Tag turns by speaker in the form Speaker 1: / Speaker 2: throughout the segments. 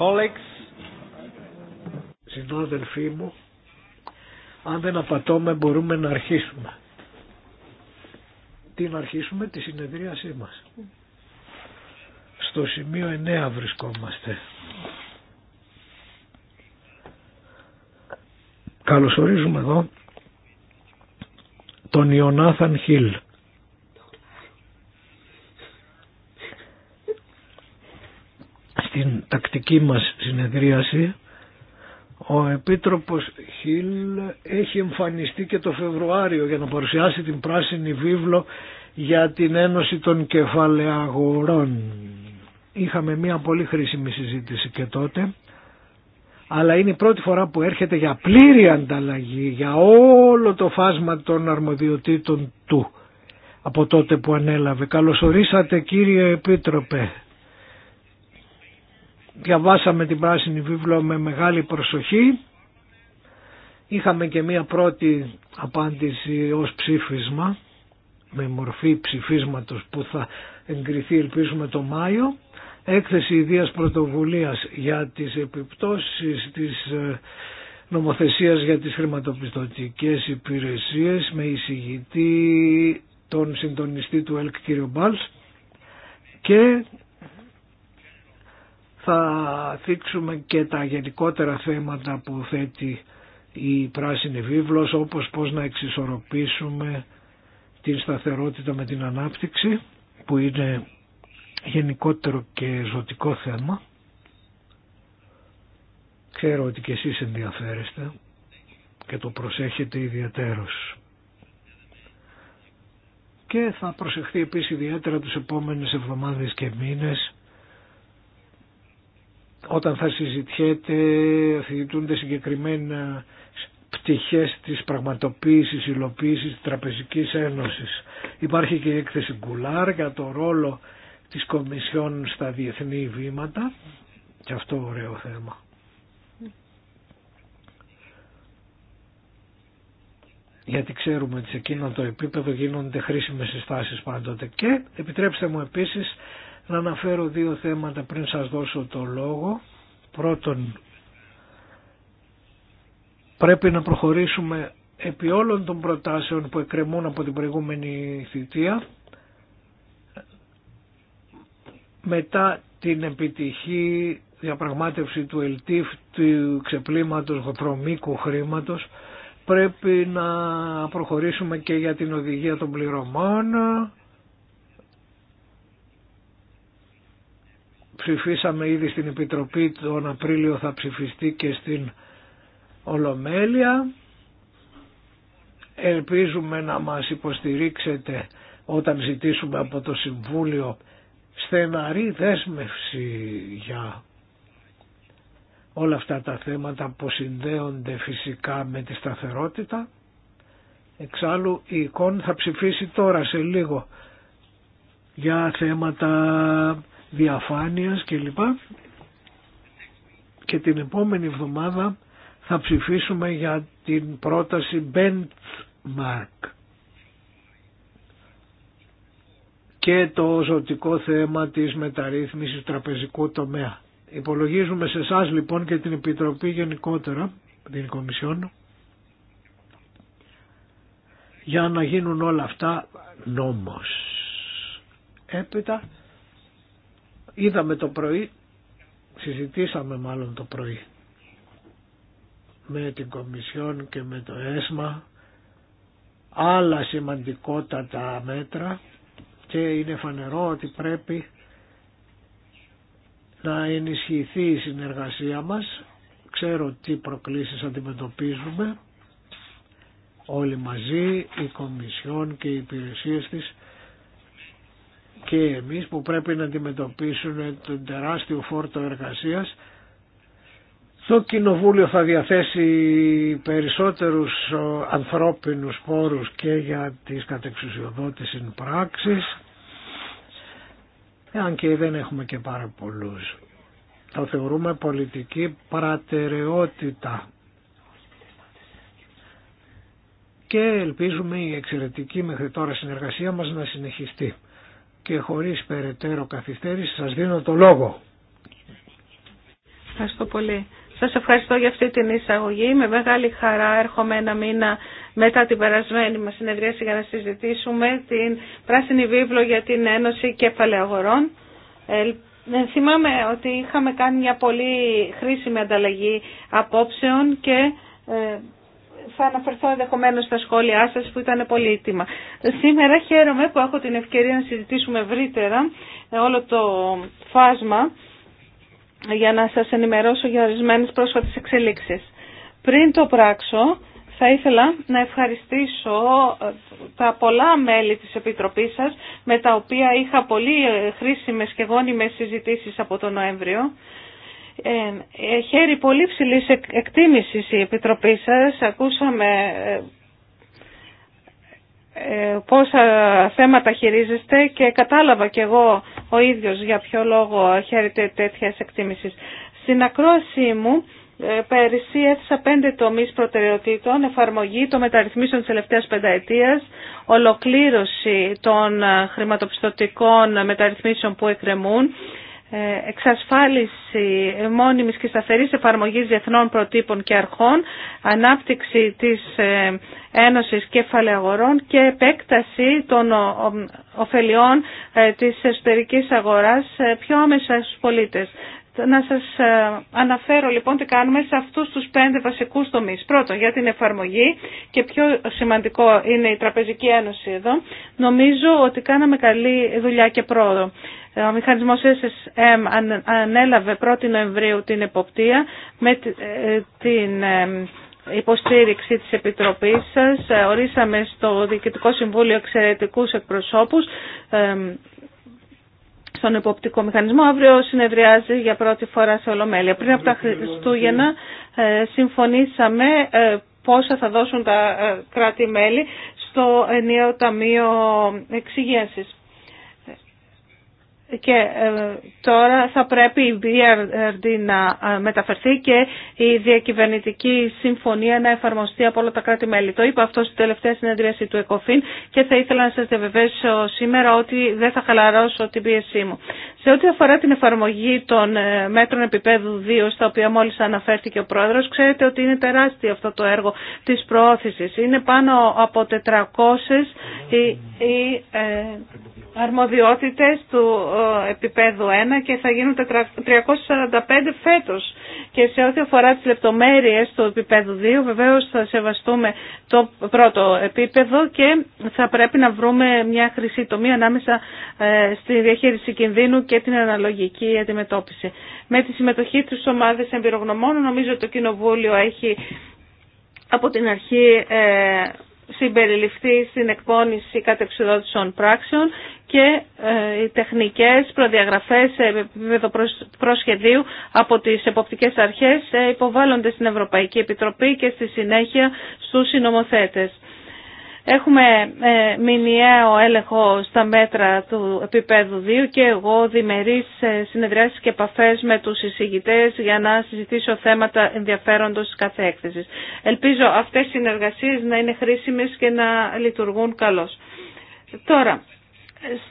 Speaker 1: colleagues.
Speaker 2: Συνάδελφοί μου, αν δεν απατώμε μπορούμε να αρχίσουμε. Τι να αρχίσουμε, τη συνεδρίασή μας. Στο σημείο 9 βρισκόμαστε. Καλωσορίζουμε εδώ τον Ιωνάθαν Χίλ δική μας συνεδρίαση ο Επίτροπος Χίλ έχει εμφανιστεί και το Φεβρουάριο για να παρουσιάσει την πράσινη βίβλο για την Ένωση των Κεφαλαιαγορών. Είχαμε μια πολύ χρήσιμη συζήτηση και τότε, αλλά είναι η πρώτη φορά που έρχεται για πλήρη ανταλλαγή για όλο το φάσμα των αρμοδιοτήτων του από τότε που ανέλαβε. Καλωσορίσατε κύριε Επίτροπε διαβάσαμε την πράσινη βίβλο με μεγάλη προσοχή. Είχαμε και μία πρώτη απάντηση ως ψήφισμα, με μορφή ψηφίσματος που θα εγκριθεί ελπίζουμε το Μάιο. Έκθεση ιδίας πρωτοβουλίας για τις επιπτώσεις της ε, νομοθεσίας για τις χρηματοπιστωτικές υπηρεσίες με εισηγητή τον συντονιστή του ΕΛΚ κ. Μπάλς και θα θίξουμε και τα γενικότερα θέματα που θέτει η πράσινη βίβλος όπως πώς να εξισορροπήσουμε την σταθερότητα με την ανάπτυξη που είναι γενικότερο και ζωτικό θέμα. Ξέρω ότι και εσείς ενδιαφέρεστε και το προσέχετε ιδιαίτερος. Και θα προσεχθεί επίσης ιδιαίτερα τους επόμενες εβδομάδες και μήνες όταν θα συζητιέται, συζητούνται συγκεκριμένα πτυχές της πραγματοποίησης, υλοποίησης της Τραπεζικής Ένωσης. Υπάρχει και η έκθεση Γκουλάρ για το ρόλο της Κομισιόν στα διεθνή βήματα και αυτό ωραίο θέμα. γιατί ξέρουμε ότι σε εκείνο το επίπεδο γίνονται χρήσιμες συστάσεις πάντοτε. Και επιτρέψτε μου επίσης να αναφέρω δύο θέματα πριν σας δώσω το λόγο. Πρώτον, πρέπει να προχωρήσουμε επί όλων των προτάσεων που εκκρεμούν από την προηγούμενη θητεία μετά την επιτυχή διαπραγμάτευση του ΕΛΤΙΦ του ξεπλήματος προμήκου χρήματος πρέπει να προχωρήσουμε και για την οδηγία των πληρωμών ψηφίσαμε ήδη στην Επιτροπή τον Απρίλιο θα ψηφιστεί και στην Ολομέλεια. Ελπίζουμε να μας υποστηρίξετε όταν ζητήσουμε από το Συμβούλιο στεναρή δέσμευση για όλα αυτά τα θέματα που συνδέονται φυσικά με τη σταθερότητα. Εξάλλου η εικόνα θα ψηφίσει τώρα σε λίγο για θέματα διαφάνειας κλπ. Και την επόμενη εβδομάδα θα ψηφίσουμε για την πρόταση benchmark και το ζωτικό θέμα της μεταρρύθμισης τραπεζικού τομέα. Υπολογίζουμε σε εσά λοιπόν και την Επιτροπή γενικότερα, την Κομισιόν, για να γίνουν όλα αυτά νόμος. Έπειτα είδαμε το πρωί, συζητήσαμε μάλλον το πρωί με την Κομισιόν και με το ΕΣΜΑ άλλα σημαντικότατα μέτρα και είναι φανερό ότι πρέπει να ενισχυθεί η συνεργασία μας. Ξέρω τι προκλήσεις αντιμετωπίζουμε όλοι μαζί, η Κομισιόν και οι υπηρεσίες της και εμείς που πρέπει να αντιμετωπίσουν τον τεράστιο φόρτο εργασίας. Το Κοινοβούλιο θα διαθέσει περισσότερους ανθρώπινους πόρους και για τις κατεξουσιοδότησης πράξεις, αν και δεν έχουμε και πάρα πολλούς. Το θεωρούμε πολιτική παρατεραιότητα και ελπίζουμε η εξαιρετική μέχρι τώρα συνεργασία μας να συνεχιστεί και χωρίς περαιτέρω καθυστέρηση σας δίνω το λόγο.
Speaker 3: Ευχαριστώ πολύ. Σας ευχαριστώ για αυτή την εισαγωγή. Με μεγάλη χαρά έρχομαι ένα μήνα μετά την περασμένη μας συνεδρίαση για να συζητήσουμε την Πράσινη Βίβλο για την Ένωση Κέφαλαια Αγορών. Ε, θυμάμαι ότι είχαμε κάνει μια πολύ χρήσιμη ανταλλαγή απόψεων και ε, θα αναφερθώ ενδεχομένω στα σχόλιά σα που ήταν πολύτιμα. Σήμερα χαίρομαι που έχω την ευκαιρία να συζητήσουμε ευρύτερα όλο το φάσμα για να σας ενημερώσω για ορισμένε πρόσφατε εξελίξεις. Πριν το πράξω, θα ήθελα να ευχαριστήσω τα πολλά μέλη της Επιτροπής σας, με τα οποία είχα πολύ χρήσιμες και γόνιμες συζητήσεις από τον Νοέμβριο ε, ε, χαίρει πολύ ψηλής εκτίμησης η Επιτροπή σας. Ακούσαμε ε, ε, πόσα θέματα χειρίζεστε και κατάλαβα κι εγώ ο ίδιος για ποιο λόγο χαίρεται τέτοια εκτίμηση. Στην ακρόαση μου πέρυσι έθεσα πέντε τομείς προτεραιοτήτων, εφαρμογή των μεταρρυθμίσεων της τελευταίας πενταετίας, ολοκλήρωση των χρηματοπιστωτικών μεταρρυθμίσεων που εκκρεμούν, ε, εξασφάλιση μόνιμης και σταθερής εφαρμογής διεθνών προτύπων και αρχών, ανάπτυξη της ε, Ένωσης Κεφαλαίου Αγορών και επέκταση των ωφελιών ε, της εσωτερικής αγοράς πιο άμεσα στους πολίτες. Να σας αναφέρω λοιπόν τι κάνουμε σε αυτούς τους πέντε βασικούς τομείς. Πρώτον, για την εφαρμογή και πιο σημαντικό είναι η Τραπεζική Ένωση εδώ. Νομίζω ότι κάναμε καλή δουλειά και πρόοδο. Ο μηχανισμός SSM ανέλαβε 1η Νοεμβρίου την εποπτεία με ε, την ε, υποστήριξη της Επιτροπής σας. Ορίσαμε στο Διοικητικό Συμβούλιο εξαιρετικούς εκπροσώπους στον υποπτικό μηχανισμό. Αύριο συνεδριάζει για πρώτη φορά σε Ολομέλεια. Πριν από τα Χριστούγεννα ε, συμφωνήσαμε πόσα θα δώσουν τα κράτη-μέλη στο ενίο Ταμείο Εξηγένσης και ε, τώρα θα πρέπει η BRD να ε, μεταφερθεί και η διακυβερνητική συμφωνία να εφαρμοστεί από όλα τα κράτη-μέλη. Το είπα αυτό στην τελευταία συνεδρίαση του ΕΚΟΦΗΝ και θα ήθελα να σας διαβεβαιώσω σήμερα ότι δεν θα χαλαρώσω την πίεσή μου. Σε ό,τι αφορά την εφαρμογή των ε, μέτρων επίπεδου 2, στα οποία μόλις αναφέρθηκε ο Πρόεδρος, ξέρετε ότι είναι τεράστιο αυτό το έργο της προώθησης. Είναι πάνω από 400 αρμοδιότητες του ε, επίπεδου 1 και θα γίνουν 345 φέτος. Και σε ό,τι αφορά τις λεπτομέρειες του επίπεδου 2 βεβαίως θα σεβαστούμε το πρώτο επίπεδο και θα πρέπει να βρούμε μια χρυσή τομή ανάμεσα ε, στη διαχείριση κινδύνου και την αναλογική αντιμετώπιση. Με τη συμμετοχή της ομάδας εμπειρογνωμών νομίζω το Κοινοβούλιο έχει από την αρχή ε, συμπεριληφθεί στην εκπόνηση κατεξουδότησων πράξεων και ε, οι τεχνικές προδιαγραφές επίπεδο προσχεδίου από τις εποπτικές αρχές ε, υποβάλλονται στην Ευρωπαϊκή Επιτροπή και στη συνέχεια στους συνομοθέτες. Έχουμε ε, μηνιαίο έλεγχο στα μέτρα του επίπεδου 2 και εγώ διμερείς συνεδριάσεις και επαφές με τους εισηγητές για να συζητήσω θέματα ενδιαφέροντος της κάθε Ελπίζω αυτές οι συνεργασίες να είναι χρήσιμες και να λειτουργούν καλώς. Τώρα,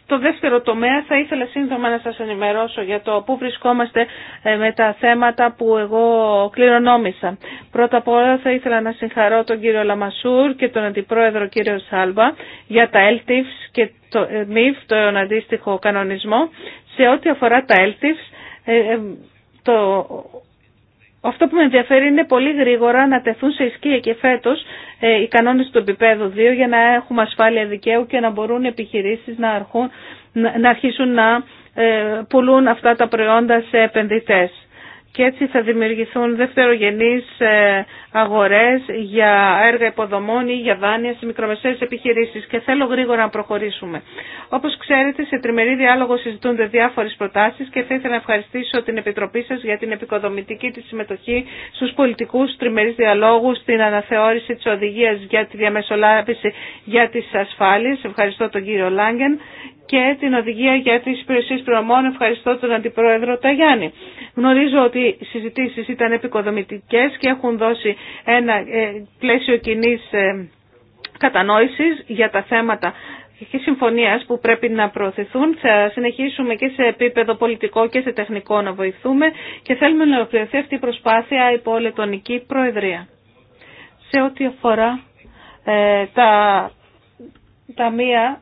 Speaker 3: στο δεύτερο τομέα θα ήθελα σύντομα να σας ενημερώσω για το πού βρισκόμαστε ε, με τα θέματα που εγώ κληρονόμησα. Πρώτα απ' όλα θα ήθελα να συγχαρώ τον κύριο Λαμασούρ και τον αντιπρόεδρο κύριο Σάλβα για τα LTIFs και το MIF, ε, το αντίστοιχο κανονισμό. Σε ό,τι αφορά τα LTIFs, ε, το αυτό που με ενδιαφέρει είναι πολύ γρήγορα να τεθούν σε ισχύ και φέτο ε, οι κανόνε του επίπεδου 2 για να έχουμε ασφάλεια δικαίου και να μπορούν οι επιχειρήσει να, να αρχίσουν να ε, πουλούν αυτά τα προϊόντα σε επενδυτέ και έτσι θα δημιουργηθούν δευτερογενείς ε, αγορές για έργα υποδομών ή για δάνεια σε μικρομεσαίες επιχειρήσεις και θέλω γρήγορα να προχωρήσουμε. Όπως ξέρετε, σε τριμερή διάλογο συζητούνται διάφορες προτάσεις και θα ήθελα να ευχαριστήσω την Επιτροπή σας για την επικοδομητική της συμμετοχή στους πολιτικούς τριμερείς διαλόγου στην αναθεώρηση της οδηγίας για τη διαμεσολάβηση για τις ασφάλειες. Ευχαριστώ τον κύριο Λάγκεν και την οδηγία για τις υπηρεσίε πληρωμών. Ευχαριστώ τον Αντιπρόεδρο Ταγιάννη. Γνωρίζω ότι οι συζητήσεις ήταν επικοδομητικέ και έχουν δώσει ένα ε, πλαίσιο κοινή ε, κατανόησης για τα θέματα και συμφωνίας που πρέπει να προωθηθούν. Θα συνεχίσουμε και σε επίπεδο πολιτικό και σε τεχνικό να βοηθούμε και θέλουμε να ολοκληρωθεί αυτή η προσπάθεια υπό λετωνική προεδρία. Σε ό,τι αφορά ε, τα ταμεία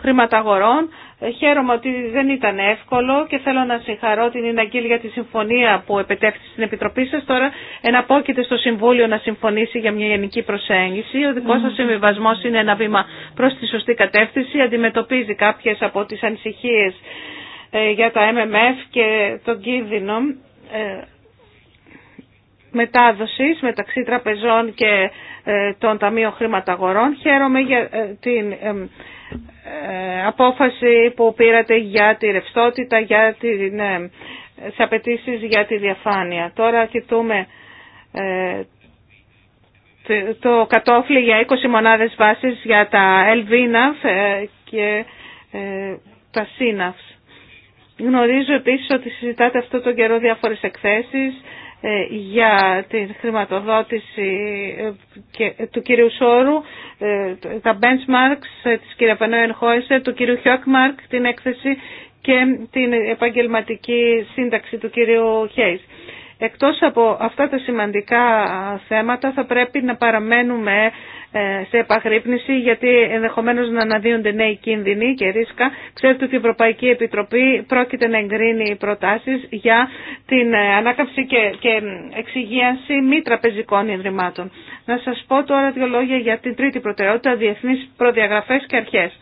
Speaker 3: χρηματαγορών. Ε, χαίρομαι ότι δεν ήταν εύκολο και θέλω να συγχαρώ την Ιναγκήλ για τη συμφωνία που επετέφθη στην Επιτροπή σας. Τώρα εναπόκειται στο Συμβούλιο να συμφωνήσει για μια γενική προσέγγιση. Ο δικός σας συμβιβασμό είναι ένα βήμα προς τη σωστή κατεύθυνση. Αντιμετωπίζει κάποιες από τις ανησυχίες ε, για τα MMF και τον κίνδυνο ε, μετάδοσης μεταξύ τραπεζών και των ταμείων χρηματαγορών. Χαίρομαι για την ε, απόφαση που πήρατε για τη ρευστότητα, για ε, τι ναι, απαιτήσει για τη διαφάνεια. Τώρα κοιτούμε ε, το κατόφλι για 20 μονάδες βάσης για τα ε, και τα SINAF. Γνωρίζω επίσης ότι συζητάτε αυτό το καιρό διάφορες εκθέσεις για την χρηματοδότηση του κυρίου Σόρου ε, τα benchmarks ε, της κυρία Πανόεν Χόισε, του κύριου Χιόκμαρκ, την έκθεση και την επαγγελματική σύνταξη του κύριου Χέις. Εκτός από αυτά τα σημαντικά θέματα θα πρέπει να παραμένουμε ε, σε επαγρύπνηση γιατί ενδεχομένως να αναδύονται νέοι κίνδυνοι και ρίσκα. Ξέρετε ότι η Ευρωπαϊκή Επιτροπή πρόκειται να εγκρίνει προτάσεις για την ε, ανάκαμψη και, και εξυγίανση μη τραπεζικών ιδρυμάτων. Να σας πω τώρα δύο λόγια για την τρίτη προτεραιότητα, διεθνείς προδιαγραφές και αρχές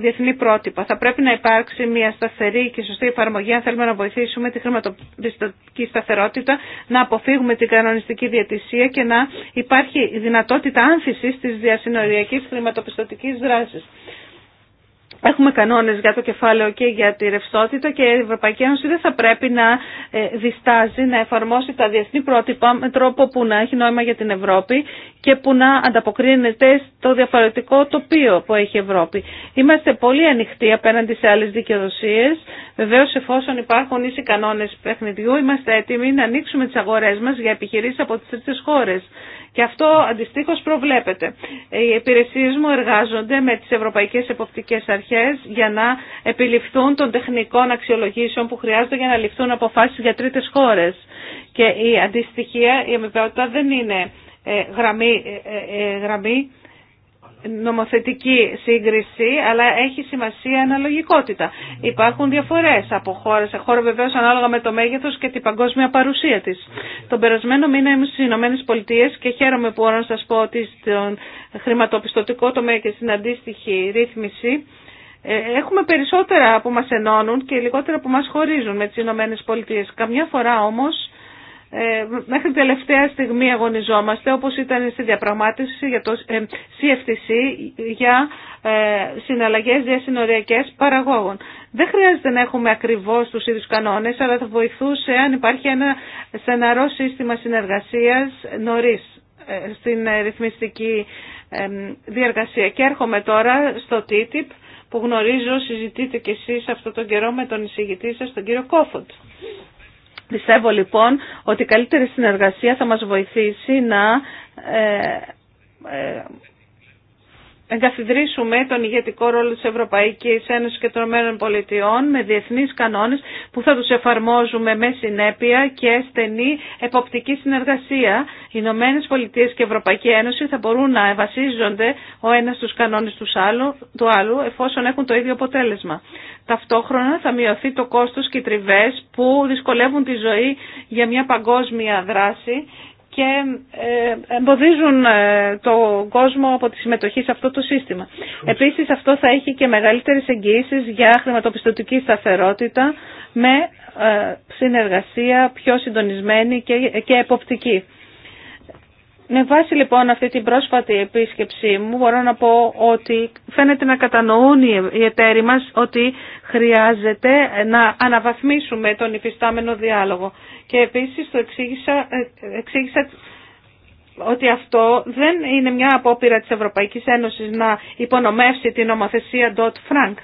Speaker 3: διεθνή πρότυπα. Θα πρέπει να υπάρξει μια σταθερή και σωστή εφαρμογή αν θέλουμε να βοηθήσουμε τη χρηματοπιστωτική σταθερότητα, να αποφύγουμε την κανονιστική διατησία και να υπάρχει δυνατότητα άνθησης της διασυνοριακής χρηματοπιστωτικής δράσης. Έχουμε κανόνες για το κεφάλαιο και για τη ρευστότητα και η Ευρωπαϊκή Ένωση δεν θα πρέπει να ε, διστάζει να εφαρμόσει τα διεθνή πρότυπα με τρόπο που να έχει νόημα για την Ευρώπη και που να ανταποκρίνεται στο διαφορετικό τοπίο που έχει η Ευρώπη. Είμαστε πολύ ανοιχτοί απέναντι σε άλλες δικαιοδοσίες. Βεβαίω εφόσον υπάρχουν ίσοι κανόνες παιχνιδιού είμαστε έτοιμοι να ανοίξουμε τις αγορές μας για επιχειρήσεις από τις τρίτες χώρες. Και αυτό αντιστοίχω προβλέπεται. Οι υπηρεσίε μου εργάζονται με τι Ευρωπαϊκέ Εποπτικέ Αρχέ για να επιληφθούν των τεχνικών αξιολογήσεων που χρειάζονται για να ληφθούν αποφάσει για τρίτε χώρε. Και η αντιστοιχεία, η αμοιβαιότητα δεν είναι ε, γραμμή, ε, ε, γραμμή νομοθετική σύγκριση, αλλά έχει σημασία αναλογικότητα. Υπάρχουν διαφορέ από χώρα σε χώρα βεβαίω ανάλογα με το μέγεθο και την παγκόσμια παρουσία της. Τον περασμένο μήνα είμαι στι Ηνωμένε Πολιτείε και χαίρομαι που μπορώ να σα πω ότι στον χρηματοπιστωτικό τομέα και στην αντίστοιχη ρύθμιση ε, Έχουμε περισσότερα που μα ενώνουν και λιγότερα που μα χωρίζουν με τι Ηνωμένε Πολιτείε. Καμιά φορά όμω, ε, μέχρι τελευταία στιγμή αγωνιζόμαστε, όπως ήταν στη διαπραγμάτευση για το CFTC ε, για ε, συναλλαγές διασυνοριακές παραγόγων. Δεν χρειάζεται να έχουμε ακριβώς τους ίδιους κανόνες, αλλά θα βοηθούσε αν υπάρχει ένα στεναρό σύστημα συνεργασίας νωρίς στην ρυθμιστική διαργασία. Και έρχομαι τώρα στο TTIP που γνωρίζω συζητείτε κι εσείς αυτό τον καιρό με τον εισηγητή σας, τον κύριο Κόφοντ. Πιστεύω λοιπόν ότι η καλύτερη συνεργασία θα μας βοηθήσει να ε, ε, εγκαθιδρύσουμε τον ηγετικό ρόλο της Ευρωπαϊκής Ένωσης και των Πολιτειών με διεθνείς κανόνες που θα τους εφαρμόζουμε με συνέπεια και στενή εποπτική συνεργασία. Οι Ηνωμένες Πολιτείες και η Ευρωπαϊκή Ένωση θα μπορούν να βασίζονται ο ένας στους κανόνες του άλλου εφόσον έχουν το ίδιο αποτέλεσμα. Ταυτόχρονα θα μειωθεί το κόστος και οι τριβές που δυσκολεύουν τη ζωή για μια παγκόσμια δράση και ε, εμποδίζουν ε, τον κόσμο από τη συμμετοχή σε αυτό το σύστημα. Επίσης αυτό θα έχει και μεγαλύτερες εγγυήσεις για χρηματοπιστωτική σταθερότητα με ε, συνεργασία πιο συντονισμένη και εποπτική. Με βάση λοιπόν αυτή την πρόσφατη επίσκεψή μου μπορώ να πω ότι φαίνεται να κατανοούν οι εταίροι μας ότι χρειάζεται να αναβαθμίσουμε τον υφιστάμενο διάλογο. Και επίσης το εξήγησα, ε, ότι αυτό δεν είναι μια απόπειρα της Ευρωπαϊκής Ένωσης να υπονομεύσει την ομοθεσία dot Frank.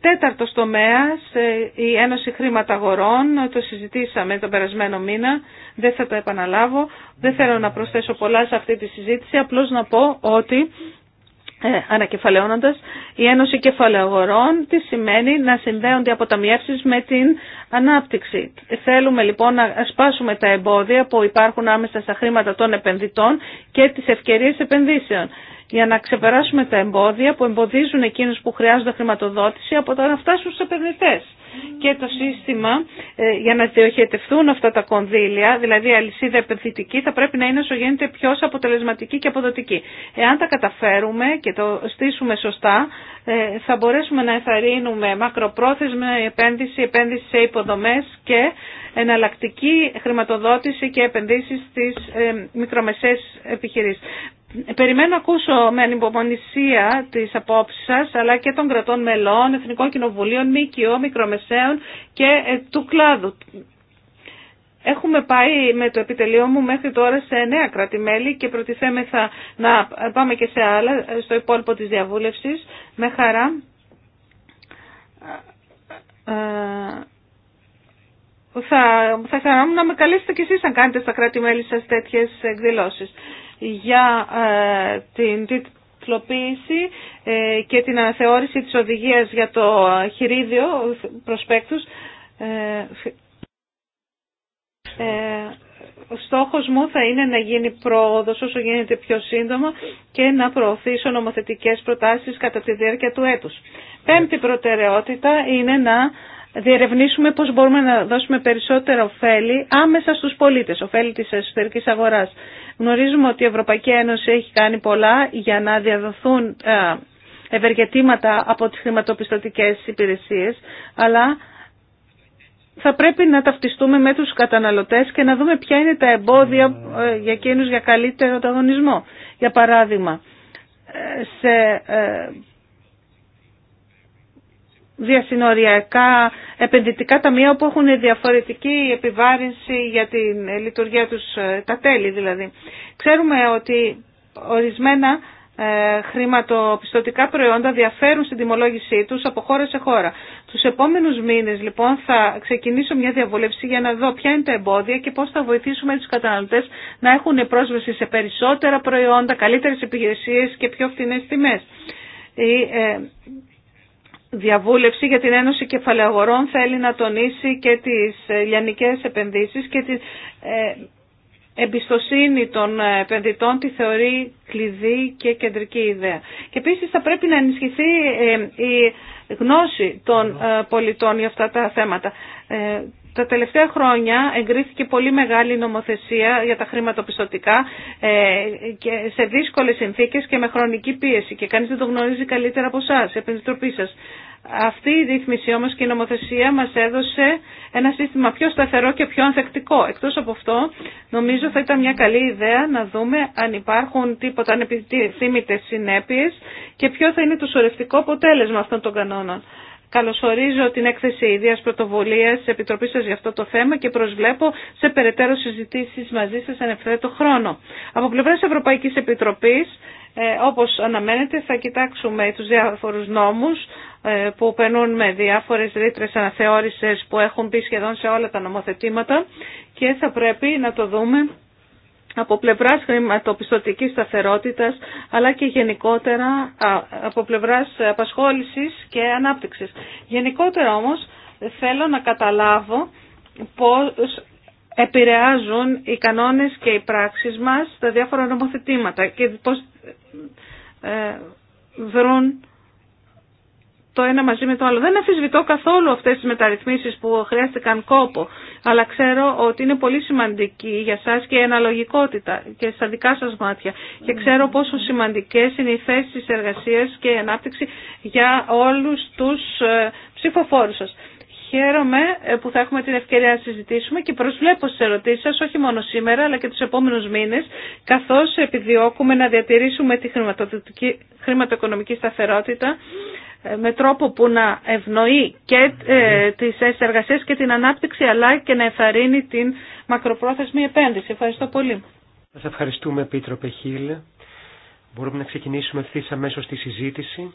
Speaker 3: Τέταρτος τομέας, ε, η Ένωση Χρήματα Αγορών, το συζητήσαμε τον περασμένο μήνα, δεν θα το επαναλάβω, δεν θέλω να προσθέσω πολλά σε αυτή τη συζήτηση, απλώς να πω ότι ε, ανακεφαλαιώνοντας, η Ένωση Κεφαλαιογορών τι σημαίνει να συνδέονται οι αποταμιεύσεις με την ανάπτυξη. Θέλουμε λοιπόν να σπάσουμε τα εμπόδια που υπάρχουν άμεσα στα χρήματα των επενδυτών και τις ευκαιρίες επενδύσεων για να ξεπεράσουμε τα εμπόδια που εμποδίζουν εκείνους που χρειάζονται χρηματοδότηση από το να φτάσουν στους επενδυτές. Και το σύστημα ε, για να διοχετευτούν αυτά τα κονδύλια, δηλαδή η αλυσίδα επενδυτική, θα πρέπει να είναι όσο γίνεται πιο αποτελεσματική και αποδοτική. Εάν τα καταφέρουμε και το στήσουμε σωστά, ε, θα μπορέσουμε να εθαρρύνουμε μακροπρόθεσμη επένδυση, επένδυση σε υποδομές και εναλλακτική χρηματοδότηση και επενδύσεις στις ε, μικρομεσαίες επιχειρήσεις. Περιμένω να ακούσω με ανυπομονησία τις απόψεις σας, αλλά και των κρατών μελών, εθνικών κοινοβουλίων, ΜΚΟ, μικρομεσαίων και ε, του κλάδου. Έχουμε πάει με το επιτελείο μου μέχρι τώρα σε νέα κράτη-μέλη και προτιθέμεθα να πάμε και σε άλλα, στο υπόλοιπο της διαβούλευσης, με χαρά. Ε, ε, θα, θα μου να με καλέσετε κι εσείς αν κάνετε στα κράτη-μέλη σας τέτοιες εκδηλώσεις για ε, την ε, και την αναθεώρηση της οδηγίας για το χειρίδιο προσπέκτους. Ε, ε, ο στόχος μου θα είναι να γίνει πρόοδος όσο γίνεται πιο σύντομα και να προωθήσω νομοθετικές προτάσεις κατά τη διάρκεια του έτους. Πέμπτη προτεραιότητα είναι να διερευνήσουμε πώς μπορούμε να δώσουμε περισσότερο ωφέλη άμεσα στους πολίτες, ωφέλη της εσωτερικής αγοράς. Γνωρίζουμε ότι η Ευρωπαϊκή Ένωση έχει κάνει πολλά για να διαδοθούν ε, ευεργετήματα από τις χρηματοπιστωτικές υπηρεσίες, αλλά θα πρέπει να ταυτιστούμε με τους καταναλωτές και να δούμε ποια είναι τα εμπόδια ε, για για καλύτερο ανταγωνισμό. Για παράδειγμα, ε, σε διασυνοριακά επενδυτικά ταμεία που έχουν διαφορετική επιβάρυνση για τη ε, λειτουργία τους, ε, τα τέλη δηλαδή. Ξέρουμε ότι ορισμένα ε, χρηματοπιστωτικά προϊόντα διαφέρουν στην τιμολόγησή τους από χώρα σε χώρα. Τους επόμενους μήνες λοιπόν θα ξεκινήσω μια διαβολεύση για να δω ποια είναι τα εμπόδια και πώς θα βοηθήσουμε τους καταναλωτές να έχουν πρόσβαση σε περισσότερα προϊόντα, καλύτερες υπηρεσίες και πιο φθηνές τιμές διαβούλευση για την Ένωση Αγορών θέλει να τονίσει και τις ε, λιανικές επενδύσεις και την ε, εμπιστοσύνη των ε, επενδυτών τη θεωρεί κλειδί και κεντρική ιδέα. Και επίσης θα πρέπει να ενισχυθεί η γνώση των πολιτών για αυτά τα θέματα. Τα τελευταία χρόνια εγκρίθηκε πολύ μεγάλη νομοθεσία για τα χρηματοπιστωτικά ε, και σε δύσκολες συνθήκες και με χρονική πίεση και κανείς δεν το γνωρίζει καλύτερα από εσά, επιτροπή σας. Αυτή η ρύθμιση όμως και η νομοθεσία μας έδωσε ένα σύστημα πιο σταθερό και πιο ανθεκτικό. Εκτός από αυτό, νομίζω θα ήταν μια καλή ιδέα να δούμε αν υπάρχουν τίποτα ανεπιθύμητες συνέπειες και ποιο θα είναι το σωρευτικό αποτέλεσμα αυτών των κανόνων. Καλωσορίζω την έκθεση ιδίας πρωτοβουλίας της Επιτροπής σας για αυτό το θέμα και προσβλέπω σε περαιτέρω συζητήσεις μαζί σας εν ευθέτω χρόνο. Από πλευράς Ευρωπαϊκής Επιτροπής, ε, όπως αναμένεται, θα κοιτάξουμε τους διάφορους νόμους ε, που περνούν με διάφορες ρήτρες αναθεώρησες που έχουν μπει σχεδόν σε όλα τα νομοθετήματα και θα πρέπει να το δούμε από πλευράς χρηματοπιστωτικής σταθερότητας αλλά και γενικότερα από πλευράς απασχόλησης και ανάπτυξης. Γενικότερα όμως θέλω να καταλάβω πώς επηρεάζουν οι κανόνες και οι πράξεις μας τα διάφορα νομοθετήματα και πώς βρουν ε, ε, το ένα μαζί με το άλλο. Δεν αφισβητώ καθόλου αυτέ τι μεταρρυθμίσει που χρειάστηκαν κόπο, αλλά ξέρω ότι είναι πολύ σημαντική για εσά και η αναλογικότητα και στα δικά σα μάτια. Και ξέρω πόσο σημαντικέ είναι οι τη εργασία και η ανάπτυξη για όλους τους ε, ψηφοφόρου σα. Χαίρομαι ε, που θα έχουμε την ευκαιρία να συζητήσουμε και προσβλέπω στις ερωτήσεις σας όχι μόνο σήμερα αλλά και τους επόμενους μήνες καθώς επιδιώκουμε να διατηρήσουμε τη χρηματοοικονομική σταθερότητα με τρόπο που να ευνοεί και ε, τις εργασίες και την ανάπτυξη αλλά και να εθαρρύνει την μακροπρόθεσμη επένδυση. Ευχαριστώ πολύ.
Speaker 4: Σας ευχαριστούμε Επίτροπε Χίλ. Μπορούμε να ξεκινήσουμε ευθύ αμέσω τη συζήτηση.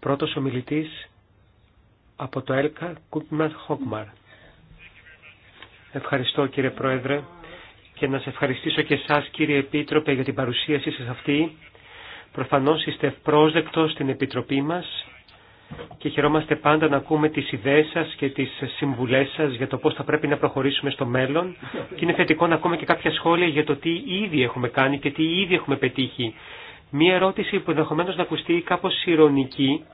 Speaker 4: Πρώτος ομιλητής από το ΕΛΚΑ Κούτμαρ Χόκμαρ. Ευχαριστώ κύριε Πρόεδρε και να σε ευχαριστήσω και εσάς κύριε Επίτροπε για την παρουσίαση σας αυτή Προφανώς είστε πρόσδεκτος στην Επιτροπή μας και χαιρόμαστε πάντα να ακούμε τις ιδέες σας και τις συμβουλές σας για το πώς θα πρέπει να προχωρήσουμε στο μέλλον και είναι θετικό να ακούμε και κάποια σχόλια για το τι ήδη έχουμε κάνει και τι ήδη έχουμε πετύχει. Μία ερώτηση που ενδεχομένω να ακουστεί κάπως ηρωνική,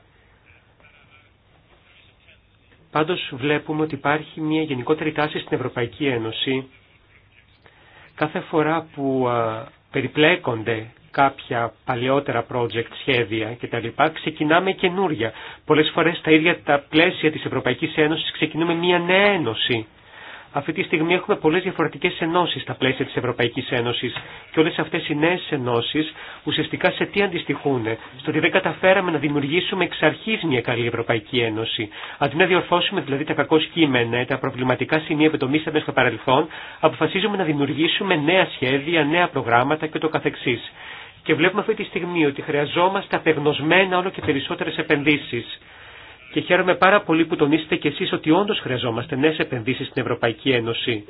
Speaker 4: πάντως βλέπουμε ότι υπάρχει μια γενικότερη τάση στην Ευρωπαϊκή Ένωση κάθε φορά που περιπλέκονται κάποια παλαιότερα project, σχέδια κτλ. Ξεκινάμε καινούρια. Πολλές φορές στα ίδια τα πλαίσια της Ευρωπαϊκής Ένωσης ξεκινούμε μια νέα ένωση. Αυτή τη στιγμή έχουμε πολλές διαφορετικές ενώσεις στα πλαίσια της Ευρωπαϊκής Ένωσης και όλες αυτές οι νέες ενώσεις ουσιαστικά σε τι αντιστοιχούν, στο ότι δεν καταφέραμε να δημιουργήσουμε εξ αρχής μια καλή Ευρωπαϊκή Ένωση. Αντί να διορθώσουμε δηλαδή τα κακό κείμενα, τα προβληματικά σημεία που τομίσαμε στο παρελθόν, αποφασίζουμε να δημιουργήσουμε νέα σχέδια, νέα προγράμματα και το και βλέπουμε αυτή τη στιγμή ότι χρειαζόμαστε απεγνωσμένα όλο και περισσότερες επενδύσεις. Και χαίρομαι πάρα πολύ που τονίσετε κι εσείς ότι όντω χρειαζόμαστε νέε επενδύσεις στην Ευρωπαϊκή Ένωση.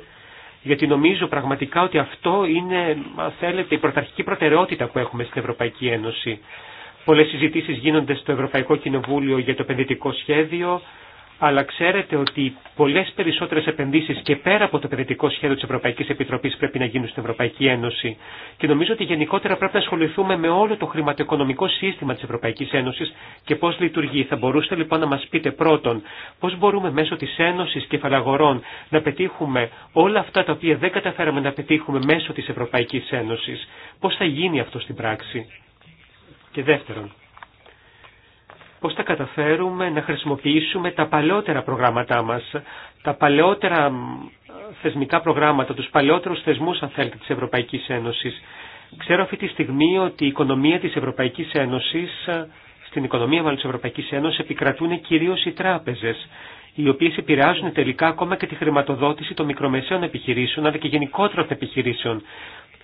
Speaker 4: Γιατί νομίζω πραγματικά ότι αυτό είναι, αν θέλετε, η πρωταρχική προτεραιότητα που έχουμε στην Ευρωπαϊκή Ένωση. Πολλέ συζητήσει γίνονται στο Ευρωπαϊκό Κοινοβούλιο για το επενδυτικό σχέδιο, αλλά ξέρετε ότι πολλέ περισσότερε επενδύσει και πέρα από το επενδυτικό σχέδιο τη Ευρωπαϊκή Επιτροπή πρέπει να γίνουν στην Ευρωπαϊκή Ένωση. Και νομίζω ότι γενικότερα πρέπει να ασχοληθούμε με όλο το χρηματοοικονομικό σύστημα τη Ευρωπαϊκή Ένωση και πώ λειτουργεί. Θα μπορούσατε λοιπόν να μα πείτε πρώτον πώ μπορούμε μέσω τη Ένωση Κεφαλαγορών να πετύχουμε όλα αυτά τα οποία δεν καταφέραμε να πετύχουμε μέσω τη Ευρωπαϊκή Ένωση. Πώ θα γίνει αυτό στην πράξη. Και δεύτερον, πώς θα καταφέρουμε να χρησιμοποιήσουμε τα παλαιότερα προγράμματά μας, τα παλαιότερα θεσμικά προγράμματα, τους παλαιότερους θεσμούς, αν θέλετε, της Ευρωπαϊκής Ένωσης. Ξέρω αυτή τη στιγμή ότι η οικονομία της Ευρωπαϊκής Ένωσης, στην οικονομία μάλλον της Ευρωπαϊκής Ένωσης, επικρατούν κυρίως οι τράπεζες, οι οποίες επηρεάζουν τελικά ακόμα και τη χρηματοδότηση των μικρομεσαίων επιχειρήσεων, αλλά και γενικότερων επιχειρήσεων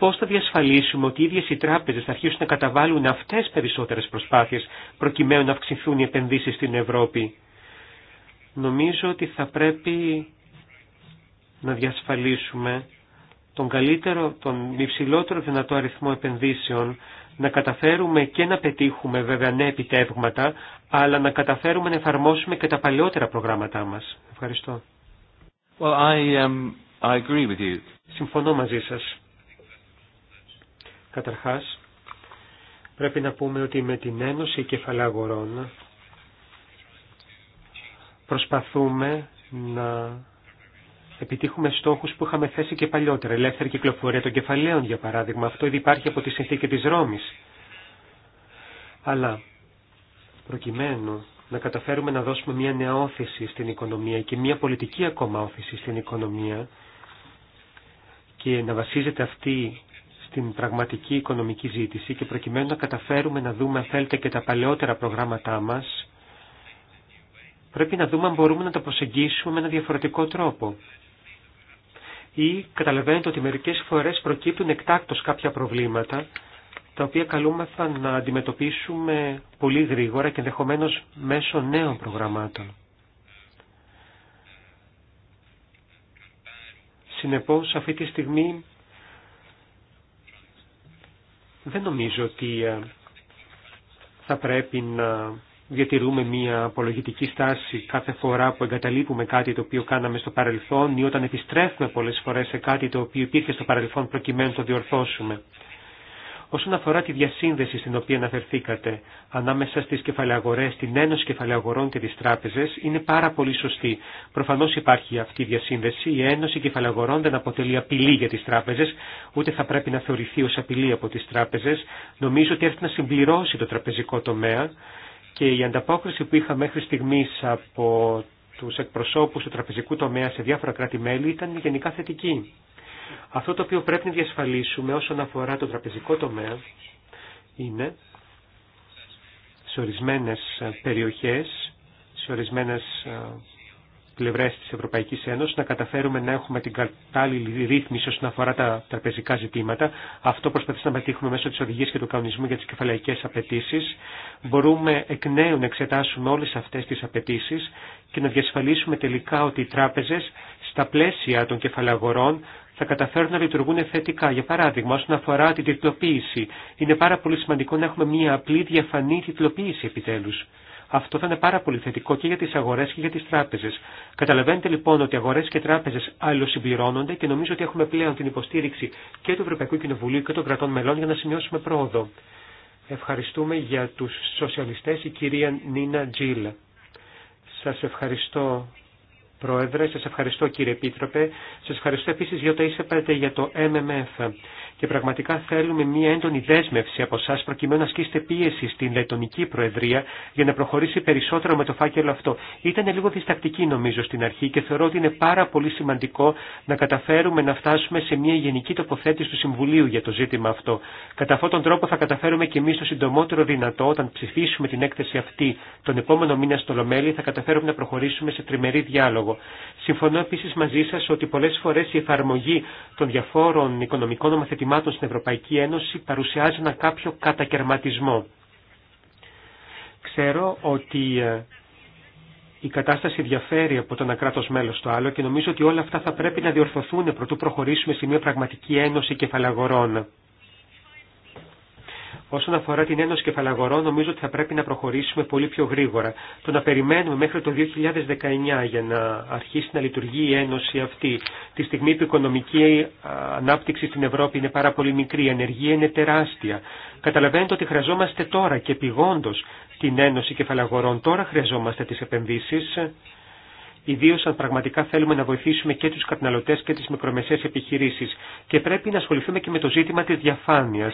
Speaker 4: πώς θα διασφαλίσουμε ότι οι ίδιες οι τράπεζες θα αρχίσουν να καταβάλουν αυτές περισσότερες προσπάθειες προκειμένου να αυξηθούν οι επενδύσεις στην Ευρώπη. Νομίζω ότι θα πρέπει να διασφαλίσουμε τον καλύτερο, τον υψηλότερο δυνατό αριθμό επενδύσεων, να καταφέρουμε και να πετύχουμε βέβαια νέα επιτεύγματα, αλλά να καταφέρουμε να εφαρμόσουμε και τα παλαιότερα προγράμματά μας. Ευχαριστώ. Well, I, um, I agree with you. Συμφωνώ μαζί σας. Καταρχάς, πρέπει να πούμε ότι με την Ένωση Αγορών προσπαθούμε να επιτύχουμε στόχους που είχαμε θέσει και παλιότερα. Ελεύθερη κυκλοφορία των κεφαλαίων, για παράδειγμα. Αυτό ήδη υπάρχει από τη συνθήκη της Ρώμης. Αλλά προκειμένου να καταφέρουμε να δώσουμε μια νέα στην οικονομία και μια πολιτική ακόμα όθηση στην οικονομία και να βασίζεται αυτή την πραγματική οικονομική ζήτηση και προκειμένου να καταφέρουμε να δούμε αν θέλετε και τα παλαιότερα προγράμματά μας, πρέπει να δούμε αν μπορούμε να τα προσεγγίσουμε με ένα διαφορετικό τρόπο. Ή καταλαβαίνετε ότι μερικές φορές προκύπτουν εκτάκτως κάποια προβλήματα, τα οποία καλούμεθα να αντιμετωπίσουμε πολύ γρήγορα και ενδεχομένω μέσω νέων προγραμμάτων. Συνεπώς αυτή τη στιγμή δεν νομίζω ότι ε, θα πρέπει να διατηρούμε μια απολογητική στάση κάθε φορά που εγκαταλείπουμε κάτι το οποίο κάναμε στο παρελθόν ή όταν επιστρέφουμε πολλές φορές σε κάτι το οποίο υπήρχε στο παρελθόν προκειμένου να το διορθώσουμε. Όσον αφορά τη διασύνδεση στην οποία αναφερθήκατε ανάμεσα στι κεφαλαγορέ, την Ένωση Κεφαλαγορών και τι τράπεζε, είναι πάρα πολύ σωστή. Προφανώ υπάρχει αυτή η διασύνδεση. Η Ένωση Κεφαλαγορών δεν αποτελεί απειλή για τι τράπεζε, ούτε θα πρέπει να θεωρηθεί ω απειλή από τι τράπεζε. Νομίζω ότι έρχεται να συμπληρώσει το τραπεζικό τομέα και η ανταπόκριση που είχα μέχρι στιγμή από του εκπροσώπου του τραπεζικού τομέα σε διάφορα κράτη-μέλη ήταν γενικά θετική. Αυτό το οποίο πρέπει να διασφαλίσουμε όσον αφορά το τραπεζικό τομέα είναι σε ορισμένες ε, περιοχές, σε ορισμένες ε, πλευρές της Ευρωπαϊκής Ένωσης να καταφέρουμε να έχουμε την κατάλληλη ρύθμιση όσον αφορά τα τραπεζικά ζητήματα. Αυτό προσπαθήσαμε να πετύχουμε μέσω της οδηγίας και του κανονισμού για τις κεφαλαϊκές απαιτήσει. Μπορούμε εκ νέου να εξετάσουμε όλες αυτές τις απαιτήσει και να διασφαλίσουμε τελικά ότι οι τράπεζες στα πλαίσια των κεφαλαγορών θα καταφέρουν να λειτουργούν θετικά. Για παράδειγμα, όσον αφορά την τυπλοποίηση, είναι πάρα πολύ σημαντικό να έχουμε μια απλή διαφανή τυπλοποίηση επιτέλους. Αυτό θα είναι πάρα πολύ θετικό και για τις αγορές και για τις τράπεζες. Καταλαβαίνετε λοιπόν ότι αγορές και τράπεζες αλληλοσυμπληρώνονται και νομίζω ότι έχουμε πλέον την υποστήριξη και του Ευρωπαϊκού Κοινοβουλίου και των κρατών μελών για να σημειώσουμε πρόοδο. Ευχαριστούμε για τους σοσιαλιστές η κυρία Νίνα Τζίλ. Σας ευχαριστώ Πρόεδρε, σας ευχαριστώ κύριε Επίτροπε, σα ευχαριστώ επίση για το είσαι για το MMF και πραγματικά θέλουμε μια έντονη δέσμευση από εσά προκειμένου να ασκήσετε πίεση στην Λετωνική Προεδρία για να προχωρήσει περισσότερο με το φάκελο αυτό. Ήταν λίγο διστακτική νομίζω στην αρχή και θεωρώ ότι είναι πάρα πολύ σημαντικό να καταφέρουμε να φτάσουμε σε μια γενική τοποθέτηση του Συμβουλίου για το ζήτημα αυτό. Κατά αυτόν τον τρόπο θα καταφέρουμε και εμεί το συντομότερο δυνατό όταν ψηφίσουμε την έκθεση αυτή τον επόμενο μήνα στο Λομέλη θα καταφέρουμε να προχωρήσουμε σε τριμερή διάλογο. Συμφωνώ επίση μαζί σα ότι πολλέ φορέ η εφαρμογή των διαφόρων οικονομικών νομοθετημάτων στην Ευρωπαϊκή Ένωση παρουσιάζει ένα κάποιο κατακαιρματισμό. Ξέρω ότι ε, η κατάσταση διαφέρει από το ένα κράτο μέλο στο άλλο και νομίζω ότι όλα αυτά θα πρέπει να διορθωθούν προτού προχωρήσουμε σε μια πραγματική ένωση κεφαλαγορών. Όσον αφορά την Ένωση Κεφαλαγορών, νομίζω ότι θα πρέπει να προχωρήσουμε πολύ πιο γρήγορα. Το να περιμένουμε μέχρι το 2019 για να αρχίσει να λειτουργεί η Ένωση αυτή, τη στιγμή που η οικονομική ε, ανάπτυξη στην Ευρώπη είναι πάρα πολύ μικρή, η ενεργία είναι τεράστια. Καταλαβαίνετε ότι χρειαζόμαστε τώρα και επιγόντω την Ένωση Κεφαλαγορών. Τώρα χρειαζόμαστε τι επενδύσει ιδίω αν πραγματικά θέλουμε να βοηθήσουμε και του καταναλωτέ και τι μικρομεσαίε επιχειρήσει. Και πρέπει να ασχοληθούμε και με το ζήτημα τη διαφάνεια.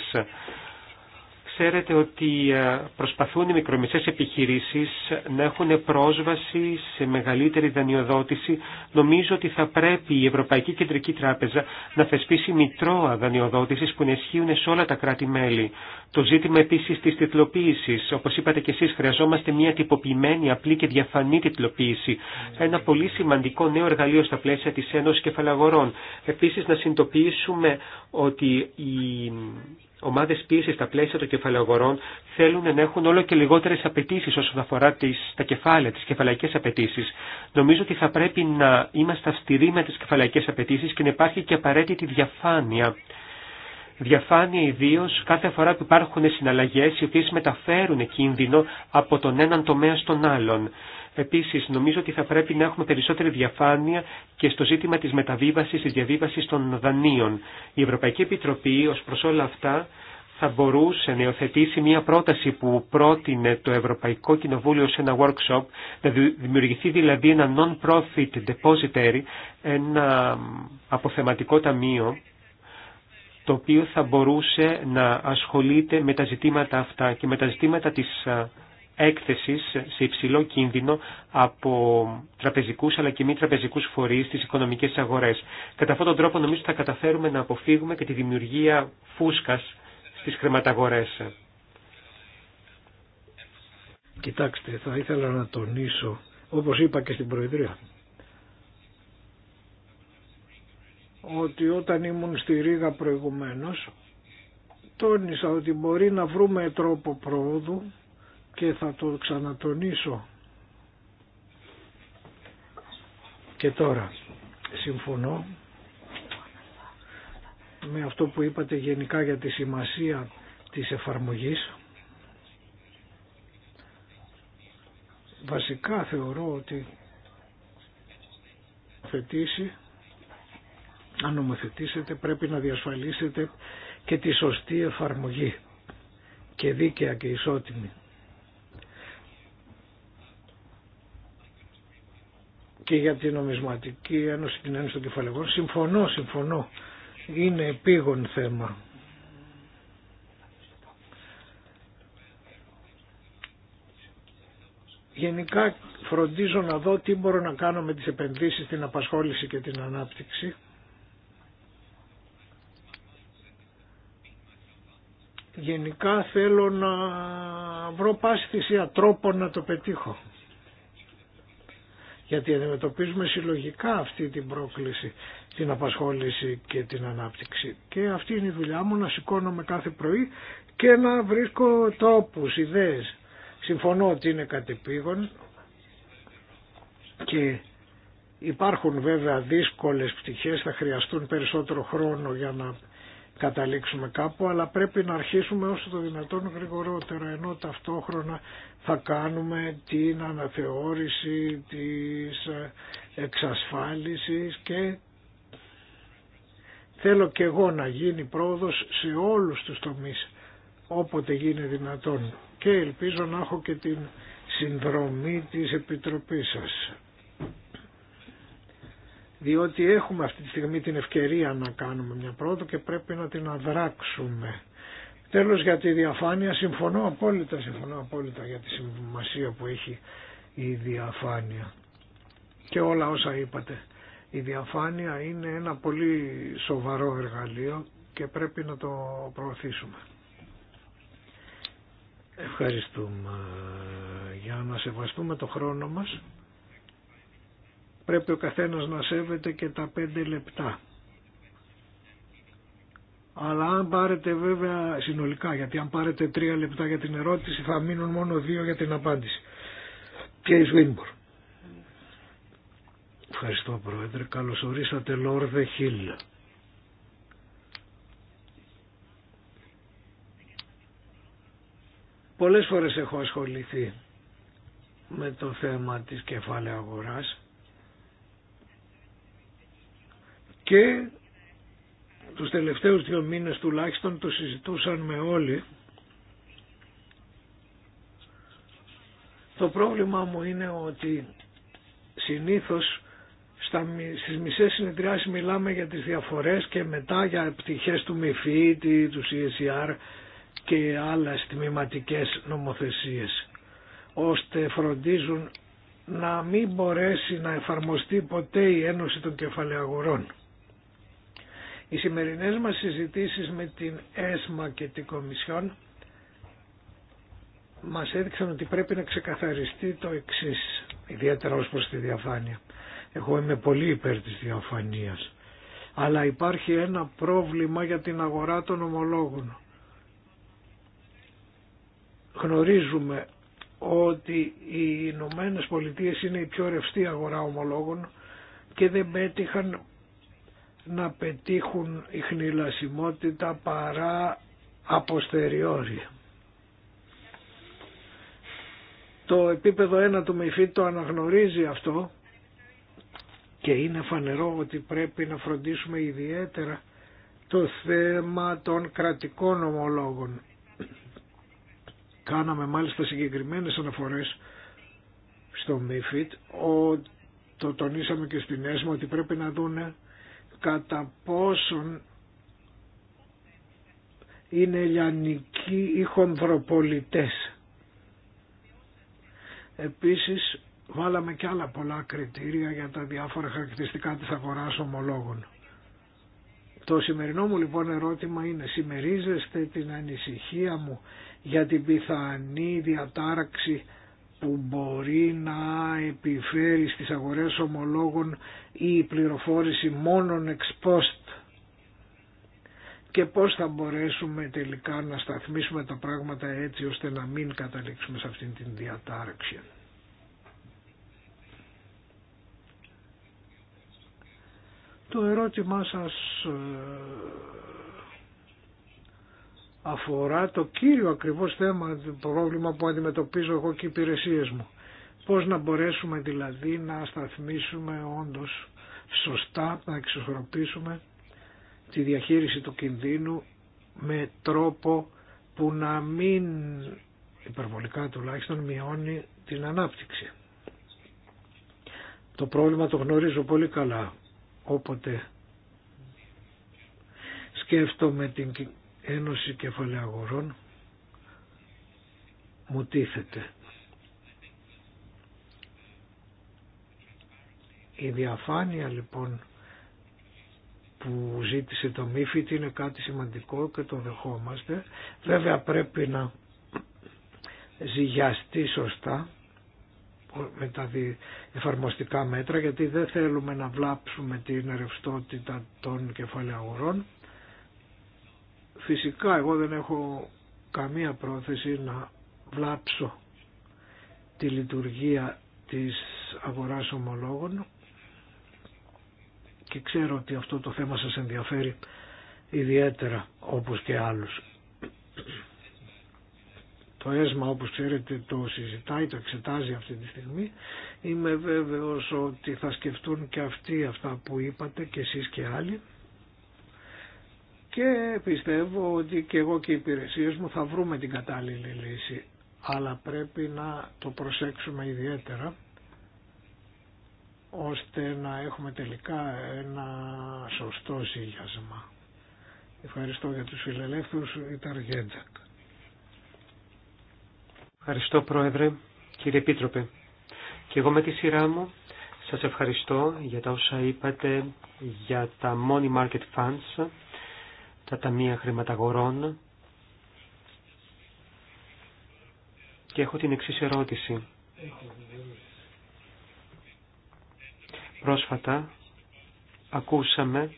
Speaker 4: Ξέρετε ότι ε, προσπαθούν οι μικρομεσαίες επιχειρήσεις να έχουν πρόσβαση σε μεγαλύτερη δανειοδότηση. Νομίζω ότι θα πρέπει η Ευρωπαϊκή Κεντρική Τράπεζα να θεσπίσει μητρώα δανειοδότησης που ενισχύουν σε όλα τα κράτη-μέλη. Το ζήτημα επίσης της τιτλοποίησης. Όπως είπατε και εσείς, χρειαζόμαστε μια τυποποιημένη, απλή και διαφανή τιτλοποίηση. Ένα πολύ σημαντικό νέο εργαλείο στα πλαίσια της Ένωσης Κεφαλαγορών. Επίσης να συνειδητοποιήσουμε ότι η ομάδε πίεση στα πλαίσια των κεφαλαγορών θέλουν να έχουν όλο και λιγότερε απαιτήσει όσον αφορά τις, τα κεφάλαια, τι κεφαλαϊκέ απαιτήσει. Νομίζω ότι θα πρέπει να είμαστε αυστηροί με τι κεφαλαϊκέ απαιτήσει και να υπάρχει και απαραίτητη διαφάνεια. Διαφάνεια ιδίω κάθε φορά που υπάρχουν συναλλαγέ οι οποίε μεταφέρουν κίνδυνο από τον έναν τομέα στον άλλον. Επίσης, νομίζω ότι θα πρέπει να έχουμε περισσότερη διαφάνεια και στο ζήτημα της μεταβίβασης, της διαβίβαση των δανείων. Η Ευρωπαϊκή Επιτροπή ως προς όλα αυτά θα μπορούσε να υιοθετήσει μια πρόταση που πρότεινε το Ευρωπαϊκό Κοινοβούλιο σε ένα workshop, να δημιουργηθεί δηλαδή ένα non-profit depository, ένα αποθεματικό ταμείο, το οποίο θα μπορούσε να ασχολείται με τα ζητήματα αυτά και με τα ζητήματα της έκθεσης σε υψηλό κίνδυνο από τραπεζικούς αλλά και μη τραπεζικούς φορείς στις οικονομικές αγορές. Κατά αυτόν τον τρόπο νομίζω θα καταφέρουμε να αποφύγουμε και τη δημιουργία φούσκας στις κρεματαγορές.
Speaker 2: Κοιτάξτε, θα ήθελα να τονίσω, όπως είπα και στην Προεδρία, ότι όταν ήμουν στη Ρήγα προηγουμένως, τόνισα ότι μπορεί να βρούμε τρόπο πρόοδου και θα το ξανατονίσω και τώρα. Συμφωνώ με αυτό που είπατε γενικά για τη σημασία της εφαρμογής. Βασικά θεωρώ ότι θετήσει, αν νομοθετήσετε πρέπει να διασφαλίσετε και τη σωστή εφαρμογή και δίκαια και ισότιμη. και για την νομισματική ένωση, την ένωση των κεφαλαίων. Συμφωνώ, συμφωνώ. Είναι επίγον θέμα. Γενικά φροντίζω να δω τι μπορώ να κάνω με τις επενδύσεις, την απασχόληση και την ανάπτυξη. Γενικά θέλω να βρω πάση θυσία τρόπο να το πετύχω γιατί αντιμετωπίζουμε συλλογικά αυτή την πρόκληση, την απασχόληση και την ανάπτυξη. Και αυτή είναι η δουλειά μου, να σηκώνομαι κάθε πρωί και να βρίσκω τόπους, ιδέες. Συμφωνώ ότι είναι κατεπήγον και υπάρχουν βέβαια δύσκολες πτυχές, θα χρειαστούν περισσότερο χρόνο για να καταλήξουμε κάπου, αλλά πρέπει να αρχίσουμε όσο το δυνατόν γρηγορότερα, ενώ ταυτόχρονα θα κάνουμε την αναθεώρηση της ε, εξασφάλισης και θέλω και εγώ να γίνει πρόοδος σε όλους τους τομείς, όποτε γίνει δυνατόν. Και ελπίζω να έχω και την συνδρομή της Επιτροπής σας διότι έχουμε αυτή τη στιγμή την ευκαιρία να κάνουμε μια πρόοδο και πρέπει να την αδράξουμε. Τέλος για τη διαφάνεια συμφωνώ απόλυτα, συμφωνώ απόλυτα για τη σημασία που έχει η διαφάνεια και όλα όσα είπατε. Η διαφάνεια είναι ένα πολύ σοβαρό εργαλείο και πρέπει να το προωθήσουμε. Ευχαριστούμε για να σεβαστούμε το χρόνο μας πρέπει ο καθένας να σέβεται και τα πέντε λεπτά. Αλλά αν πάρετε βέβαια συνολικά, γιατί αν πάρετε τρία λεπτά για την ερώτηση θα μείνουν μόνο δύο για την απάντηση. Και η Ευχαριστώ Πρόεδρε. Καλωσορίσατε Λόρδε Χίλ. Πολλές φορές έχω ασχοληθεί με το θέμα της κεφάλαια αγοράς Και τους τελευταίους δύο μήνες τουλάχιστον το συζητούσαν με όλοι. Το πρόβλημα μου είναι ότι συνήθως στα, στις μισές συνεδριάσεις μιλάμε για τις διαφορές και μετά για πτυχές του ΜΕΦΙΤ, του CSR e και άλλες τμηματικές νομοθεσίες ώστε φροντίζουν να μην μπορέσει να εφαρμοστεί ποτέ η Ένωση των Κεφαλαιαγορών. Οι σημερινές μας συζητήσεις με την ΕΣΜΑ και την Κομισιόν μας έδειξαν ότι πρέπει να ξεκαθαριστεί το εξής, ιδιαίτερα ως προς τη διαφάνεια. Εγώ είμαι πολύ υπέρ της διαφανείας, αλλά υπάρχει ένα πρόβλημα για την αγορά των ομολόγων. Γνωρίζουμε ότι οι Ηνωμένε Πολιτείε είναι η πιο ρευστή αγορά ομολόγων και δεν πέτυχαν να πετύχουν η χνηλασιμότητα παρά αποστεριόρια. Το επίπεδο 1 του ΜΕΦΙΤ το αναγνωρίζει αυτό και είναι φανερό ότι πρέπει να φροντίσουμε ιδιαίτερα το θέμα των κρατικών ομολόγων. Κάναμε μάλιστα συγκεκριμένες αναφορές στο ΜΕΦΙΤ, το τονίσαμε και στην ΕΣΜΑ ότι πρέπει να δούνε κατά πόσον είναι ελληνικοί ή χονδροπολιτές. Επίσης βάλαμε και άλλα πολλά κριτήρια για τα διάφορα χαρακτηριστικά της αγοράς ομολόγων. Το σημερινό μου λοιπόν ερώτημα είναι συμμερίζεστε την ανησυχία μου για την πιθανή διατάραξη που μπορεί να επιφέρει στις αγορές ομολόγων η πληροφόρηση μόνον εξ post και πώς θα μπορέσουμε τελικά να σταθμίσουμε τα πράγματα έτσι ώστε να μην καταλήξουμε σε αυτήν την διατάρξη. Το ερώτημά σας ε, αφορά το κύριο ακριβώς θέμα, το πρόβλημα που αντιμετωπίζω εγώ και οι υπηρεσίε μου. Πώς να μπορέσουμε δηλαδή να σταθμίσουμε όντως σωστά, να εξισορροπήσουμε τη διαχείριση του κινδύνου με τρόπο που να μην υπερβολικά τουλάχιστον μειώνει την ανάπτυξη. Το πρόβλημα το γνωρίζω πολύ καλά όποτε σκέφτομαι την Ένωση Κεφαλαίου Αγορών μου τίθεται. Η διαφάνεια λοιπόν που ζήτησε το ΜΥΦΙΤ είναι κάτι σημαντικό και το δεχόμαστε. Βέβαια πρέπει να ζυγιαστεί σωστά με τα εφαρμοστικά μέτρα γιατί δεν θέλουμε να βλάψουμε την ρευστότητα των κεφαλαίων Φυσικά εγώ δεν έχω καμία πρόθεση να βλάψω τη λειτουργία της αγοράς ομολόγων και ξέρω ότι αυτό το θέμα σας ενδιαφέρει ιδιαίτερα όπως και άλλους. Το ΕΣΜΑ όπως ξέρετε το συζητάει, το εξετάζει αυτή τη στιγμή. Είμαι βέβαιος ότι θα σκεφτούν και αυτοί αυτά που είπατε και εσείς και άλλοι και πιστεύω ότι και εγώ και οι υπηρεσίες μου θα βρούμε την κατάλληλη λύση αλλά πρέπει να το προσέξουμε ιδιαίτερα ώστε να έχουμε τελικά ένα σωστό σύγχασμα. Ευχαριστώ για τους φιλελεύθερους
Speaker 4: ήταν Γέντζακ. Ευχαριστώ Πρόεδρε, κύριε Επίτροπε. Και εγώ με τη σειρά μου σας ευχαριστώ για τα όσα είπατε για τα money market funds τα ταμεία χρηματαγορών και έχω την εξής ερώτηση. Πρόσφατα ακούσαμε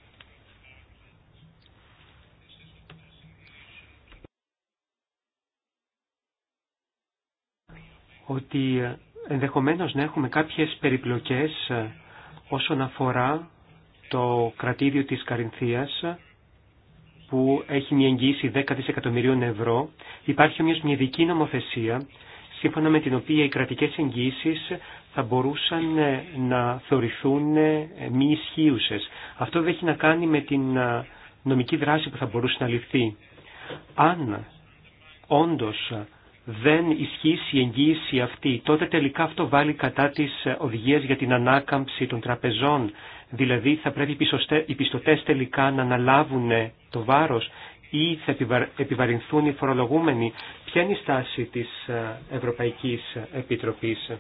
Speaker 4: ότι ενδεχομένως να έχουμε κάποιες περιπλοκές ε, όσον αφορά το κρατήδιο της Καρινθίας που έχει μια εγγύηση 10 δισεκατομμυρίων ευρώ, υπάρχει όμως μια ειδική νομοθεσία σύμφωνα με την οποία οι κρατικές εγγύησεις θα μπορούσαν ε, να θεωρηθούν ε, μη ισχύουσες. Αυτό δεν έχει να κάνει με την ε, νομική δράση που θα μπορούσε να ληφθεί. Αν όντως δεν ισχύσει η εγγύηση αυτή, τότε τελικά αυτό βάλει κατά τις οδηγίες για την ανάκαμψη των τραπεζών Δηλαδή θα πρέπει οι πιστωτές τελικά να αναλάβουν το βάρος ή θα επιβαρυνθούν οι φορολογούμενοι. Ποια είναι η στάση της ε, Ευρωπαϊκής Επιτροπής.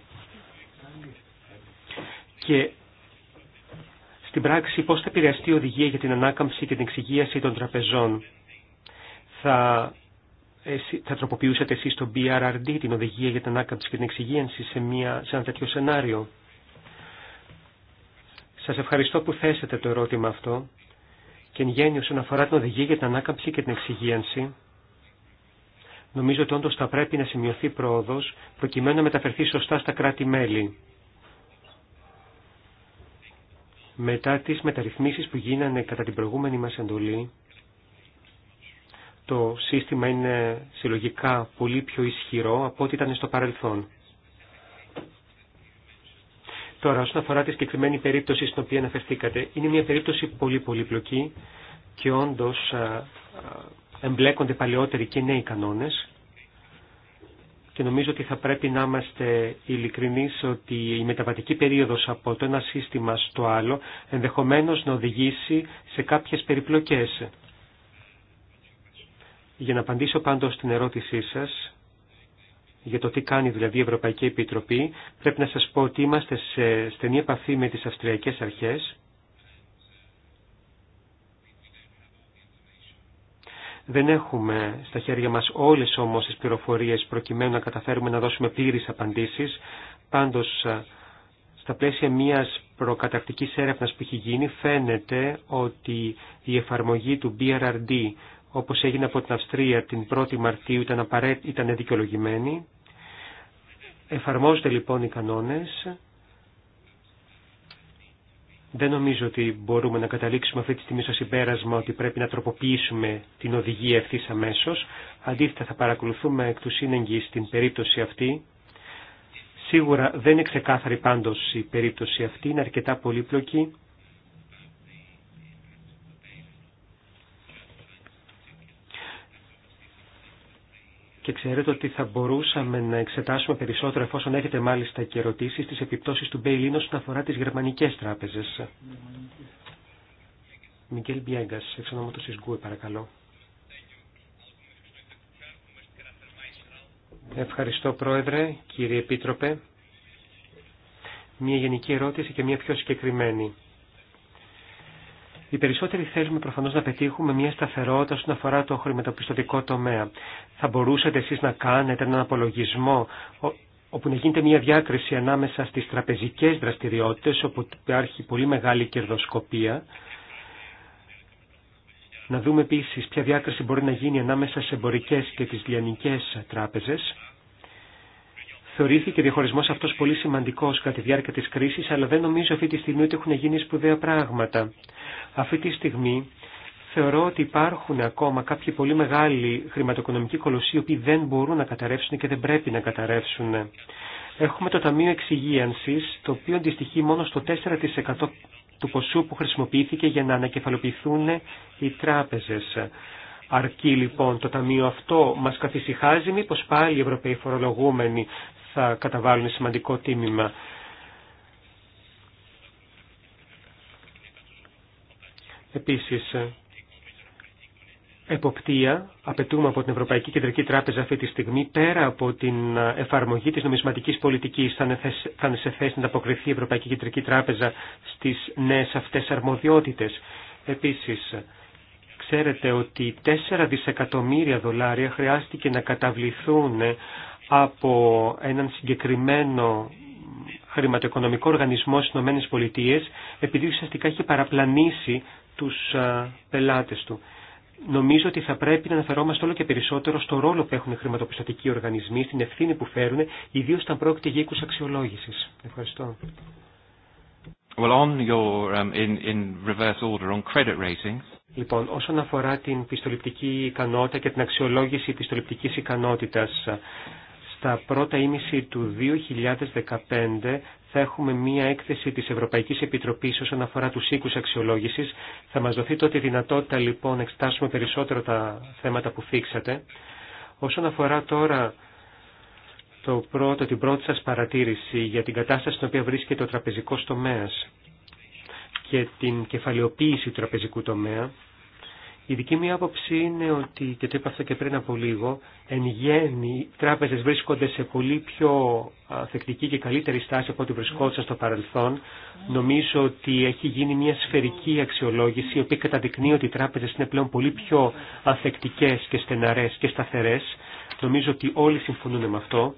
Speaker 4: Και στην πράξη πώς θα επηρεαστεί η οδηγία για την ανάκαμψη και την εξυγίαση των τραπεζών. Θα, θα τροποποιούσατε εσείς το BRRD, την οδηγία για την ανάκαμψη και την εξυγίαση σε, σε ένα τέτοιο σενάριο. Σας ευχαριστώ που θέσετε το ερώτημα αυτό και εν γένει, όσον αφορά την οδηγία για την ανάκαμψη και την εξυγίανση. Νομίζω ότι όντως θα πρέπει να σημειωθεί πρόοδος προκειμένου να μεταφερθεί σωστά στα κράτη-μέλη. Μετά τις μεταρρυθμίσεις που γίνανε κατά την προηγούμενη μας εντολή, το σύστημα είναι συλλογικά πολύ πιο ισχυρό από ό,τι ήταν στο παρελθόν. Τώρα, όσον αφορά τη συγκεκριμένη περίπτωση στην οποία αναφερθήκατε, είναι μια περίπτωση πολύ πολύπλοκη και όντω εμπλέκονται παλαιότεροι και νέοι κανόνες και νομίζω ότι θα πρέπει να είμαστε ειλικρινεί ότι η μεταβατική περίοδος από το ένα σύστημα στο άλλο ενδεχομένως να οδηγήσει σε κάποιες περιπλοκές. Για να απαντήσω πάντως στην ερώτησή σας, για το τι κάνει δηλαδή η Ευρωπαϊκή Επιτροπή, πρέπει να σας πω ότι είμαστε σε στενή επαφή με τις Αυστριακές Αρχές. Δεν έχουμε στα χέρια μας όλες όμως τις πληροφορίες προκειμένου να καταφέρουμε να δώσουμε πλήρεις απαντήσεις. Πάντως, στα πλαίσια μιας προκατακτικής έρευνας που έχει γίνει, φαίνεται ότι η εφαρμογή του BRRD όπως έγινε από την Αυστρία την 1η Μαρτίου ήταν, απαραίτητη, ήταν δικαιολογημένη. Εφαρμόζονται λοιπόν οι κανόνες. Δεν νομίζω ότι μπορούμε να καταλήξουμε αυτή τη στιγμή στο συμπέρασμα ότι πρέπει να τροποποιήσουμε την οδηγία ευθύ αμέσω. Αντίθετα θα παρακολουθούμε εκ του σύνεγγυ στην περίπτωση αυτή. Σίγουρα δεν είναι ξεκάθαρη πάντως η περίπτωση αυτή, είναι αρκετά πολύπλοκη. και ξέρετε ότι θα μπορούσαμε να εξετάσουμε περισσότερο εφόσον έχετε μάλιστα και ερωτήσεις τις επιπτώσεις του Μπέιλιν όσον αφορά τις γερμανικές τράπεζες. Μικέλ Ευχαριστώ Πρόεδρε, κύριε Επίτροπε. Μία γενική ερώτηση και μία πιο συγκεκριμένη. Οι περισσότεροι θέλουμε προφανώ να πετύχουμε μια σταθερότητα όσον αφορά το χρηματοπιστωτικό τομέα. Θα μπορούσατε εσείς να κάνετε έναν απολογισμό όπου να γίνεται μια διάκριση ανάμεσα στις τραπεζικές δραστηριότητες όπου υπάρχει πολύ μεγάλη κερδοσκοπία να δούμε επίσης ποια διάκριση μπορεί να γίνει ανάμεσα σε εμπορικές και τις λιανικές τράπεζες Θεωρήθηκε διαχωρισμό αυτό πολύ σημαντικό κατά τη διάρκεια τη κρίση, αλλά δεν νομίζω αυτή τη στιγμή ότι έχουν γίνει σπουδαία πράγματα. Αυτή τη στιγμή θεωρώ ότι υπάρχουν ακόμα κάποιοι πολύ μεγάλοι χρηματοοικονομικοί κολοσσοί, οι οποίοι δεν μπορούν να καταρρεύσουν και δεν πρέπει να καταρρεύσουν. Έχουμε το Ταμείο Εξυγίανση, το οποίο αντιστοιχεί μόνο στο 4% του ποσού που χρησιμοποιήθηκε για να ανακεφαλοποιηθούν οι τράπεζε. Αρκεί λοιπόν το ταμείο αυτό, μας καθησυχάζει μήπως πάλι οι Ευρωπαίοι φορολογούμενοι θα καταβάλουν σημαντικό τίμημα. Επίσης, εποπτεία απαιτούμε από την Ευρωπαϊκή Κεντρική Τράπεζα αυτή τη στιγμή πέρα από την εφαρμογή της νομισματικής πολιτικής θα είναι σε θέση να αποκριθεί η Ευρωπαϊκή Κεντρική Τράπεζα στις νέες αυτές αρμοδιότητες. Επίσης, ξέρετε ότι 4 δισεκατομμύρια δολάρια χρειάστηκε να καταβληθούν από έναν συγκεκριμένο χρηματοοικονομικό οργανισμό στι ΗΠΑ, επειδή ουσιαστικά είχε παραπλανήσει του πελάτε του. Νομίζω ότι θα πρέπει να αναφερόμαστε όλο και περισσότερο στο ρόλο που έχουν οι χρηματοπιστωτικοί οργανισμοί, στην ευθύνη που φέρουν, ιδίω όταν πρόκειται για οίκου αξιολόγηση. Ευχαριστώ. Well, um, in, in reverse order, on credit ratings. Λοιπόν, όσον αφορά την πιστοληπτική ικανότητα και την αξιολόγηση πιστοληπτικής ικανότητας, στα πρώτα ήμιση του 2015 θα έχουμε μία έκθεση της Ευρωπαϊκής Επιτροπής όσον αφορά τους οίκους αξιολόγησης. Θα μας δοθεί τότε η δυνατότητα λοιπόν να εξετάσουμε περισσότερο τα θέματα που φίξατε. Όσον αφορά τώρα το πρώτο, την πρώτη σας παρατήρηση για την κατάσταση στην οποία βρίσκεται ο τραπεζικός τομέας και την κεφαλαιοποίηση του τραπεζικού τομέα, η δική μου άποψη είναι ότι, και το είπα αυτό και πριν από λίγο, εν γέννη οι τράπεζε βρίσκονται σε πολύ πιο θεκτική και καλύτερη στάση από ό,τι βρισκόντουσαν στο παρελθόν. Νομίζω ότι έχει γίνει μια σφαιρική αξιολόγηση, η οποία καταδεικνύει ότι οι τράπεζε είναι πλέον πολύ πιο αθεκτικές και στεναρέ και σταθερέ. Νομίζω ότι όλοι συμφωνούν με αυτό.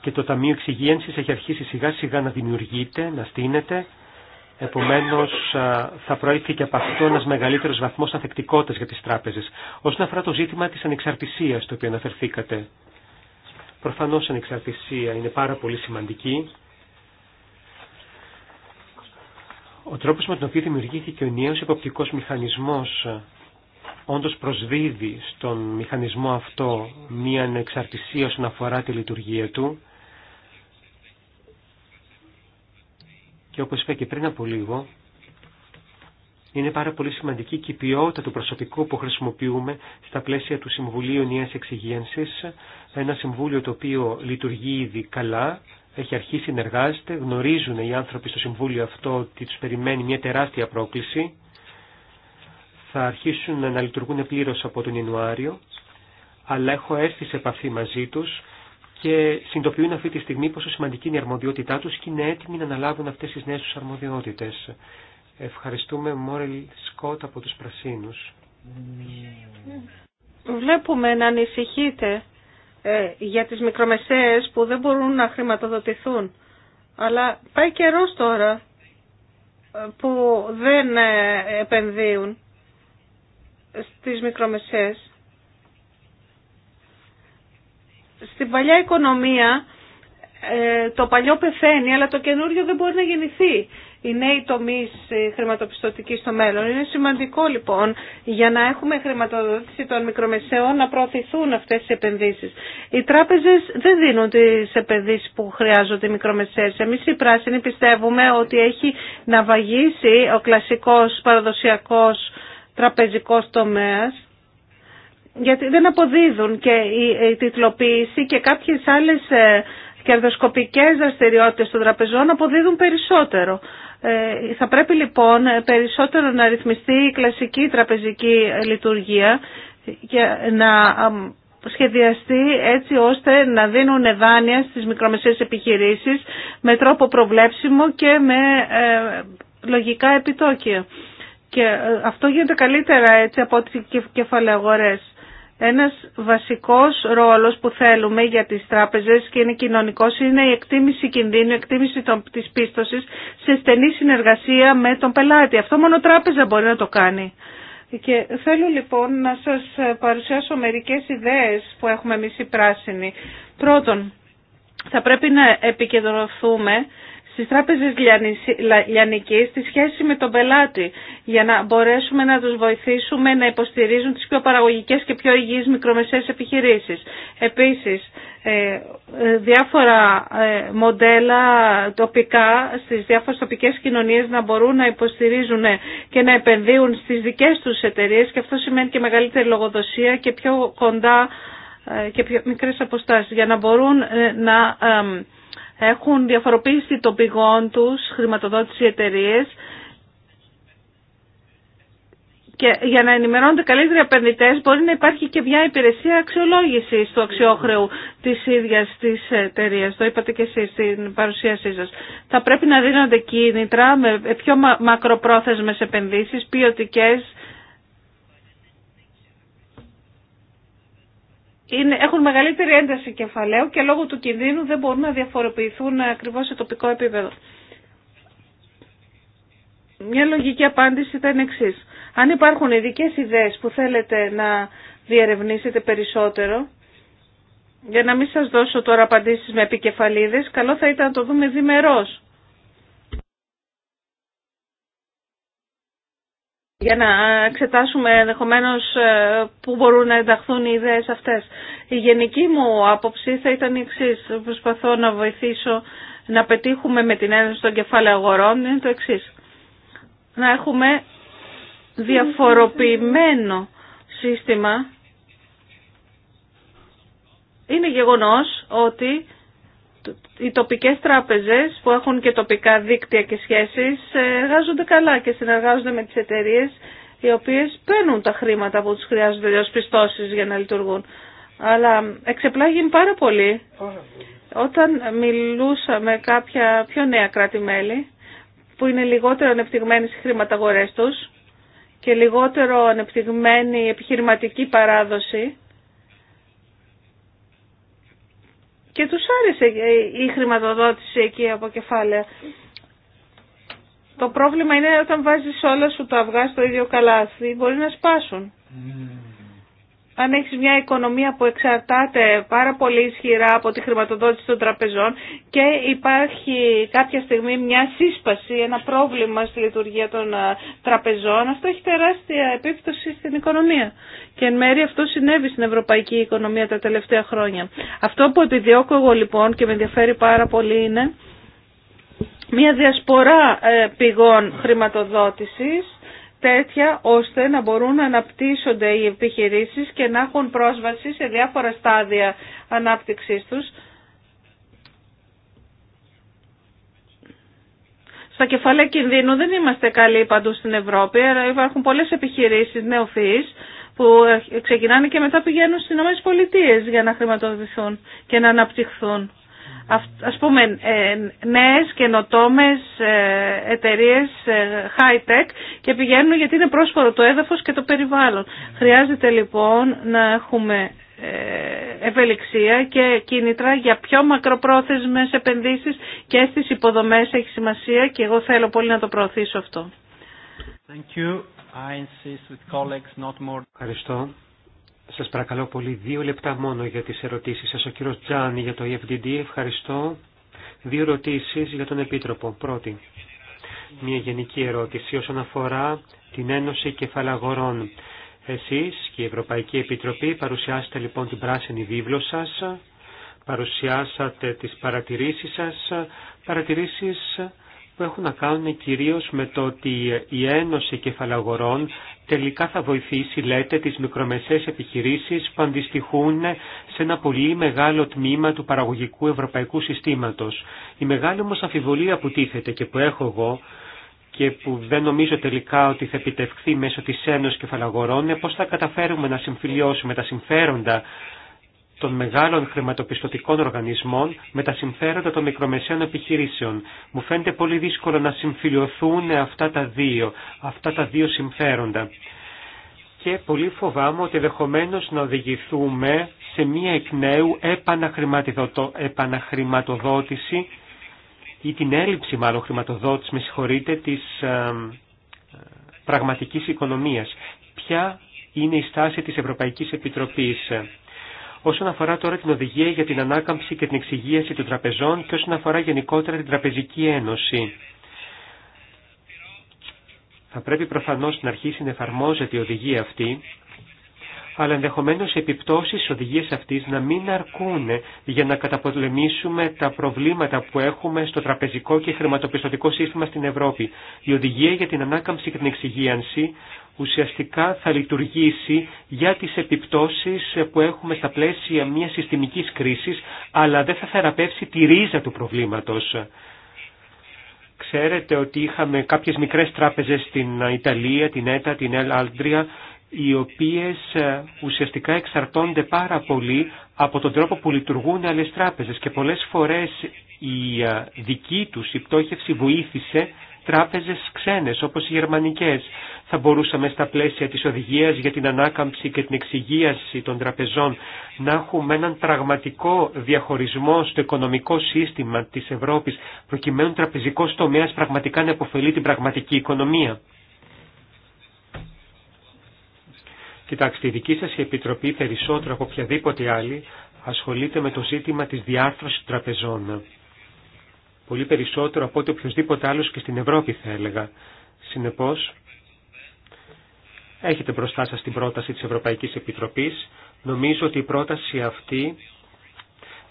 Speaker 4: Και το Ταμείο Εξυγίανση έχει αρχίσει σιγά σιγά να δημιουργείται, να στείνεται. Επομένω, θα προέρχεται και από αυτό ένα μεγαλύτερο βαθμό ανθεκτικότητα για τι τράπεζε. Όσον αφορά το ζήτημα τη ανεξαρτησία, το οποίο αναφερθήκατε. Προφανώ η ανεξαρτησία είναι πάρα πολύ σημαντική. Ο τρόπο με τον οποίο δημιουργήθηκε ο νέο υποπτικό μηχανισμό όντω προσδίδει στον μηχανισμό αυτό μία ανεξαρτησία όσον αφορά τη λειτουργία του. και όπως είπα και πριν από λίγο, είναι πάρα πολύ σημαντική και η ποιότητα του προσωπικού που χρησιμοποιούμε στα πλαίσια του Συμβουλίου Νέας Εξυγένσης, ένα συμβούλιο το οποίο λειτουργεί ήδη καλά, έχει αρχίσει να εργάζεται, γνωρίζουν οι άνθρωποι στο Συμβούλιο αυτό ότι τους περιμένει μια τεράστια πρόκληση, θα αρχίσουν να λειτουργούν πλήρως από τον Ιανουάριο, αλλά έχω έρθει σε επαφή μαζί τους και συνειδητοποιούν αυτή τη στιγμή πόσο σημαντική είναι η αρμοδιότητά τους και είναι έτοιμοι να αναλάβουν αυτές τις νέες τους αρμοδιότητες. Ευχαριστούμε Μόρελ Σκότ από τους Πρασίνους.
Speaker 3: Βλέπουμε να ανησυχείτε ε, για τις μικρομεσαίες που δεν μπορούν να χρηματοδοτηθούν. Αλλά πάει καιρό τώρα ε, που δεν ε, επενδύουν στις μικρομεσαίες. Στην παλιά οικονομία ε, το παλιό πεθαίνει, αλλά το καινούριο δεν μπορεί να γεννηθεί. Οι νέοι τομεί χρηματοπιστωτική στο μέλλον. Είναι σημαντικό λοιπόν για να έχουμε χρηματοδότηση των μικρομεσαίων να προωθηθούν αυτέ τι επενδύσει. Οι τράπεζε δεν δίνουν τι επενδύσει που χρειάζονται οι μικρομεσαίε. Εμεί οι πράσινοι πιστεύουμε ότι έχει να βαγίσει ο κλασικό παραδοσιακό τραπεζικό τομέα γιατί δεν αποδίδουν και η τιτλοποίηση και κάποιες άλλες ε, κερδοσκοπικές δραστηριότητες των τραπεζών αποδίδουν περισσότερο. Ε, θα πρέπει λοιπόν περισσότερο να ρυθμιστεί η κλασική τραπεζική λειτουργία και να σχεδιαστεί έτσι ώστε να δίνουν δάνεια στις μικρομεσαίες επιχειρήσεις με τρόπο προβλέψιμο και με ε, λογικά επιτόκια. Και αυτό γίνεται καλύτερα έτσι από τις ένας βασικός ρόλος που θέλουμε για τις τράπεζες και είναι κοινωνικός είναι η εκτίμηση κινδύνου, η εκτίμηση των, της πίστοσης σε στενή συνεργασία με τον πελάτη. Αυτό μόνο τράπεζα μπορεί να το κάνει. Και θέλω λοιπόν να σας παρουσιάσω μερικές ιδέες που έχουμε εμείς οι πράσινοι. Πρώτον, θα πρέπει να επικεντρωθούμε στις τράπεζες Λιανικής τη σχέση με τον πελάτη για να μπορέσουμε να τους βοηθήσουμε να υποστηρίζουν τις πιο παραγωγικές και πιο υγιείς μικρομεσαίες επιχειρήσεις. Επίσης, ε, ε, διάφορα ε, μοντέλα τοπικά στις διάφορες τοπικές κοινωνίες να μπορούν να υποστηρίζουν και να επενδύουν στις δικές τους εταιρείες και αυτό σημαίνει και μεγαλύτερη λογοδοσία και πιο κοντά και πιο μικρές αποστάσεις για να μπορούν να έχουν διαφοροποίησει το πηγών τους, χρηματοδότηση εταιρείε. Και για να ενημερώνονται καλύτεροι επενδυτέ, μπορεί να υπάρχει και μια υπηρεσία αξιολόγηση του αξιόχρεου τη ίδια τη εταιρεία. Το είπατε και εσεί στην παρουσίασή σα. Θα πρέπει να δίνονται κίνητρα με πιο μακροπρόθεσμε επενδύσει, ποιοτικέ, είναι, έχουν μεγαλύτερη ένταση κεφαλαίου και λόγω του κινδύνου δεν μπορούν να διαφοροποιηθούν ακριβώς σε τοπικό επίπεδο. Μια λογική απάντηση ήταν εξή. Αν υπάρχουν ειδικέ ιδέες που θέλετε να διερευνήσετε περισσότερο, για να μην σας δώσω τώρα απαντήσεις με επικεφαλίδες, καλό θα ήταν να το δούμε διμερώς. για να εξετάσουμε ενδεχομένω ε, πού μπορούν να ενταχθούν οι ιδέες αυτές. Η γενική μου άποψη θα ήταν η εξή. Προσπαθώ να βοηθήσω να πετύχουμε με την ένωση των κεφάλαιων αγορών είναι το εξή. Να έχουμε
Speaker 1: διαφοροποιημένο
Speaker 3: σύστημα. Είναι γεγονός ότι οι τοπικές τράπεζες που έχουν και τοπικά δίκτυα και σχέσεις ε, εργάζονται καλά και συνεργάζονται με τις εταιρείες οι οποίες παίρνουν τα χρήματα που τους χρειάζονται ως πιστώσεις για να λειτουργούν. Αλλά εξεπλάγει πάρα πολύ όταν μιλούσαμε με κάποια πιο νέα κράτη-μέλη που είναι λιγότερο ανεπτυγμένοι στις χρηματαγορές τους και λιγότερο ανεπτυγμένη επιχειρηματική παράδοση και τους άρεσε η χρηματοδότηση εκεί από κεφάλαια. Το πρόβλημα είναι όταν βάζεις όλα σου τα αυγά στο ίδιο καλάθι, μπορεί να σπάσουν. Mm αν έχεις μια οικονομία που εξαρτάται πάρα πολύ ισχυρά από τη χρηματοδότηση των τραπεζών και υπάρχει κάποια στιγμή μια σύσπαση, ένα πρόβλημα στη λειτουργία των ε, τραπεζών, αυτό έχει τεράστια επίπτωση στην οικονομία. Και εν μέρει αυτό συνέβη στην ευρωπαϊκή οικονομία τα τελευταία χρόνια. Αυτό που επιδιώκω εγώ λοιπόν και με ενδιαφέρει πάρα πολύ είναι μια διασπορά ε, πηγών χρηματοδότησης τέτοια ώστε να μπορούν να αναπτύσσονται οι επιχειρήσεις και να έχουν πρόσβαση σε διάφορα στάδια ανάπτυξής τους. Στα κεφάλαια κινδύνου δεν είμαστε καλοί παντού στην Ευρώπη, αλλά υπάρχουν πολλές επιχειρήσεις νεοφύης που ξεκινάνε και μετά πηγαίνουν στις ΗΠΑ για να χρηματοδοτηθούν και να αναπτυχθούν ας πούμε ε, νέες καινοτόμες ε, εταιρείες ε, high-tech και πηγαίνουν γιατί είναι πρόσφορο το έδαφος και το περιβάλλον. Χρειάζεται λοιπόν να έχουμε ευελιξία και κίνητρα για πιο μακροπρόθεσμες επενδύσεις και στις υποδομές έχει σημασία και εγώ θέλω πολύ να το προωθήσω αυτό.
Speaker 4: Thank you. I Ευχαριστώ. Σας παρακαλώ πολύ δύο λεπτά μόνο για τις ερωτήσεις σας. Ο κύριος Τζάνι για το EFDD, ευχαριστώ. Δύο ερωτήσεις για τον Επίτροπο. Πρώτη, μια γενική ερώτηση όσον αφορά την Ένωση Κεφαλαγορών. Εσείς και η Ευρωπαϊκή Επιτροπή παρουσιάσατε λοιπόν την πράσινη βίβλο σας, παρουσιάσατε τις παρατηρήσεις σας, παρατηρήσεις που έχουν να κάνουν κυρίως με το ότι η Ένωση Κεφαλαγορών τελικά θα βοηθήσει, λέτε, τις μικρομεσαίες επιχειρήσεις που αντιστοιχούν σε ένα πολύ μεγάλο τμήμα του παραγωγικού ευρωπαϊκού συστήματος. Η μεγάλη όμως αμφιβολία που τίθεται και που έχω εγώ και που δεν νομίζω τελικά ότι θα επιτευχθεί μέσω της Ένωσης Κεφαλαγορών είναι πώς θα καταφέρουμε να συμφιλιώσουμε τα συμφέροντα των μεγάλων χρηματοπιστωτικών οργανισμών με τα συμφέροντα των μικρομεσαίων επιχειρήσεων. Μου φαίνεται πολύ δύσκολο να συμφιλειωθούν αυτά τα δύο, αυτά τα δύο συμφέροντα. Και πολύ φοβάμαι ότι ενδεχομένω να οδηγηθούμε σε μία εκ νέου επαναχρηματοδότηση ή την έλλειψη μάλλον χρηματοδότηση, με συγχωρείτε, της ε, ε, πραγματικής οικονομίας. Ποια είναι η στάση της Ευρωπαϊκής Επιτροπής όσον αφορά τώρα την οδηγία για την ανάκαμψη και την εξυγίαση των τραπεζών και όσον αφορά γενικότερα την Τραπεζική Ένωση. Θα πρέπει προφανώς να αρχίσει να εφαρμόζεται η οδηγία αυτή αλλά ενδεχομένως οι επιπτώσεις της οδηγίας αυτής να μην αρκούν για να καταπολεμήσουμε τα προβλήματα που έχουμε στο τραπεζικό και χρηματοπιστωτικό σύστημα στην Ευρώπη. Η οδηγία για την ανάκαμψη και την εξυγίανση ουσιαστικά θα λειτουργήσει για τις επιπτώσεις που έχουμε στα πλαίσια μιας συστημικής κρίσης, αλλά δεν θα θεραπεύσει τη ρίζα του προβλήματος. Ξέρετε ότι είχαμε κάποιες μικρές τράπεζες στην Ιταλία, την ΕΤΑ, την Ελ οι οποίες ε, ουσιαστικά εξαρτώνται πάρα πολύ από τον τρόπο που λειτουργούν άλλες τράπεζες και πολλές φορές η ε, δική τους η πτώχευση βοήθησε τράπεζες ξένες όπως οι γερμανικές. Θα μπορούσαμε στα πλαίσια της οδηγίας για την ανάκαμψη και την εξυγίαση των τραπεζών να έχουμε έναν πραγματικό διαχωρισμό στο οικονομικό σύστημα της Ευρώπης προκειμένου τραπεζικός τομέας πραγματικά να υποφελεί την πραγματική οικονομία. Κοιτάξτε, η δική σας Επιτροπή περισσότερο από οποιαδήποτε άλλη ασχολείται με το ζήτημα της διάρθρωσης τραπεζών. Πολύ περισσότερο από ό,τι οποιοδήποτε άλλος και στην Ευρώπη θα έλεγα. Συνεπώς, έχετε μπροστά σας την πρόταση της Ευρωπαϊκής Επιτροπής. Νομίζω ότι η πρόταση αυτή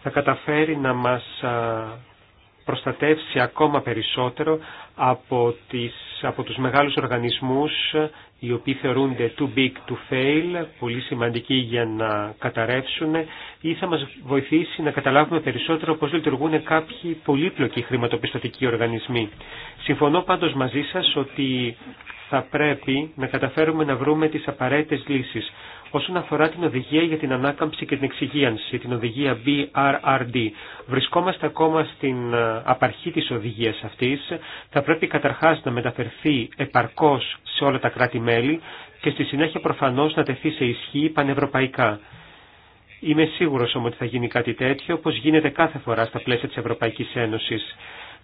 Speaker 4: θα καταφέρει να μας προστατεύσει ακόμα περισσότερο από, τις, από τους μεγάλους οργανισμούς οι οποίοι θεωρούνται too big to fail, πολύ σημαντικοί για να καταρρεύσουν ή θα μας βοηθήσει να καταλάβουμε περισσότερο πώς λειτουργούν κάποιοι πολύπλοκοι χρηματοπιστωτικοί οργανισμοί. Συμφωνώ πάντως μαζί σας ότι θα πρέπει να καταφέρουμε να βρούμε τις απαραίτητες λύσεις όσον αφορά την οδηγία για την ανάκαμψη και την εξυγίανση, την οδηγία BRRD. Βρισκόμαστε ακόμα στην ε, απαρχή της οδηγίας αυτής. Θα πρέπει καταρχάς να μεταφερθεί επαρκώς σε όλα τα κράτη-μέλη και στη συνέχεια προφανώς να τεθεί σε ισχύ πανευρωπαϊκά. Είμαι σίγουρος όμως ότι θα γίνει κάτι τέτοιο, όπως γίνεται κάθε φορά στα πλαίσια της Ευρωπαϊκής Ένωσης.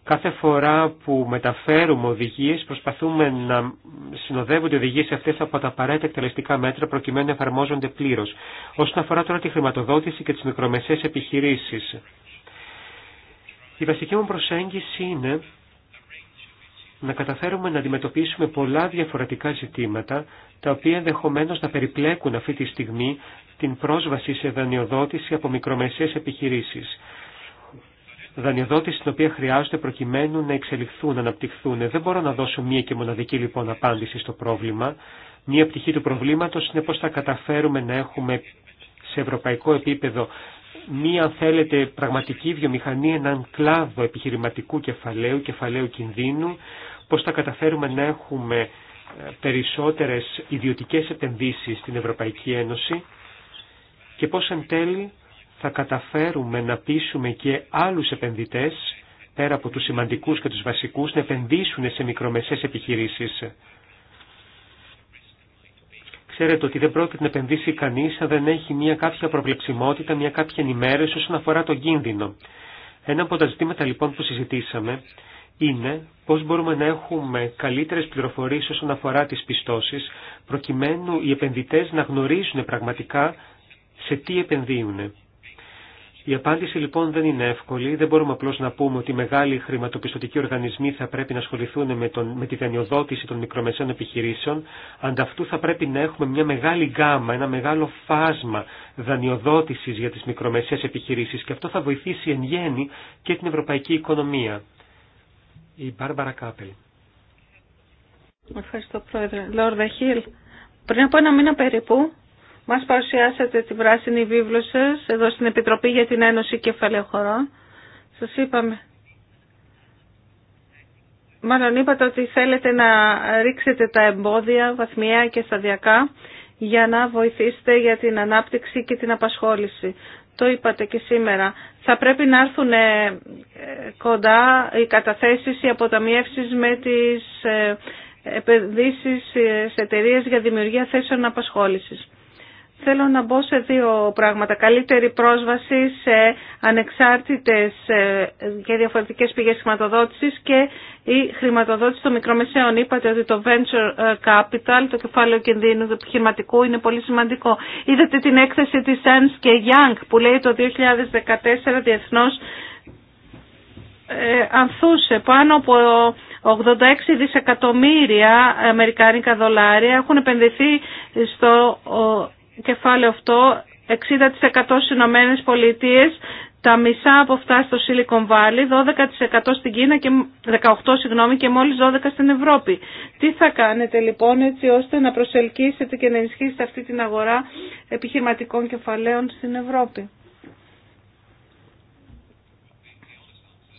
Speaker 4: Κάθε φορά που μεταφέρουμε οδηγίες προσπαθούμε να συνοδεύονται οι οδηγίες αυτές από τα απαραίτητα εκτελεστικά μέτρα προκειμένου να εφαρμόζονται πλήρως. Όσον αφορά τώρα τη χρηματοδότηση και τις μικρομεσαίες επιχειρήσεις. Η βασική μου προσέγγιση είναι να καταφέρουμε να αντιμετωπίσουμε πολλά διαφορετικά ζητήματα, τα οποία ενδεχομένω να περιπλέκουν αυτή τη στιγμή την πρόσβαση σε δανειοδότηση από μικρομεσαίες επιχειρήσεις δανειοδότηση την οποία χρειάζονται προκειμένου να εξελιχθούν, να αναπτυχθούν. Δεν μπορώ να δώσω μία και μοναδική λοιπόν απάντηση στο πρόβλημα. Μία πτυχή του προβλήματος είναι πώς θα καταφέρουμε να έχουμε σε ευρωπαϊκό επίπεδο μία, αν θέλετε, πραγματική βιομηχανία, έναν κλάδο επιχειρηματικού κεφαλαίου, κεφαλαίου κινδύνου, πώς θα καταφέρουμε να έχουμε ε, περισσότερες ιδιωτικές επενδύσεις στην Ευρωπαϊκή Ένωση και πώς εν τέλει θα καταφέρουμε να πείσουμε και άλλους επενδυτές, πέρα από τους σημαντικούς και τους βασικούς, να επενδύσουν σε μικρομεσαίες επιχειρήσεις. Ξέρετε ότι δεν πρόκειται να επενδύσει κανείς αν δεν έχει μια κάποια προβλεψιμότητα, μια κάποια ενημέρωση όσον αφορά τον κίνδυνο. Ένα από τα ζητήματα λοιπόν που συζητήσαμε είναι πώς μπορούμε να έχουμε καλύτερες πληροφορίες όσον αφορά τις πιστώσεις, προκειμένου οι επενδυτές να γνωρίζουν πραγματικά σε τι επενδύουν. Η απάντηση λοιπόν δεν είναι εύκολη. Δεν μπορούμε απλώς να πούμε ότι οι μεγάλοι χρηματοπιστωτικοί οργανισμοί θα πρέπει να ασχοληθούν με, τον, με τη δανειοδότηση των μικρομεσαίων επιχειρήσεων. Ανταυτού θα πρέπει να έχουμε μια μεγάλη γκάμα, ένα μεγάλο φάσμα δανειοδότησης για τις μικρομεσαίες επιχειρήσεις και αυτό θα βοηθήσει εν γέννη και την ευρωπαϊκή οικονομία. Η Μπάρμπαρα Κάπελ.
Speaker 3: Ευχαριστώ Πρόεδρε. Λόρδε Χίλ, πριν από ένα μήνα περίπου μας παρουσιάσατε την πράσινη βίβλο σας εδώ στην Επιτροπή για την Ένωση Κεφαλαίου Χωρών. Σας είπαμε. Μάλλον είπατε ότι θέλετε να ρίξετε τα εμπόδια βαθμιαία και σταδιακά για να βοηθήσετε για την ανάπτυξη και την απασχόληση. Το είπατε και σήμερα. Θα πρέπει να έρθουν ε, κοντά οι καταθέσεις, οι αποταμιεύσεις με τις ε, επενδύσεις ε, σε εταιρείε για δημιουργία θέσεων απασχόλησης. Θέλω να μπω σε δύο πράγματα. Καλύτερη πρόσβαση σε ανεξάρτητες ε, και διαφορετικές πηγές χρηματοδότησης και η χρηματοδότηση των μικρομεσαίων. Είπατε ότι το venture ε, capital, το κεφάλαιο κινδύνου του επιχειρηματικού είναι πολύ σημαντικό. Είδατε την έκθεση της Sands και Young που λέει το 2014 διεθνώς ε, ανθούσε πάνω από 86 δισεκατομμύρια αμερικάνικα δολάρια έχουν επενδυθεί στο κεφάλαιο αυτό 60% στις Ηνωμένε Πολιτείε τα μισά από αυτά στο Silicon Valley, 12% στην Κίνα και 18% συγγνώμη, και μόλις 12% στην Ευρώπη. Τι θα κάνετε λοιπόν έτσι ώστε να προσελκύσετε και να ενισχύσετε αυτή την αγορά επιχειρηματικών κεφαλαίων στην Ευρώπη.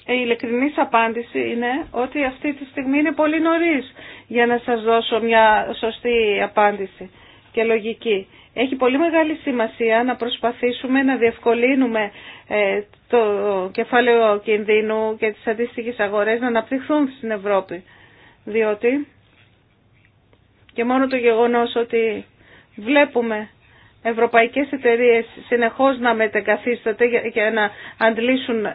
Speaker 3: Η ειλικρινής απάντηση είναι ότι αυτή τη στιγμή είναι πολύ νωρίς για να σας δώσω μια σωστή απάντηση και λογική. Έχει πολύ μεγάλη σημασία να προσπαθήσουμε να διευκολύνουμε ε, το κεφάλαιο κινδύνου και τις αντίστοιχες αγορές να αναπτυχθούν στην Ευρώπη. Διότι και μόνο το γεγονός ότι βλέπουμε ευρωπαϊκές εταιρείες συνεχώς να μετεγκαθίσταται για να αντλήσουν ε,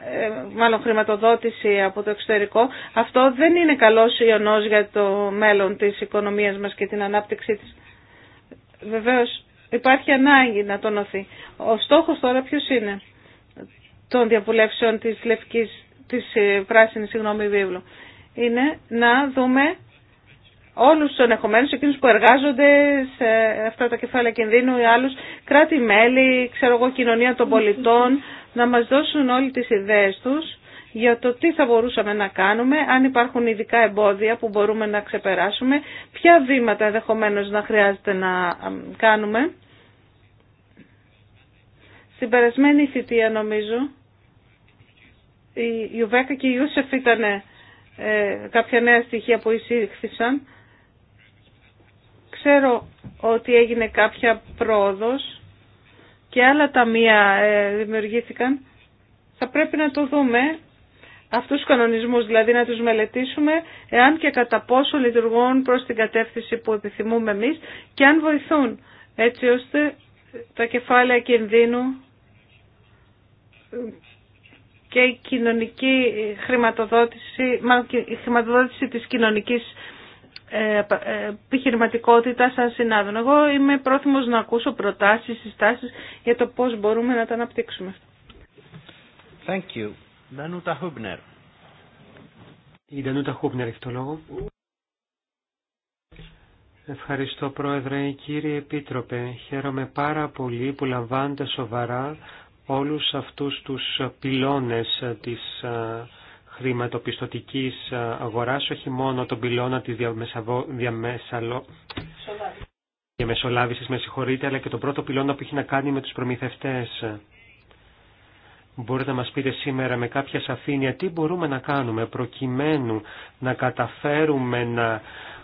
Speaker 3: μάλλον χρηματοδότηση από το εξωτερικό, αυτό δεν είναι καλός ιονός για το μέλλον της οικονομίας μας και την ανάπτυξή της. Βεβαίως Υπάρχει ανάγκη να τονωθεί. Ο στόχος τώρα ποιος είναι των διαβουλεύσεων της, λευκής, της ε, πράσινης συγγνώμη, βίβλου. Είναι να δούμε όλους τους ενεχομένους, εκείνους που εργάζονται σε αυτά τα κεφάλαια κινδύνου ή άλλους, κράτη-μέλη, ξέρω εγώ, κοινωνία των πολιτών, να μας δώσουν όλοι τις ιδέες τους για το τι θα μπορούσαμε να κάνουμε, αν υπάρχουν ειδικά εμπόδια που μπορούμε να ξεπεράσουμε, ποια βήματα ενδεχομένω να χρειάζεται να κάνουμε. Στην περασμένη θητεία νομίζω, η Ιουβέκα και η Ιούσεφ ήταν ε, κάποια νέα στοιχεία που εισήχθησαν. Ξέρω ότι έγινε κάποια πρόοδος και άλλα ταμεία ε, δημιουργήθηκαν. Θα πρέπει να το δούμε αυτούς τους κανονισμούς, δηλαδή να τους μελετήσουμε εάν και κατά πόσο λειτουργούν προς την κατεύθυνση που επιθυμούμε εμείς και αν βοηθούν έτσι ώστε τα κεφάλαια κινδύνου και η κοινωνική χρηματοδότηση, η χρηματοδότηση της κοινωνικής ε, επιχειρηματικότητα σαν συνάδων. Εγώ είμαι πρόθυμος να ακούσω προτάσεις, συστάσεις για το πώς μπορούμε να τα αναπτύξουμε.
Speaker 4: Thank Ντανούτα Χούμπνερ. Η Ντανούτα Χούμπνερ έχει το λόγο. Ευχαριστώ Πρόεδρε. Κύριε Επίτροπε, χαίρομαι πάρα πολύ που λαμβάνετε σοβαρά όλους αυτούς τους πυλώνες της χρηματοπιστωτικής αγοράς, όχι μόνο τον πυλώνα της διαμεσαβο... διαμεσαλο... διαμεσολάβησης, με συγχωρείτε, αλλά και τον πρώτο πυλώνα που έχει να κάνει με τους προμηθευτές. Μπορείτε να μας πείτε σήμερα με κάποια σαφήνεια τι μπορούμε να κάνουμε προκειμένου να καταφέρουμε να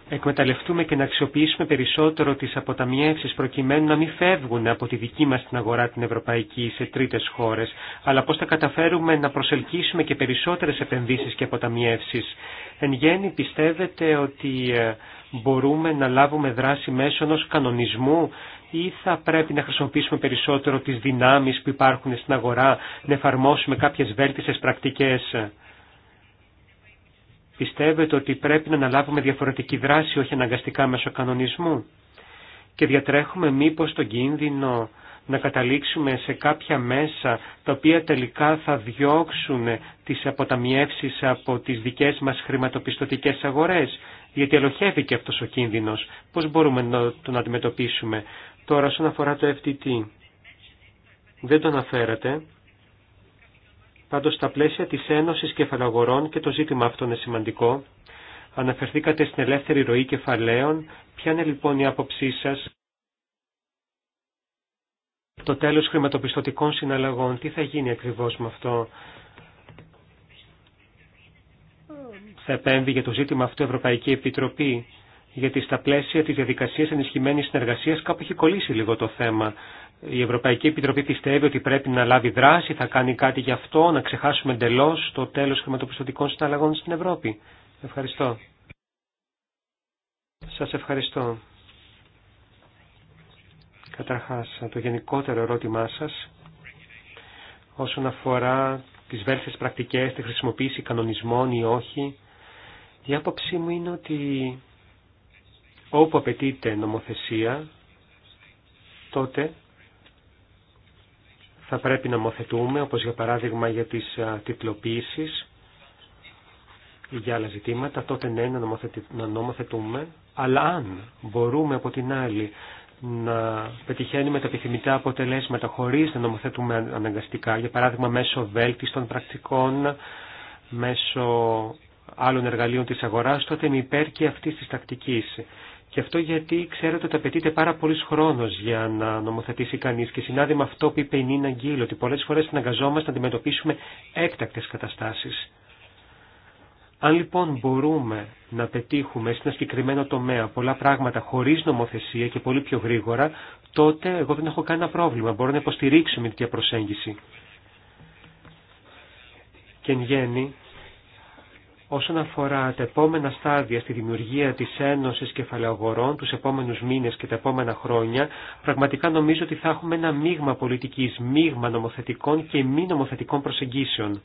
Speaker 4: εκμεταλλευτούμε και να αξιοποιήσουμε περισσότερο τις αποταμιεύσεις προκειμένου να μην φεύγουν από τη δική μας την αγορά την ευρωπαϊκή σε τρίτες χώρες, αλλά πώς θα καταφέρουμε να προσελκύσουμε και περισσότερες επενδύσεις και αποταμιεύσεις. Εν γέννη πιστεύετε ότι ε, μπορούμε να λάβουμε δράση μέσω ενός κανονισμού ή θα πρέπει να χρησιμοποιήσουμε περισσότερο τις δυνάμεις που υπάρχουν στην αγορά, να εφαρμόσουμε κάποιες βέλτισες πρακτικές. Πιστεύετε ότι πρέπει να αναλάβουμε διαφορετική δράση, όχι αναγκαστικά μέσω κανονισμού. Και διατρέχουμε μήπως τον κίνδυνο να καταλήξουμε σε κάποια μέσα τα οποία τελικά θα διώξουν τις αποταμιεύσεις από τις δικές μας χρηματοπιστωτικές αγορές. Γιατί ελοχεύει και αυτός ο κίνδυνος. Πώς μπορούμε να τον αντιμετωπίσουμε. Τώρα, όσον αφορά το FTT, δεν το αναφέρατε. Πάντως, στα πλαίσια της Ένωσης Κεφαλαγορών και το ζήτημα αυτό είναι σημαντικό. Αναφερθήκατε στην ελεύθερη ροή κεφαλαίων. Ποια είναι λοιπόν η άποψή σας το τέλος χρηματοπιστωτικών συναλλαγών. Τι θα γίνει ακριβώς με αυτό. Θα επέμβει για το ζήτημα αυτό η Ευρωπαϊκή Επιτροπή γιατί στα πλαίσια της διαδικασίας ενισχυμένης συνεργασίας κάπου έχει κολλήσει λίγο το θέμα. Η Ευρωπαϊκή Επιτροπή πιστεύει ότι πρέπει να λάβει δράση, θα κάνει κάτι γι' αυτό, να ξεχάσουμε εντελώ το τέλος χρηματοπιστωτικών συναλλαγών στην Ευρώπη. Ευχαριστώ. Σας ευχαριστώ. Καταρχάς, το γενικότερο ερώτημά σας όσον αφορά τις βέλτιστες πρακτικές, τη χρησιμοποίηση κανονισμών ή όχι, η άποψή μου είναι ότι όπου απαιτείται νομοθεσία, τότε θα πρέπει να νομοθετούμε, όπως για παράδειγμα για τις τυπλοποίησεις ή για άλλα ζητήματα, τότε ναι, να νομοθετούμε, αλλά αν μπορούμε από την άλλη να πετυχαίνουμε τα επιθυμητά αποτελέσματα χωρίς να νομοθετούμε αναγκαστικά, για παράδειγμα μέσω βέλτιστων πρακτικών, μέσω άλλων εργαλείων της αγοράς, τότε είναι υπέρ και αυτής της τακτικής. Και αυτό γιατί ξέρετε ότι απαιτείται πάρα πολύ χρόνο για να νομοθετήσει κανεί. Και συνάδει με αυτό που είπε η Νίνα Γκίλ, ότι πολλέ φορέ συναγκαζόμαστε να αντιμετωπίσουμε έκτακτε καταστάσει. Αν λοιπόν μπορούμε να πετύχουμε σε ένα συγκεκριμένο τομέα πολλά πράγματα χωρί νομοθεσία και πολύ πιο γρήγορα, τότε εγώ δεν έχω κανένα πρόβλημα. Μπορώ να υποστηρίξω με τέτοια προσέγγιση. Και εν γέννη, Όσον αφορά τα επόμενα στάδια στη δημιουργία της Ένωσης Κεφαλαιογορών τους επόμενους μήνες και τα επόμενα χρόνια, πραγματικά νομίζω ότι θα έχουμε ένα μείγμα πολιτικής, μείγμα νομοθετικών και μη νομοθετικών προσεγγίσεων.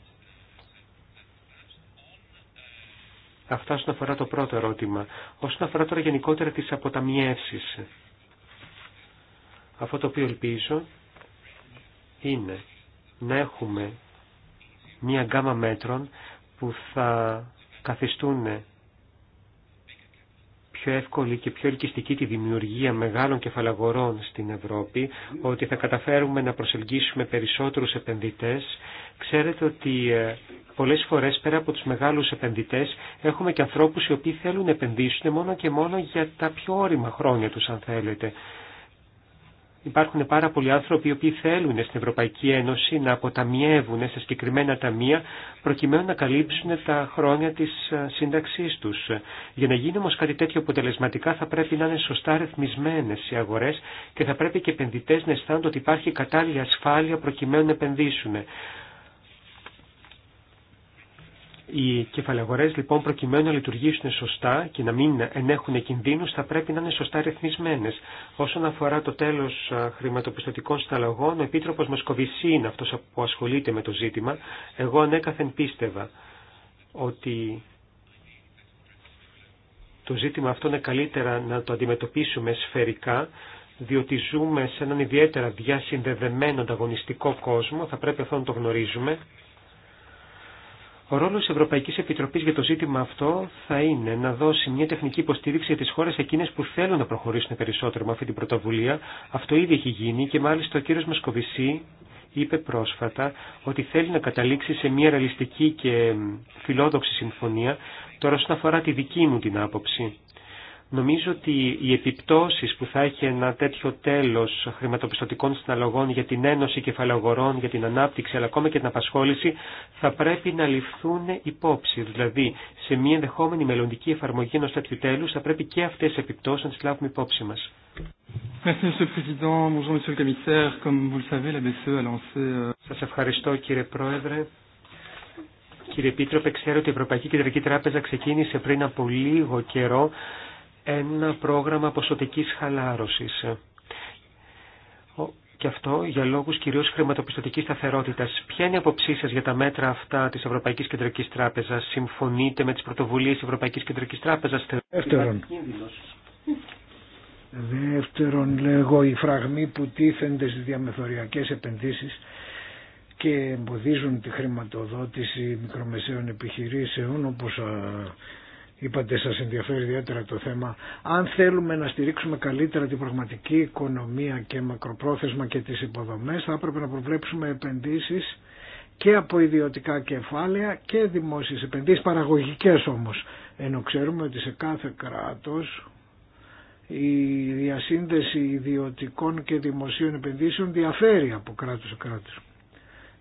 Speaker 4: Αυτά όσον αφορά το πρώτο ερώτημα. Όσον αφορά τώρα γενικότερα τις αποταμιεύσεις. Αυτό το οποίο ελπίζω είναι να έχουμε μία γκάμα μέτρων που θα καθιστούν πιο εύκολη και πιο ελκυστική τη δημιουργία μεγάλων κεφαλαγορών στην Ευρώπη, ότι θα καταφέρουμε να προσελκύσουμε περισσότερους επενδυτές. Ξέρετε ότι ε, πολλές φορές πέρα από τους μεγάλους επενδυτές έχουμε και ανθρώπους οι οποίοι θέλουν να επενδύσουν μόνο και μόνο για τα πιο όρημα χρόνια τους αν θέλετε. Υπάρχουν πάρα πολλοί άνθρωποι οι οποίοι θέλουν στην Ευρωπαϊκή Ένωση να αποταμιεύουν σε συγκεκριμένα ταμεία προκειμένου να καλύψουν τα χρόνια της ε, σύνταξής τους. Για να γίνει όμως κάτι τέτοιο αποτελεσματικά θα πρέπει να είναι σωστά ρυθμισμένες οι αγορές και θα πρέπει και επενδυτές να αισθάνονται ότι υπάρχει κατάλληλη ασφάλεια προκειμένου να επενδύσουν. Οι κεφαλαγορές λοιπόν προκειμένου να λειτουργήσουν σωστά και να μην ενέχουν κινδύνους θα πρέπει να είναι σωστά ρυθμισμένες. Όσον αφορά το τέλος χρηματοπιστωτικών συναλλαγών, ο Επίτροπος Μοσκοβισή είναι αυτός που ασχολείται με το ζήτημα. Εγώ ανέκαθεν ναι, πίστευα ότι το ζήτημα αυτό είναι καλύτερα να το αντιμετωπίσουμε σφαιρικά διότι ζούμε σε έναν ιδιαίτερα διασυνδεδεμένο ανταγωνιστικό κόσμο, θα πρέπει αυτό να το γνωρίζουμε ο ρόλος της Ευρωπαϊκής Επιτροπής για το ζήτημα αυτό θα είναι να δώσει μια τεχνική υποστήριξη για τις χώρες εκείνες που θέλουν να προχωρήσουν περισσότερο με αυτή την πρωτοβουλία. Αυτό ήδη έχει γίνει και μάλιστα ο κύριος Μασκοβισή είπε πρόσφατα ότι θέλει να καταλήξει σε μια ρεαλιστική και φιλόδοξη συμφωνία τώρα όσον αφορά τη δική μου την άποψη. Νομίζω ότι οι επιπτώσεις που θα έχει ένα τέτοιο τέλος χρηματοπιστωτικών συναλλογών για την ένωση κεφαλαγορών, για την ανάπτυξη αλλά ακόμα και την απασχόληση θα πρέπει να ληφθούν υπόψη. Δηλαδή σε μια ενδεχόμενη μελλοντική εφαρμογή ενός τέτοιου τέλους θα πρέπει και αυτές οι επιπτώσεις να τις λάβουμε υπόψη μας. Σας ευχαριστώ κύριε Πρόεδρε. Κύριε Πίτροπε, ξέρω ότι η Ευρωπαϊκή Κεντρική Τράπεζα ξεκίνησε πριν από λίγο καιρό ένα πρόγραμμα ποσοτικής χαλάρωσης. Και αυτό για λόγους κυρίως χρηματοπιστωτικής σταθερότητας. Ποια είναι η αποψή σας για τα μέτρα αυτά της Ευρωπαϊκής Κεντρικής Τράπεζας. Συμφωνείτε με τις πρωτοβουλίες της Ευρωπαϊκής Κεντρικής Τράπεζας. Δεύτερον.
Speaker 2: Δεύτερον λέγω οι φραγμοί που τίθενται στις διαμεθοριακές επενδύσεις και εμποδίζουν τη χρηματοδότηση μικρομεσαίων επιχειρήσεων όπως είπατε σας ενδιαφέρει ιδιαίτερα το θέμα, αν θέλουμε να στηρίξουμε καλύτερα την πραγματική οικονομία και μακροπρόθεσμα και τις υποδομές θα έπρεπε να προβλέψουμε επενδύσεις και από ιδιωτικά κεφάλαια και δημόσιες επενδύσεις, παραγωγικές όμως. Ενώ ξέρουμε ότι σε κάθε κράτος η διασύνδεση ιδιωτικών και δημοσίων επενδύσεων διαφέρει από κράτος σε κράτος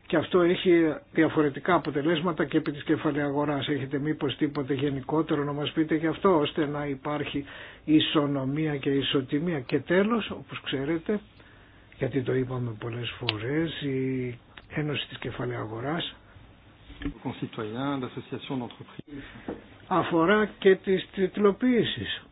Speaker 2: και αυτό έχει διαφορετικά αποτελέσματα και επί της αγοράς. Έχετε μήπως τίποτε γενικότερο να μας πείτε γι' αυτό ώστε να υπάρχει ισονομία και ισοτιμία. Και τέλος, όπως ξέρετε, γιατί το είπαμε πολλές φορές, η Ένωση της Κεφαλαίου Αγοράς αφορά και τις τριτλοποίησεις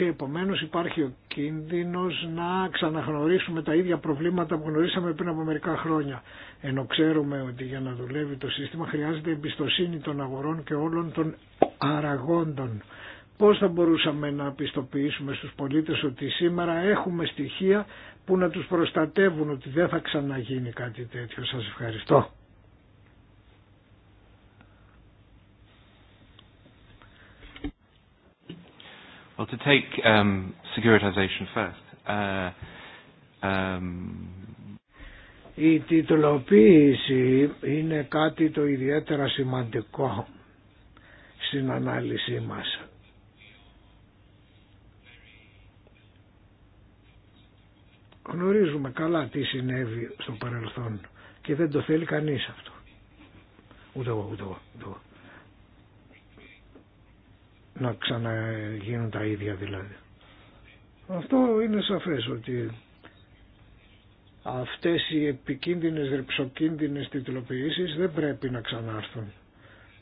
Speaker 2: και επομένως υπάρχει ο κίνδυνος να ξαναγνωρίσουμε τα ίδια προβλήματα που γνωρίσαμε πριν από μερικά χρόνια. Ενώ ξέρουμε ότι για να δουλεύει το σύστημα χρειάζεται εμπιστοσύνη των αγορών και όλων των αραγόντων. Πώς θα μπορούσαμε να πιστοποιήσουμε στου πολίτες ότι σήμερα έχουμε στοιχεία που να του προστατεύουν ότι δεν θα ξαναγίνει κάτι τέτοιο. Σα ευχαριστώ.
Speaker 4: to take um, securitization first. Uh, um...
Speaker 2: Η τιτλοποίηση είναι κάτι το ιδιαίτερα σημαντικό στην ανάλυση μας. Γνωρίζουμε καλά τι συνέβη στο παρελθόν και δεν το θέλει κανείς αυτό. Ούτε εγώ, ούτε εγώ, ούτε εγώ να ξαναγίνουν τα ίδια δηλαδή. Αυτό είναι σαφές ότι αυτές οι επικίνδυνες ρεψοκίνδυνες τιτλοποιήσεις δεν πρέπει να ξανάρθουν.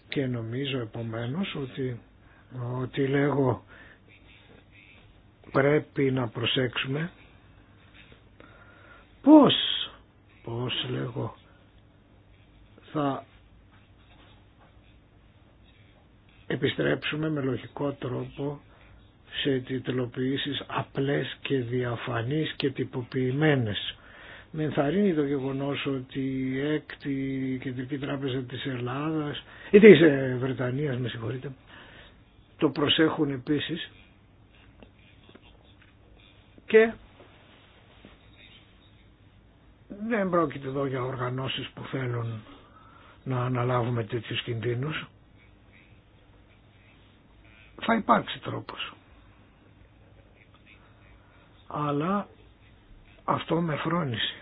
Speaker 2: Και νομίζω επομένως ότι, ότι λέγω πρέπει να προσέξουμε πώς, πώς λέγω, θα επιστρέψουμε με λογικό τρόπο σε τιτλοποιήσεις απλές και διαφανείς και τυποποιημένες. Με ενθαρρύνει το γεγονός ότι η Έκτη, η Κεντρική Τράπεζα της Ελλάδας ή της ε, Βρετανίας, με συγχωρείτε, το προσέχουν επίσης και δεν πρόκειται εδώ για οργανώσεις που θέλουν να αναλάβουμε τέτοιους κινδύνους θα υπάρξει τρόπος. Αλλά αυτό με φρόνηση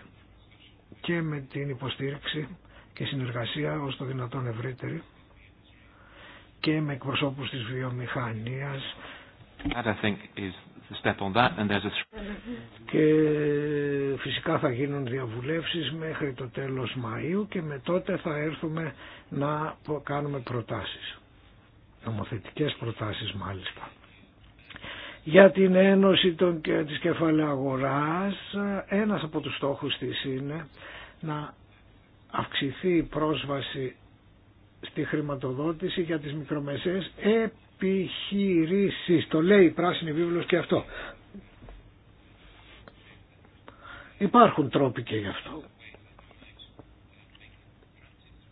Speaker 2: και με την υποστήριξη και συνεργασία ως το δυνατόν ευρύτερη και με εκπροσώπους της βιομηχανίας και φυσικά θα γίνουν διαβουλεύσεις μέχρι το τέλος Μαΐου και με τότε θα έρθουμε να κάνουμε προτάσεις νομοθετικές προτάσεις μάλιστα. Για την Ένωση των, της Κεφαλαίου Αγοράς, ένας από τους στόχους της είναι να αυξηθεί η πρόσβαση στη χρηματοδότηση για τις μικρομεσαίες επιχειρήσεις. Το λέει η Πράσινη Βίβλος και αυτό. Υπάρχουν τρόποι και γι' αυτό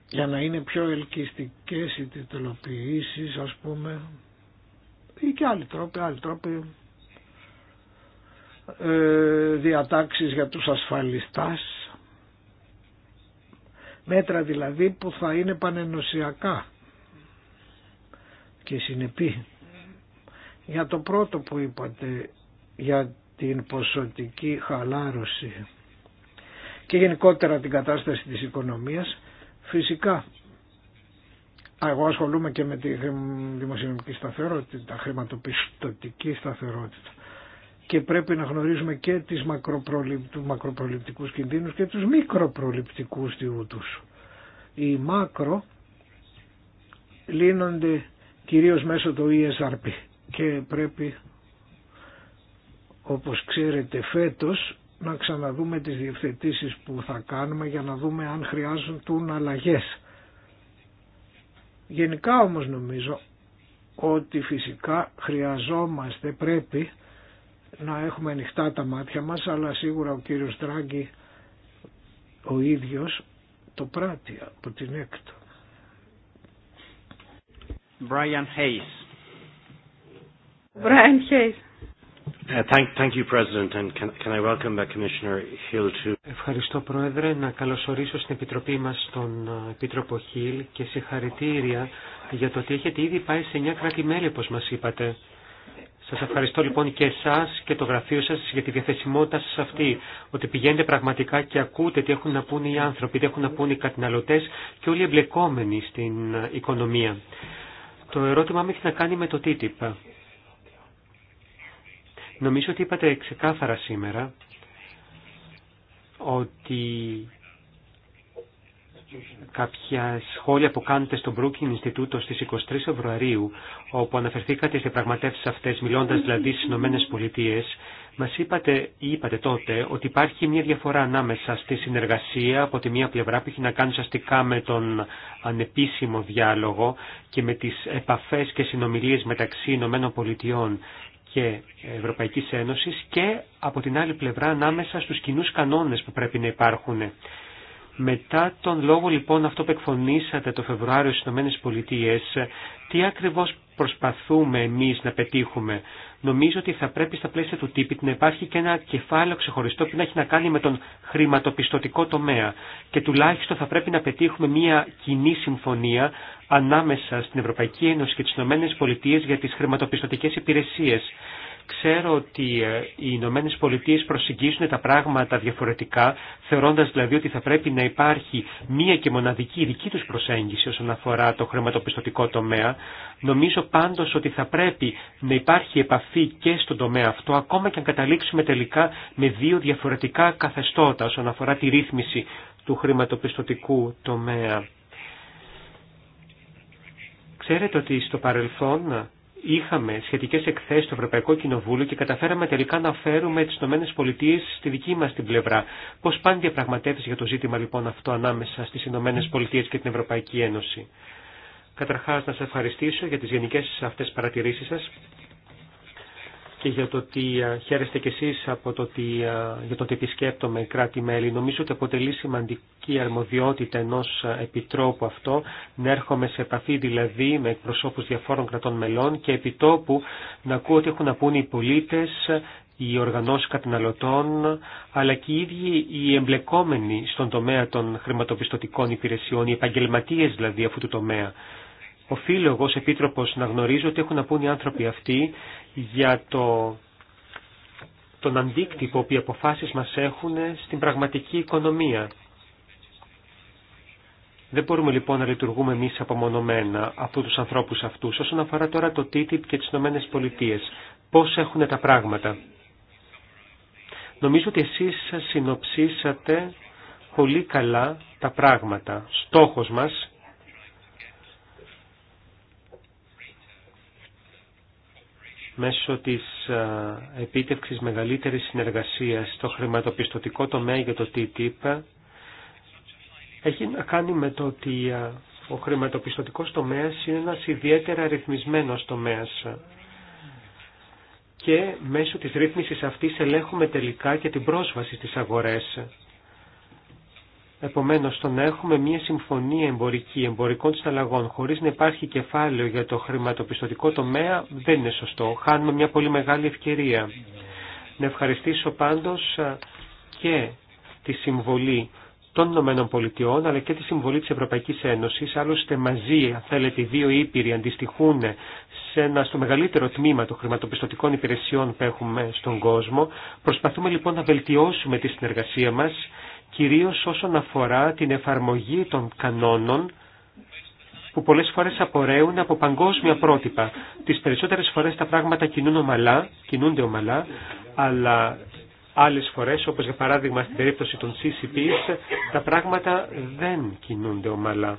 Speaker 2: για να είναι πιο ελκυστικές οι τιτλοποιήσεις ας πούμε ή και άλλοι τρόποι, άλλοι τρόποι ε, διατάξεις για τους ασφαλιστάς μέτρα δηλαδή που θα είναι πανενοσιακά και συνεπή για το πρώτο που είπατε για την ποσοτική χαλάρωση και γενικότερα την κατάσταση της οικονομίας Φυσικά, εγώ ασχολούμαι και με τη δημοσιονομική σταθερότητα, χρηματοπιστωτική σταθερότητα και πρέπει να γνωρίζουμε και τις μακροπροληπτικούς, μακροπροληπτικούς κινδύνους και τους μικροπροληπτικούς διούτους. Οι μάκρο λύνονται κυρίως μέσω του ESRP και πρέπει όπως ξέρετε φέτος να ξαναδούμε τις διευθετήσεις που θα κάνουμε για να δούμε αν χρειάζονται αλλαγές. Γενικά όμως νομίζω ότι φυσικά χρειαζόμαστε, πρέπει να έχουμε ανοιχτά τα μάτια μας, αλλά σίγουρα ο κύριος Τράγκη ο ίδιος το πράττει από την
Speaker 4: έκτο. Brian Hayes.
Speaker 3: Brian Hayes.
Speaker 4: Ευχαριστώ Πρόεδρε. Να καλωσορίσω στην Επιτροπή μας τον uh, Επίτροπο Χίλ και συγχαρητήρια για το ότι έχετε ήδη πάει σε 9 κράτη-μέλη όπως μας είπατε. Σας ευχαριστώ λοιπόν και εσάς και το γραφείο σας για τη διαθεσιμότητα σας αυτή, ότι πηγαίνετε πραγματικά και ακούτε τι έχουν να πούνε οι άνθρωποι, τι έχουν να πούνε οι καταναλωτές και όλοι οι εμπλεκόμενοι στην uh, οικονομία. Το ερώτημά μου έχει να κάνει με το TTIP. Νομίζω ότι είπατε ξεκάθαρα σήμερα ότι κάποια σχόλια που κάνετε στο Brooking Institute στις 23 Φεβρουαρίου, όπου αναφερθήκατε σε πραγματεύσεις αυτές, μιλώντας δηλαδή στις Ηνωμένες Πολιτείες, μας είπατε, ή είπατε τότε ότι υπάρχει μια διαφορά ανάμεσα στη συνεργασία από τη μία πλευρά που έχει να κάνει ουσιαστικά με τον ανεπίσημο διάλογο και με τις επαφές και συνομιλίες μεταξύ Ηνωμένων Πολιτειών και Ευρωπαϊκής Ένωσης και από την άλλη πλευρά ανάμεσα στους κοινού κανόνες που πρέπει να υπάρχουν. Μετά τον λόγο λοιπόν αυτό που εκφωνήσατε το Φεβρουάριο στις ΗΠΑ, τι ακριβώς προσπαθούμε εμείς να πετύχουμε. Νομίζω ότι θα πρέπει στα πλαίσια του τύπη να υπάρχει και ένα κεφάλαιο ξεχωριστό που να έχει να κάνει με τον χρηματοπιστωτικό τομέα και τουλάχιστον θα πρέπει να πετύχουμε μια κοινή συμφωνία ανάμεσα στην Ευρωπαϊκή Ένωση και τις Ηνωμένες Πολιτείες για τις χρηματοπιστωτικές υπηρεσίες. Ξέρω ότι ε, οι Ηνωμένε Πολιτείε προσεγγίζουν τα πράγματα διαφορετικά, θεωρώντα δηλαδή ότι θα πρέπει να υπάρχει μία και μοναδική δική του προσέγγιση όσον αφορά το χρηματοπιστωτικό τομέα. Νομίζω πάντω ότι θα πρέπει να υπάρχει επαφή και στον τομέα αυτό, ακόμα και αν καταλήξουμε τελικά με δύο διαφορετικά καθεστώτα όσον αφορά τη ρύθμιση του χρηματοπιστωτικού τομέα. Ξέρετε ότι στο παρελθόν είχαμε σχετικές εκθέσεις στο Ευρωπαϊκό Κοινοβούλιο και καταφέραμε τελικά να φέρουμε τις ΗΠΑ στη δική μας την πλευρά. Πώς πάνε διαπραγματεύσει για το ζήτημα λοιπόν αυτό ανάμεσα στις ΗΠΑ και την Ευρωπαϊκή Ένωση. Καταρχάς να σα ευχαριστήσω για τι γενικέ αυτέ παρατηρήσει σα και για το ότι ε, χαίρεστε κι εσείς από το ότι, ε, για το ότι επισκέπτομαι κράτη-μέλη. Νομίζω ότι αποτελεί σημαντική αρμοδιότητα ενός ε, επιτρόπου αυτό, να έρχομαι σε επαφή δηλαδή με εκπροσώπους διαφόρων κρατών μελών και επιτόπου να ακούω ότι έχουν να πούνε οι πολίτες, οι οργανώσεις καταναλωτών, αλλά και οι ίδιοι οι εμπλεκόμενοι στον τομέα των χρηματοπιστωτικών υπηρεσιών, οι επαγγελματίες δηλαδή αυτού του τομέα οφείλω εγώ ως Επίτροπος να γνωρίζω ότι έχουν να πούν οι άνθρωποι αυτοί για το, τον αντίκτυπο που οι αποφάσεις μας έχουν στην πραγματική οικονομία. Δεν μπορούμε λοιπόν να λειτουργούμε εμεί απομονωμένα από του ανθρώπου αυτού όσον αφορά τώρα το TTIP και τι Πολιτείες. Πώ έχουν τα πράγματα. Νομίζω ότι εσεί συνοψίσατε πολύ καλά τα πράγματα. Στόχος μας μέσω της επίτευξης μεγαλύτερης συνεργασίας στο χρηματοπιστωτικό τομέα για το TTIP έχει να κάνει με το ότι ο χρηματοπιστωτικός τομέας είναι ένας ιδιαίτερα ρυθμισμένος τομέας και μέσω της ρύθμισης αυτής ελέγχουμε τελικά και την πρόσβαση στις αγορές. Επομένως, το να έχουμε μια συμφωνία εμπορική, εμπορικών συναλλαγών, χωρίς να υπάρχει κεφάλαιο για το χρηματοπιστωτικό τομέα, δεν είναι σωστό. Χάνουμε μια πολύ μεγάλη ευκαιρία. Να ευχαριστήσω πάντως και τη συμβολή των Ηνωμένων Πολιτειών, αλλά και τη συμβολή της Ευρωπαϊκής Ένωσης. Άλλωστε μαζί, αν θέλετε, οι δύο ήπειροι αντιστοιχούν σε ένα, στο μεγαλύτερο τμήμα των χρηματοπιστωτικών υπηρεσιών που έχουμε στον κόσμο. Προσπαθούμε λοιπόν να βελτιώσουμε τη συνεργασία μας κυρίως όσον αφορά την εφαρμογή των κανόνων που πολλές φορές απορρέουν από παγκόσμια πρότυπα. Τις περισσότερες φορές τα πράγματα κινούν ομαλά, κινούνται ομαλά, αλλά άλλες φορές, όπως για παράδειγμα στην περίπτωση των CCP, τα πράγματα δεν κινούνται ομαλά.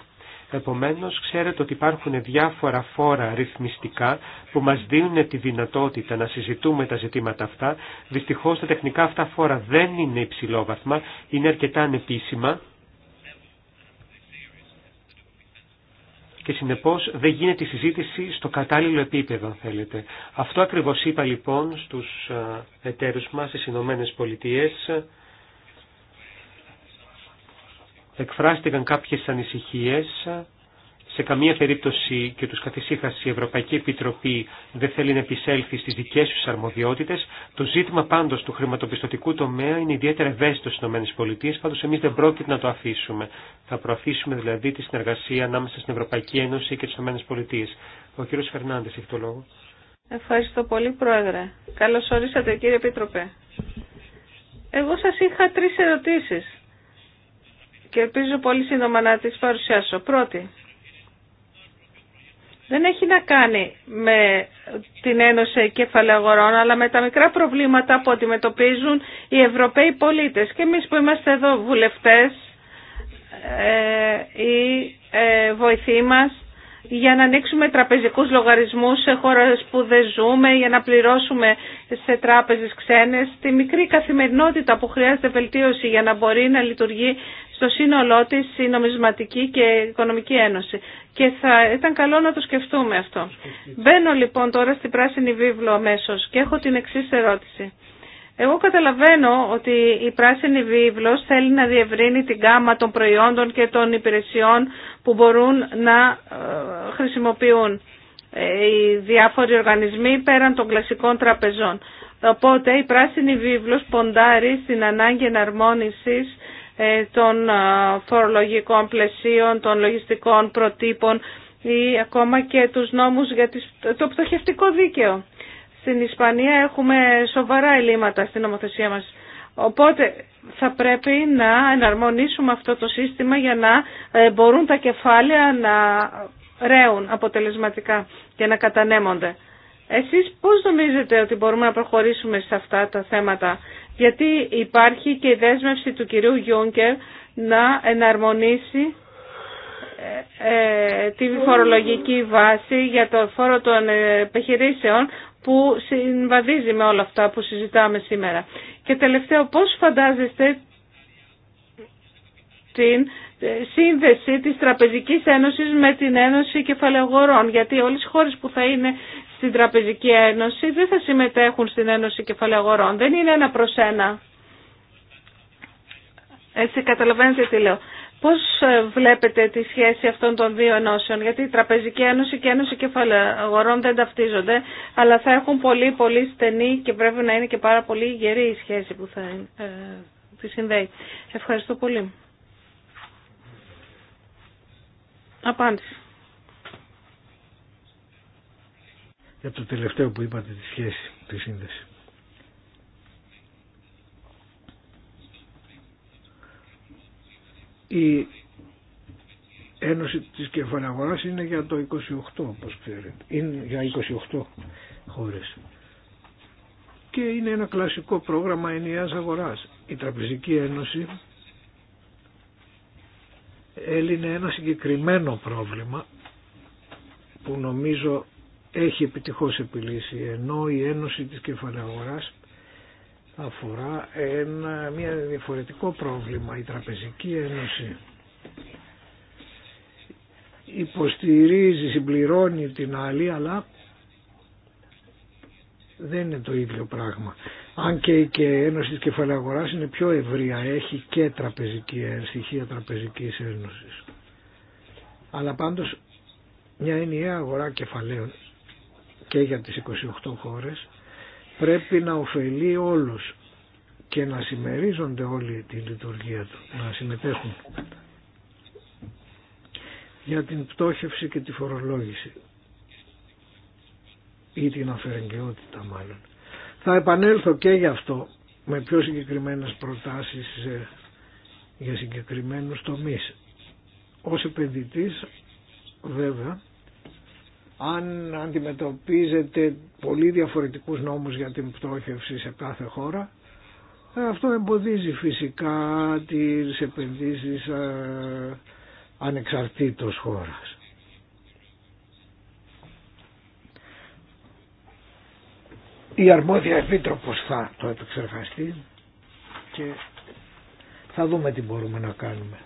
Speaker 4: Επομένως, ξέρετε ότι υπάρχουν διάφορα φόρα ρυθμιστικά που μας δίνουν τη δυνατότητα να συζητούμε τα ζητήματα αυτά. Δυστυχώς τα τεχνικά αυτά φόρα δεν είναι υψηλόβαθμα, είναι αρκετά ανεπίσημα και συνεπώς δεν γίνεται η συζήτηση στο κατάλληλο επίπεδο, αν θέλετε. Αυτό ακριβώς είπα λοιπόν στους ε, εταίρους μας, στις Ηνωμένε Πολιτείες, εκφράστηκαν κάποιες ανησυχίες. Σε καμία περίπτωση και τους καθησύχασε η Ευρωπαϊκή Επιτροπή δεν θέλει να επισέλθει στις δικές τους αρμοδιότητες. Το ζήτημα πάντως του χρηματοπιστωτικού τομέα είναι ιδιαίτερα ευαίσθητο στις ΗΠΑ, πάντως εμείς δεν πρόκειται να το αφήσουμε. Θα προαφήσουμε δηλαδή τη συνεργασία ανάμεσα στην Ευρωπαϊκή Ένωση και τις ΗΠΑ. Ο κ. Φερνάντες έχει το λόγο.
Speaker 3: Ευχαριστώ πολύ Πρόεδρε. Καλώς ορίσατε κύριε Επίτροπε. Εγώ σας είχα τρεις ερωτήσεις και ελπίζω πολύ σύντομα να τις παρουσιάσω. Πρώτη, δεν έχει να κάνει με την Ένωση Κεφαλαίου Αγορών, αλλά με τα μικρά προβλήματα που αντιμετωπίζουν οι Ευρωπαίοι πολίτες. Και εμείς που είμαστε εδώ βουλευτές, ή ε, ε, βοηθοί μας για να ανοίξουμε τραπεζικούς λογαρισμούς σε χώρες που δεν ζούμε, για να πληρώσουμε σε τράπεζες ξένες, τη μικρή καθημερινότητα που χρειάζεται βελτίωση για να μπορεί να λειτουργεί στο σύνολό της η νομισματική και η οικονομική ένωση. Και θα ήταν καλό να το σκεφτούμε αυτό. Μπαίνω λοιπόν τώρα στην πράσινη βίβλο αμέσω και έχω την εξή ερώτηση. Εγώ καταλαβαίνω ότι η Πράσινη Βίβλος θέλει να διευρύνει την γάμα των προϊόντων και των υπηρεσιών που μπορούν να ε, χρησιμοποιούν ε, οι διάφοροι οργανισμοί πέραν των κλασικών τραπεζών. Οπότε η Πράσινη Βίβλος ποντάρει στην ανάγκη εναρμόνισης ε, των φορολογικών πλαισίων, των λογιστικών προτύπων ή ακόμα και τους νόμους για το πτωχευτικό δίκαιο. Στην Ισπανία έχουμε σοβαρά ελλείμματα στην νομοθεσία μας. Οπότε θα πρέπει να εναρμονίσουμε αυτό το σύστημα για να ε, μπορούν τα κεφάλαια να ρέουν αποτελεσματικά και να κατανέμονται. Εσείς πώς νομίζετε ότι μπορούμε να προχωρήσουμε σε αυτά τα θέματα, γιατί υπάρχει και η δέσμευση του κυρίου Γιούνκερ να εναρμονίσει ε, ε, τη φορολογική βάση για το φόρο των επιχειρήσεων που συμβαδίζει με όλα αυτά που συζητάμε σήμερα. Και τελευταίο, πώς φαντάζεστε την ε, σύνδεση της Τραπεζικής Ένωσης με την Ένωση Κεφαλαιογορών, γιατί όλες οι χώρες που θα είναι στην Τραπεζική Ένωση δεν θα συμμετέχουν στην Ένωση Κεφαλαιογορών. Δεν είναι ένα προς ένα. Έτσι καταλαβαίνετε τι λέω. Πώς ε, βλέπετε τη σχέση αυτών των δύο ενώσεων, γιατί η Τραπεζική Ένωση και η Ένωση Κεφαλαίου Αγορών δεν ταυτίζονται, αλλά θα έχουν πολύ πολύ στενή και πρέπει να είναι και πάρα πολύ γερή η σχέση που θα ε, τη συνδέει. Ευχαριστώ πολύ. Απάντηση.
Speaker 2: Για το τελευταίο που είπατε τη σχέση, τη σύνδεση. Η Ένωση της Κεφαλαγοράς είναι για το 28 όπως ξέρετε. Είναι για 28 χώρες. Και είναι ένα κλασικό πρόγραμμα ενιαίας αγοράς. Η Τραπεζική Ένωση έλυνε ένα συγκεκριμένο πρόβλημα που νομίζω έχει επιτυχώς επιλύσει ενώ η Ένωση της Κεφαλαγοράς αφορά ένα μια διαφορετικό πρόβλημα η Τραπεζική Ένωση υποστηρίζει, συμπληρώνει την άλλη αλλά δεν είναι το ίδιο πράγμα. Αν και η Ένωση της Κεφαλαίου Αγοράς είναι πιο ευρία, έχει και τραπεζική, στοιχεία τραπεζικής ένωσης. Αλλά πάντως μια ενιαία αγορά κεφαλαίων και για τις 28 χώρες πρέπει να ωφελεί όλους και να συμμερίζονται όλοι τη λειτουργία του, να συμμετέχουν για την πτώχευση και τη φορολόγηση ή την αφαιρεγκαιότητα μάλλον. Θα επανέλθω και γι' αυτό με πιο συγκεκριμένες προτάσεις ε, για συγκεκριμένους τομείς. Ως επενδυτής βέβαια αν αντιμετωπίζετε πολύ διαφορετικούς νόμους για την πτώχευση σε κάθε χώρα, ε, αυτό εμποδίζει φυσικά τις επενδύσεις ε, ανεξαρτήτως χώρας. Η αρμόδια επίτροπος θα το επεξεργαστεί και θα δούμε τι μπορούμε να κάνουμε.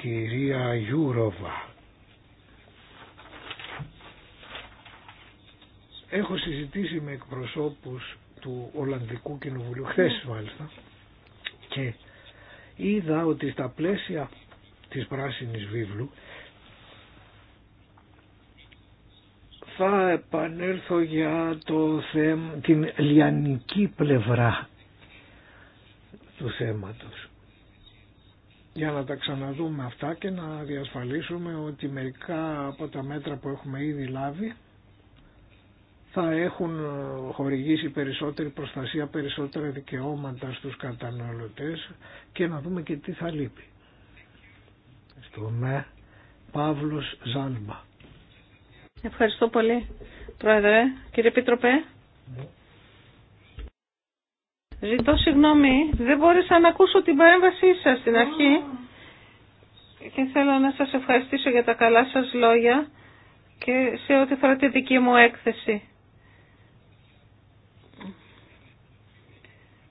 Speaker 2: κυρία Γιούροβα. Έχω συζητήσει με εκπροσώπους του Ολλανδικού Κοινοβουλίου, χθες ναι. μάλιστα, και είδα ότι στα πλαίσια της Πράσινης Βίβλου θα επανέλθω για το θέμα, την λιανική πλευρά του θέματος για να τα ξαναδούμε αυτά και να διασφαλίσουμε ότι μερικά από τα μέτρα που έχουμε ήδη λάβει θα έχουν χορηγήσει περισσότερη προστασία, περισσότερα δικαιώματα στους καταναλωτές και να δούμε και τι θα λείπει. Στο με Παύλος Ζάνμπα.
Speaker 3: Ευχαριστώ πολύ, Πρόεδρε. Κύριε Πίτροπε. Ναι. Ζητώ συγγνώμη, δεν μπόρεσα να ακούσω την παρέμβασή σας στην αρχή και θέλω να σας ευχαριστήσω για τα καλά σας λόγια και σε ό,τι φορά τη δική μου έκθεση.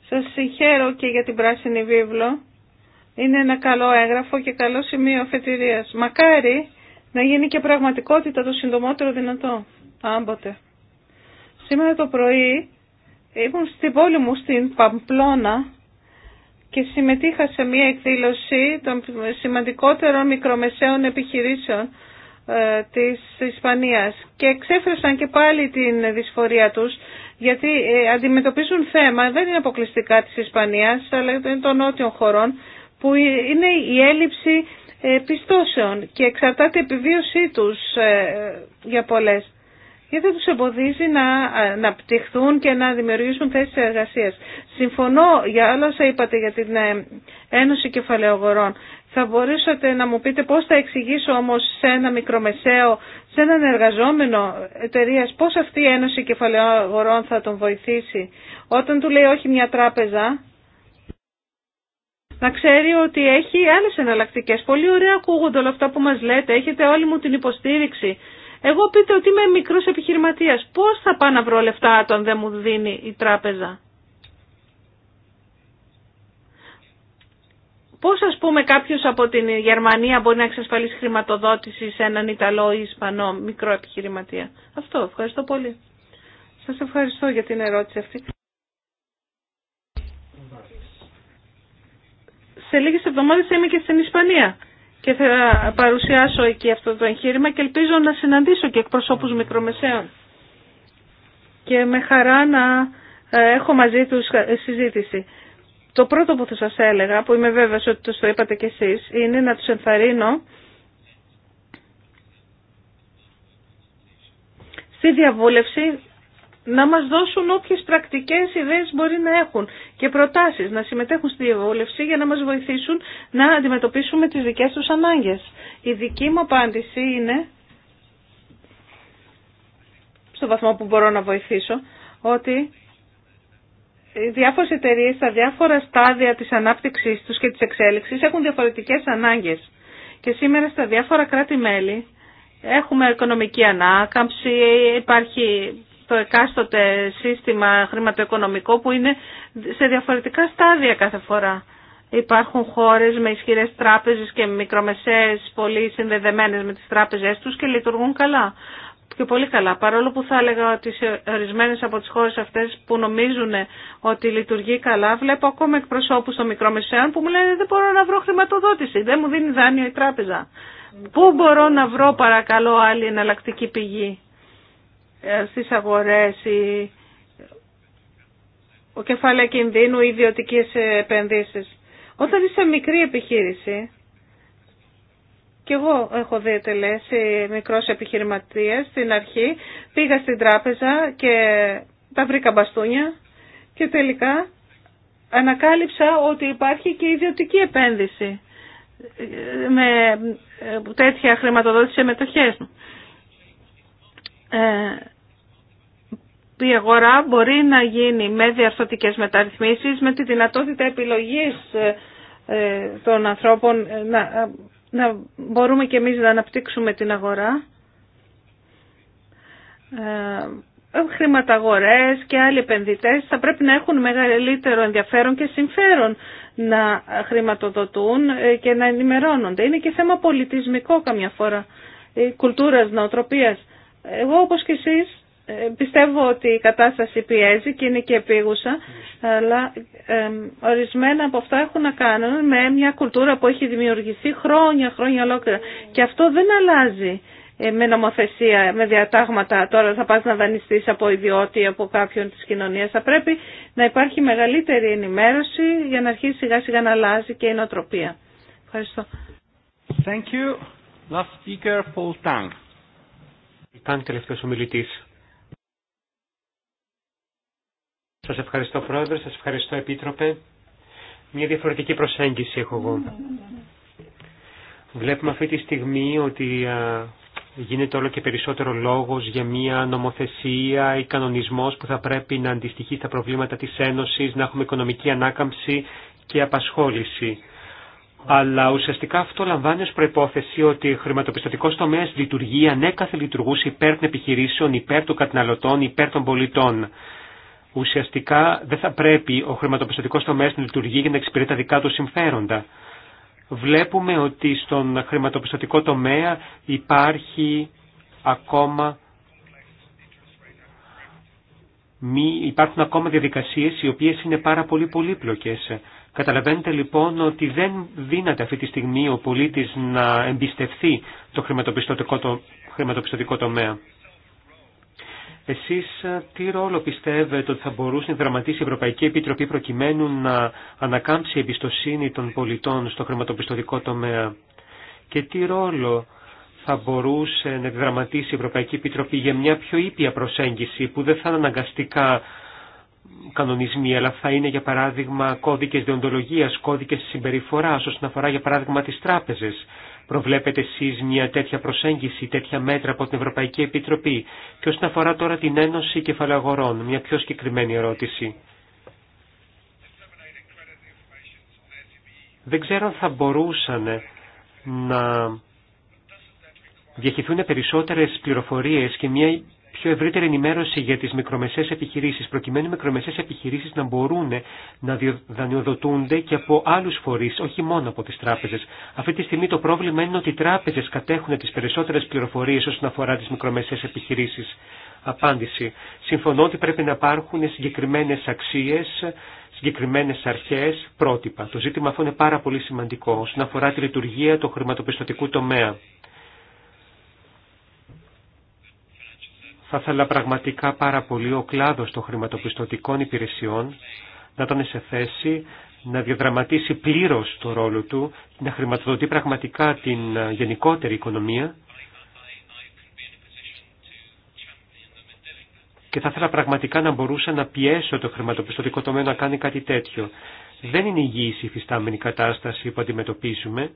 Speaker 3: Σας συγχαίρω και για την πράσινη βίβλο. Είναι ένα καλό έγγραφο και καλό σημείο αφετηρίας. Μακάρι να γίνει και πραγματικότητα το συντομότερο δυνατό, άμποτε. Σήμερα το πρωί Ήμουν στην πόλη μου στην Παμπλώνα και συμμετείχα σε μια εκδήλωση των σημαντικότερων μικρομεσαίων επιχειρήσεων ε, της Ισπανίας και εξέφρασαν και πάλι την δυσφορία τους γιατί ε, αντιμετωπίζουν θέμα, δεν είναι αποκλειστικά της Ισπανίας αλλά είναι των νότιων χωρών που ε, είναι η έλλειψη πιστώσεων και εξαρτάται η επιβίωσή τους για πολλές και δεν τους εμποδίζει να αναπτυχθούν και να δημιουργήσουν θέσεις εργασίας. Συμφωνώ για όλα όσα είπατε για την ε, Ένωση Κεφαλαιογορών. Θα μπορούσατε να μου πείτε πώς θα εξηγήσω όμως σε ένα μικρομεσαίο, σε έναν εργαζόμενο εταιρεία πώς αυτή η Ένωση Κεφαλαιογορών θα τον βοηθήσει. Όταν του λέει όχι μια τράπεζα, να ξέρει ότι έχει άλλες εναλλακτικές. Πολύ ωραία ακούγονται όλα αυτά που μας λέτε, έχετε όλη μου την υποστήριξη εγώ πείτε ότι είμαι μικρό επιχειρηματίας. Πώς θα πάω να βρω λεφτά όταν δεν μου δίνει η τράπεζα. Πώς ας πούμε κάποιο από την Γερμανία μπορεί να εξασφαλίσει χρηματοδότηση σε έναν Ιταλό ή Ισπανό μικρό επιχειρηματία. Αυτό. Ευχαριστώ πολύ. Σας ευχαριστώ για την ερώτηση αυτή. Σε λίγες εβδομάδες είμαι και στην Ισπανία και θα παρουσιάσω εκεί αυτό το εγχείρημα και ελπίζω να συναντήσω και εκπροσώπους μικρομεσαίων. Και με χαρά να ε, έχω μαζί τους ε, συζήτηση. Το πρώτο που θα σας έλεγα, που είμαι βέβαιος ότι το είπατε κι εσείς, είναι να τους ενθαρρύνω στη διαβούλευση να μας δώσουν όποιες πρακτικές ιδέες μπορεί να έχουν και προτάσεις, να συμμετέχουν στη διαβόλευση για να μας βοηθήσουν να αντιμετωπίσουμε τις δικές τους ανάγκες. Η δική μου απάντηση είναι, στο βαθμό που μπορώ να βοηθήσω, ότι οι διάφορες εταιρείε στα διάφορα στάδια της ανάπτυξής τους και της εξέλιξης έχουν διαφορετικές ανάγκες. Και σήμερα στα διάφορα κράτη-μέλη έχουμε οικονομική ανάκαμψη, υπάρχει το εκάστοτε σύστημα χρηματοοικονομικό που είναι σε διαφορετικά στάδια κάθε φορά. Υπάρχουν χώρες με ισχυρές τράπεζες και μικρομεσαίες πολύ συνδεδεμένες με τις τράπεζές τους και λειτουργούν καλά και πολύ καλά. Παρόλο που θα έλεγα ότι σε ορισμένες από τις χώρες αυτές που νομίζουν ότι λειτουργεί καλά, βλέπω ακόμα εκπροσώπους των μικρομεσαίων που μου λένε δεν μπορώ να βρω χρηματοδότηση, δεν μου δίνει δάνειο η τράπεζα. Πού μπορώ να βρω παρακαλώ άλλη εναλλακτική πηγή. Ε, στις αγορές, η, ο κεφάλαιο κινδύνου, οι ιδιωτικές επενδύσεις. Όταν είσαι μικρή επιχείρηση, και εγώ έχω τελές μικρός επιχειρηματίας στην αρχή, πήγα στην τράπεζα και τα βρήκα μπαστούνια και τελικά ανακάλυψα ότι υπάρχει και ιδιωτική επένδυση ε, με ε, τέτοια χρηματοδότηση σε μετοχές. Ε, η αγορά μπορεί να γίνει με διαρθωτικές μεταρρυθμίσεις, με τη δυνατότητα επιλογής ε, ε, των ανθρώπων ε, να, να μπορούμε και εμείς να αναπτύξουμε την αγορά. χρηματαγορές και άλλοι επενδυτές θα πρέπει να έχουν μεγαλύτερο ενδιαφέρον και συμφέρον να χρηματοδοτούν και να ενημερώνονται. Είναι και θέμα πολιτισμικό καμιά φορά, κουλτούρας, νοοτροπίας. Εγώ όπως κι εσείς ε, πιστεύω ότι η κατάσταση πιέζει και είναι και επίγουσα, αλλά ορισμένα από αυτά έχουν να κάνουν με μια κουλτούρα που έχει δημιουργηθεί χρόνια, χρόνια ολόκληρα. Και αυτό δεν αλλάζει ε, με νομοθεσία, με διατάγματα. Τώρα θα πας να δανειστείς από ιδιώτη, από κάποιον της κοινωνίας. Θα πρέπει να υπάρχει μεγαλύτερη ενημέρωση για να αρχίσει σιγά σιγά να αλλάζει και η νοοτροπία. Ευχαριστώ.
Speaker 4: Thank you. Last speaker, Σας ευχαριστώ Πρόεδρε, σας ευχαριστώ Επίτροπε. Μια διαφορετική προσέγγιση έχω εγώ. Βλέπουμε αυτή τη στιγμή ότι γίνεται όλο και περισσότερο λόγος για μια νομοθεσία ή κανονισμός που θα πρέπει να αντιστοιχεί στα προβλήματα της Ένωσης, να έχουμε οικονομική ανάκαμψη και απασχόληση. Αλλά ουσιαστικά αυτό λαμβάνει ως προϋπόθεση ότι ο χρηματοπιστωτικός τομέας λειτουργεί ανέκαθε λειτουργούσε υπέρ των επιχειρήσεων, υπέρ των καταναλωτών, υπέρ των πολιτών. Ουσιαστικά δεν θα πρέπει ο χρηματοπιστωτικό τομέας να λειτουργεί για να εξυπηρετεί τα δικά του συμφέροντα. Βλέπουμε ότι στον χρηματοπιστωτικό τομέα υπάρχει ακόμα υπάρχουν ακόμα διαδικασίες οι οποίες είναι πάρα πολύ πολύπλοκες. Καταλαβαίνετε λοιπόν ότι δεν δύναται αυτή τη στιγμή ο πολίτης να εμπιστευθεί το το χρηματοπιστωτικό τομέα. Εσείς ε, τι ρόλο πιστεύετε ότι θα μπορούσε να δραματίσει η Ευρωπαϊκή Επιτροπή προκειμένου να ανακάμψει η εμπιστοσύνη των πολιτών στο χρηματοπιστωτικό τομέα και τι ρόλο θα μπορούσε να δραματίσει η Ευρωπαϊκή Επιτροπή για μια πιο ήπια προσέγγιση που δεν θα είναι αναγκαστικά κανονισμοί, αλλά θα είναι για παράδειγμα κώδικες διοντολογίας, κώδικες συμπεριφοράς όσον αφορά για παράδειγμα τις τράπεζες. Προβλέπετε εσεί μια τέτοια προσέγγιση, τέτοια μέτρα από την Ευρωπαϊκή Επιτροπή. Και όσον αφορά τώρα την Ένωση Κεφαλαγορών, μια πιο συγκεκριμένη ερώτηση. Δεν ξέρω αν θα μπορούσαν να διαχειριστούν περισσότερες πληροφορίες και μια πιο ευρύτερη ενημέρωση για τις μικρομεσαίες επιχειρήσεις, προκειμένου οι μικρομεσαίες επιχειρήσεις να μπορούν να δανειοδοτούνται και από άλλους φορείς, όχι μόνο από τις τράπεζες. Αυτή τη στιγμή το πρόβλημα είναι ότι οι τράπεζες κατέχουν τις περισσότερες πληροφορίες όσον αφορά τις μικρομεσαίες επιχειρήσεις. Απάντηση. Συμφωνώ ότι πρέπει να υπάρχουν συγκεκριμένες αξίες, συγκεκριμένες αρχές, πρότυπα. Το ζήτημα αυτό είναι πάρα πολύ σημαντικό όσον αφορά τη λειτουργία του χρηματοπιστωτικού τομέα. Θα ήθελα πραγματικά πάρα πολύ ο κλάδος των χρηματοπιστωτικών υπηρεσιών να τον σε θέση να διαδραματίσει πλήρως το ρόλο του, να χρηματοδοτεί πραγματικά την ε, γενικότερη οικονομία και θα ήθελα πραγματικά να μπορούσα να πιέσω το χρηματοπιστωτικό τομέα να κάνει κάτι τέτοιο. Δεν είναι υγιής η φυστάμενη κατάσταση που αντιμετωπίζουμε,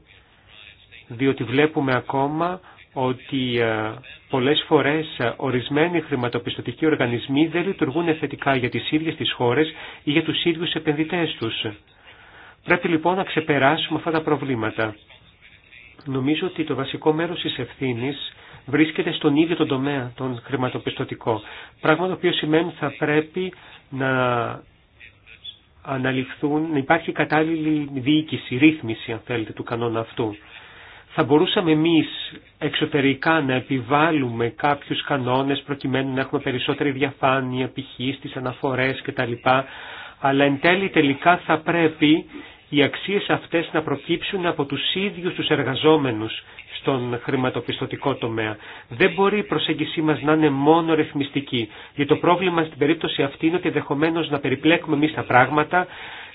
Speaker 4: διότι βλέπουμε ακόμα ότι ε, πολλές φορές ε, ορισμένοι χρηματοπιστωτικοί οργανισμοί δεν λειτουργούν θετικά για τις ίδιες τις χώρες ή για τους ίδιους επενδυτές τους. Πρέπει λοιπόν να ξεπεράσουμε αυτά τα προβλήματα. Νομίζω ότι το βασικό μέρος της ευθύνης βρίσκεται στον ίδιο τον τομέα, τον χρηματοπιστωτικό. Πράγμα το οποίο σημαίνει θα πρέπει να αναλυφθούν, να υπάρχει κατάλληλη διοίκηση, ρύθμιση αν θέλετε του κανόνα αυτού θα μπορούσαμε εμείς εξωτερικά να επιβάλλουμε κάποιους κανόνες προκειμένου να έχουμε περισσότερη διαφάνεια, π.χ. στις αναφορές κτλ. Αλλά εν τέλει τελικά θα πρέπει οι αξίες αυτές να προκύψουν από τους ίδιους τους εργαζόμενους στον χρηματοπιστωτικό τομέα. Δεν μπορεί η προσέγγιση μας να είναι μόνο ρυθμιστική, γιατί το πρόβλημα στην περίπτωση αυτή είναι ότι ενδεχομένω να περιπλέκουμε εμεί τα πράγματα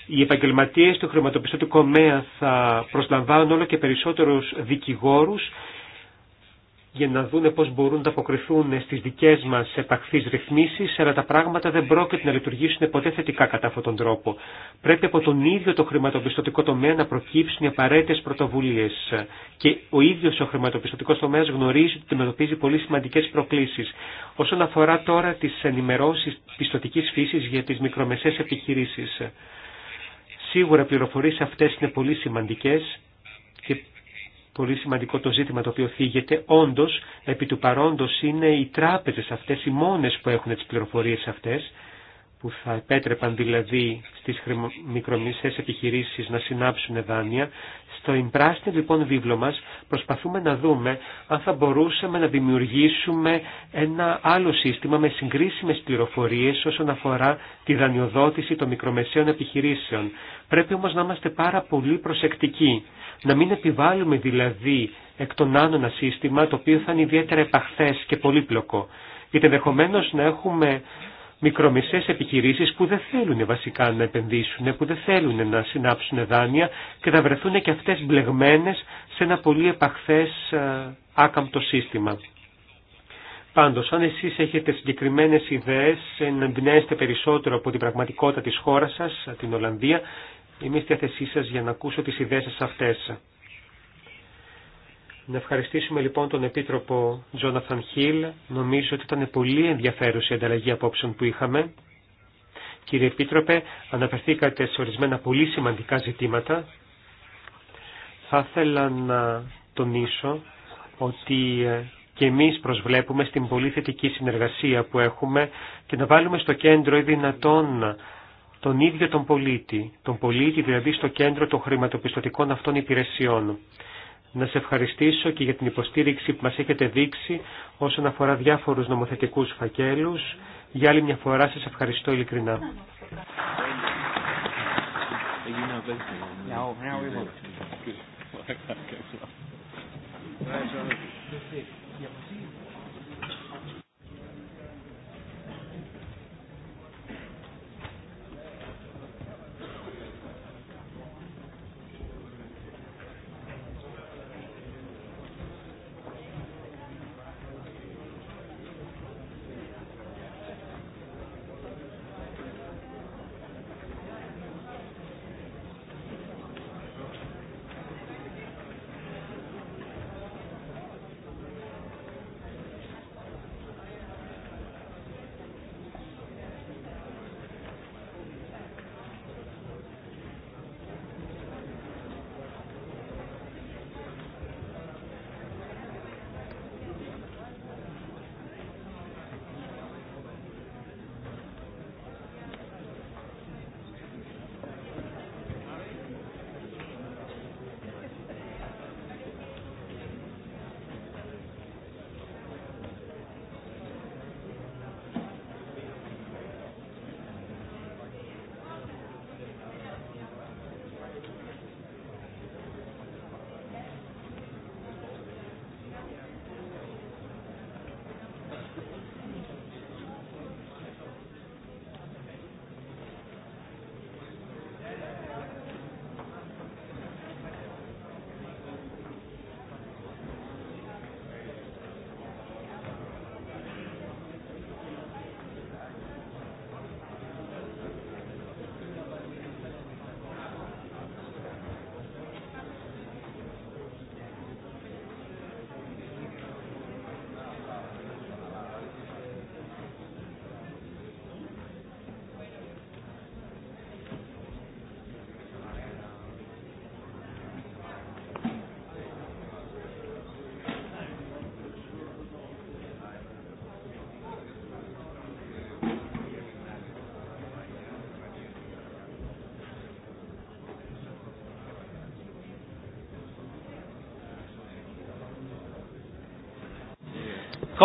Speaker 4: οι επαγγελματίες του χρηματοπιστωτικού κομμέα θα προσλαμβάνουν όλο και περισσότερους δικηγόρους για να δούνε πώς μπορούν να αποκριθούν στις δικές μας επαχθείς ρυθμίσεις, αλλά τα πράγματα δεν πρόκειται να λειτουργήσουν ποτέ θετικά κατά αυτόν τον τρόπο. Πρέπει από τον ίδιο το χρηματοπιστωτικό τομέα να προκύψουν οι απαραίτητες πρωτοβουλίες. Και ο ίδιος ο χρηματοπιστωτικός τομέας γνωρίζει ότι αντιμετωπίζει πολύ σημαντικές προκλήσεις. Όσον αφορά τώρα τις ενημερώσεις πιστοτικής φύσης για τις μικρομεσαίες επιχειρήσεις. Σίγουρα πληροφορίες αυτές είναι πολύ σημαντικές και πολύ σημαντικό το ζήτημα το οποίο θίγεται. Όντως, επί του παρόντος είναι οι τράπεζες αυτές οι μόνες που έχουν τις πληροφορίες αυτές, που θα επέτρεπαν δηλαδή στις μικρομισές επιχειρήσεις να συνάψουν δάνεια στο εμπράστη λοιπόν βίβλο μας προσπαθούμε να δούμε αν θα μπορούσαμε να δημιουργήσουμε ένα άλλο σύστημα με συγκρίσιμες πληροφορίες όσον αφορά τη δανειοδότηση των μικρομεσαίων επιχειρήσεων. Πρέπει όμως να είμαστε πάρα πολύ προσεκτικοί, να μην επιβάλλουμε δηλαδή εκ των άνω ένα σύστημα το οποίο θα είναι ιδιαίτερα επαχθές και πολύπλοκο. Γιατί ενδεχομένω να έχουμε μικρομεσαίες επιχειρήσεις που δεν θέλουν βασικά να επενδύσουν, που δεν θέλουν να συνάψουν δάνεια και θα βρεθούν και αυτές μπλεγμένες σε ένα πολύ επαχθές ε, άκαμπτο σύστημα. Πάντως, αν εσείς έχετε συγκεκριμένες ιδέες, να εμπνέεστε περισσότερο από την πραγματικότητα της χώρας σας, την Ολλανδία, είμαι στη θέση σας για να ακούσω τις ιδέες σας αυτές. Να ευχαριστήσουμε λοιπόν τον Επίτροπο Τζόναθαν Χιλ. Νομίζω ότι ήταν πολύ ενδιαφέρουσα η ανταλλαγή απόψεων που είχαμε. Κύριε Επίτροπε, αναφερθήκατε σε ορισμένα πολύ σημαντικά ζητήματα. Θα ήθελα να τονίσω ότι ε, και εμείς προσβλέπουμε στην πολύ θετική συνεργασία που έχουμε και να βάλουμε στο κέντρο ή δυνατόν τον ίδιο τον πολίτη, τον πολίτη δηλαδή στο κέντρο των χρηματοπιστωτικών αυτών υπηρεσιών να σε ευχαριστήσω και για την υποστήριξη που μας έχετε δείξει όσον αφορά διάφορους νομοθετικούς φακέλους. Για άλλη μια φορά σας ευχαριστώ ειλικρινά.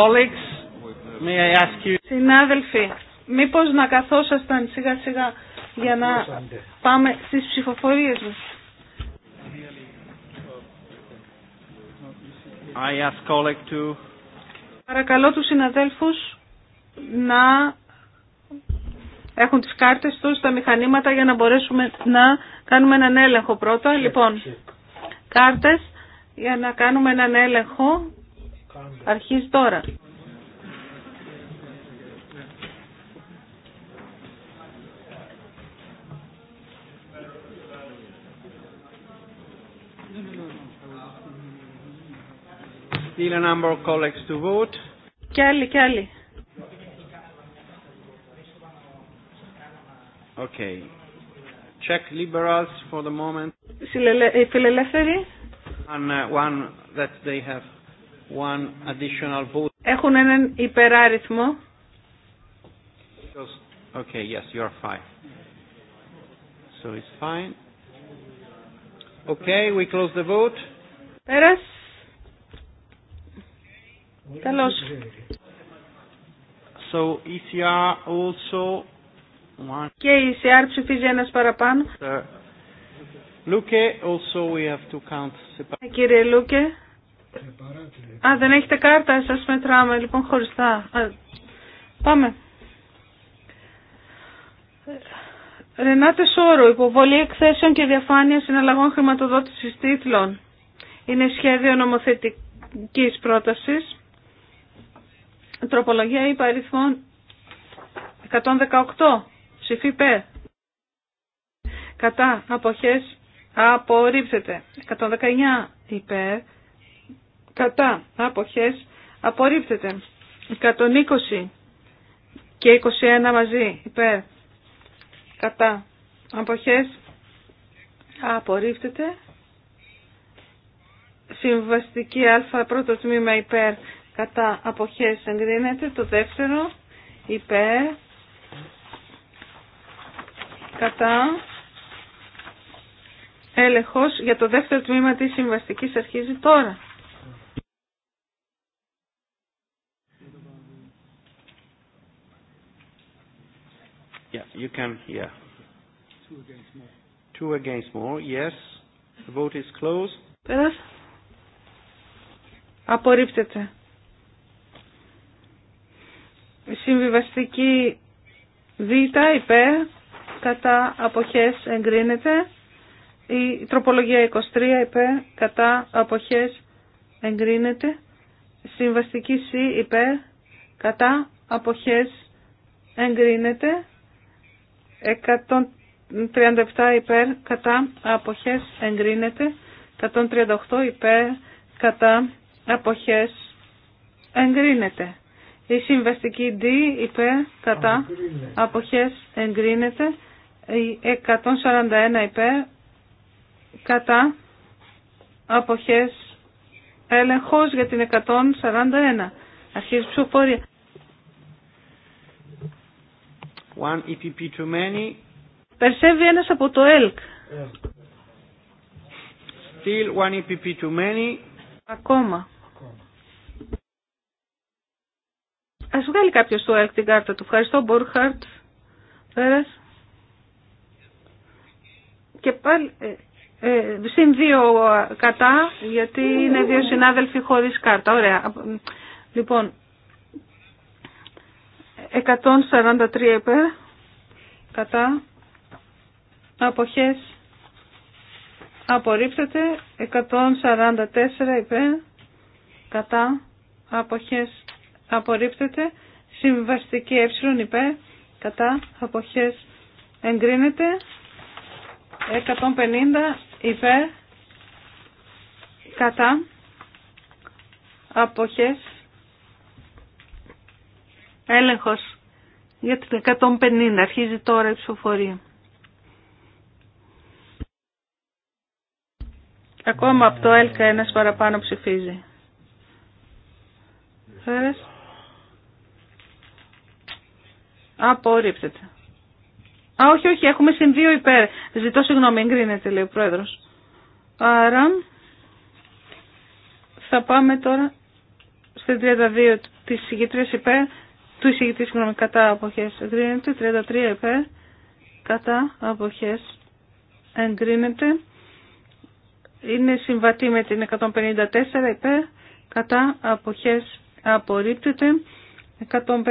Speaker 3: Colleagues, may I ask you... Συνάδελφοι, μήπως να καθόσασταν σιγά σιγά για να πάμε στις ψηφοφορίες μας. I ask
Speaker 4: colleague to...
Speaker 3: Παρακαλώ τους συναδέλφους να έχουν τις κάρτες τους, τα μηχανήματα για να μπορέσουμε να κάνουμε έναν έλεγχο πρώτα. Λοιπόν, κάρτες για να κάνουμε έναν έλεγχο αρχίζει τώρα. Still a number of colleagues to vote. Και άλλοι,
Speaker 4: Okay.
Speaker 2: Czech liberals for the moment.
Speaker 3: Φιλελεύθεροι.
Speaker 4: And uh, one that they have one additional vote. Έχουν
Speaker 3: έναν υπεράριθμο. Okay, yes, you are fine. So it's fine. Okay, we close the vote. Πέρας. Τελος. So ECR also one. Και η ECR ψηφίζει ένας παραπάνω. Λούκε, also we have to count. Κύριε Λούκε. Α, δεν έχετε κάρτα, σας μετράμε λοιπόν χωριστά. Α, πάμε. Ρενάτε Σόρο, υποβολή εκθέσεων και διαφάνεια συναλλαγών χρηματοδότησης τίτλων. Είναι σχέδιο νομοθετικής πρότασης. Τροπολογία υπαριθμών 118. Ψηφί ΠΕΡ. Κατά αποχές απορρίψετε. 119 υπέρ κατά αποχές απορρίπτεται 120 και 21 μαζί υπέρ κατά αποχές απορρίπτεται συμβαστική α πρώτο τμήμα υπέρ κατά αποχές εγκρίνεται το δεύτερο υπέρ κατά έλεγχος για το δεύτερο τμήμα της συμβαστικής αρχίζει τώρα.
Speaker 4: Yeah, you can yeah.
Speaker 1: Two against more.
Speaker 3: Two against more, yes. The vote is closed. Πέρας. Απορρίπτεται. Συμβιβαστική Β υπέρ κατά αποχές εγκρίνεται. Η τροπολογία 23 υπέρ κατά αποχές εγκρίνεται. Συμβαστική Σ υπέρ κατά αποχές εγκρίνεται. 137 υπέρ κατά αποχές εγκρίνεται. 138 υπέρ κατά αποχές εγκρίνεται. Η συμβαστική D υπέρ κατά αποχές εγκρίνεται. Η 141 υπέρ κατά αποχές έλεγχος για την 141. Αρχίζει ψηφοφορία. One EPP Περσέβει ένας από το ΕΛΚ.
Speaker 2: Still one EPP
Speaker 3: too many. Ακόμα. Ακόμα. Ας βγάλει κάποιος το ΕΛΚ την κάρτα του. Ευχαριστώ, Μπορχαρτ. Πέρας. Και πάλι... Ε, ε, συν δύο κατά, γιατί είναι δύο συνάδελφοι χωρίς κάρτα. Ωραία. Λοιπόν, 143 υπέρ κατά αποχές απορρίπτεται 144 υπέρ κατά αποχές απορρίπτεται συμβαστική ε υπέρ κατά αποχές εγκρίνεται 150 υπέρ κατά αποχές Έλεγχος για την 150. Αρχίζει τώρα η ψηφοφορία. Ακόμα από το ΕΛΚΑ ένας παραπάνω ψηφίζει. Φέρες. Απορρίπτεται. Α, όχι, όχι, έχουμε συν δύο υπέρ. Ζητώ συγγνώμη, εγκρίνεται, λέει ο πρόεδρος. Άρα, θα πάμε τώρα στην 32 της η υπέρ, του εισηγητή συγγνώμη, κατά αποχέ εγκρίνεται, 33 υπέρ, κατά αποχέ εγκρίνεται, είναι συμβατή με την 154 υπέρ, κατά αποχές απορρίπτεται, 155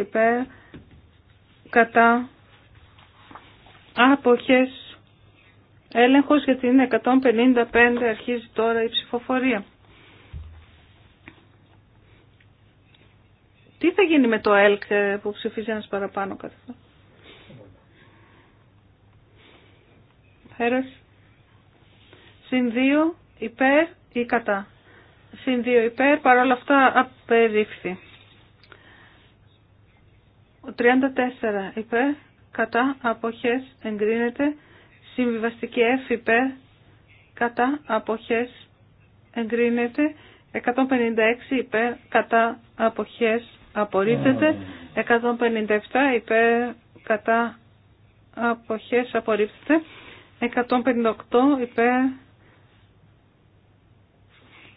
Speaker 3: υπέρ, κατά αποχές έλεγχος γιατί είναι 155 αρχίζει τώρα η ψηφοφορία. Τι θα γίνει με το ΕΛΚ ε, που ψηφίζει ένας παραπάνω κατά αυτό. Πέρας. Συν υπέρ ή κατά. Συν 2 υπέρ, παρόλα αυτά απερίφθη. 34 υπέρ, κατά, αποχές, εγκρίνεται. Συμβιβαστική F υπέρ, κατά, αποχές, εγκρίνεται. 156 υπέρ, κατά, αποχές, απορρίπτεται. 157 υπέρ κατά αποχές απορρίπτεται. 158 υπέρ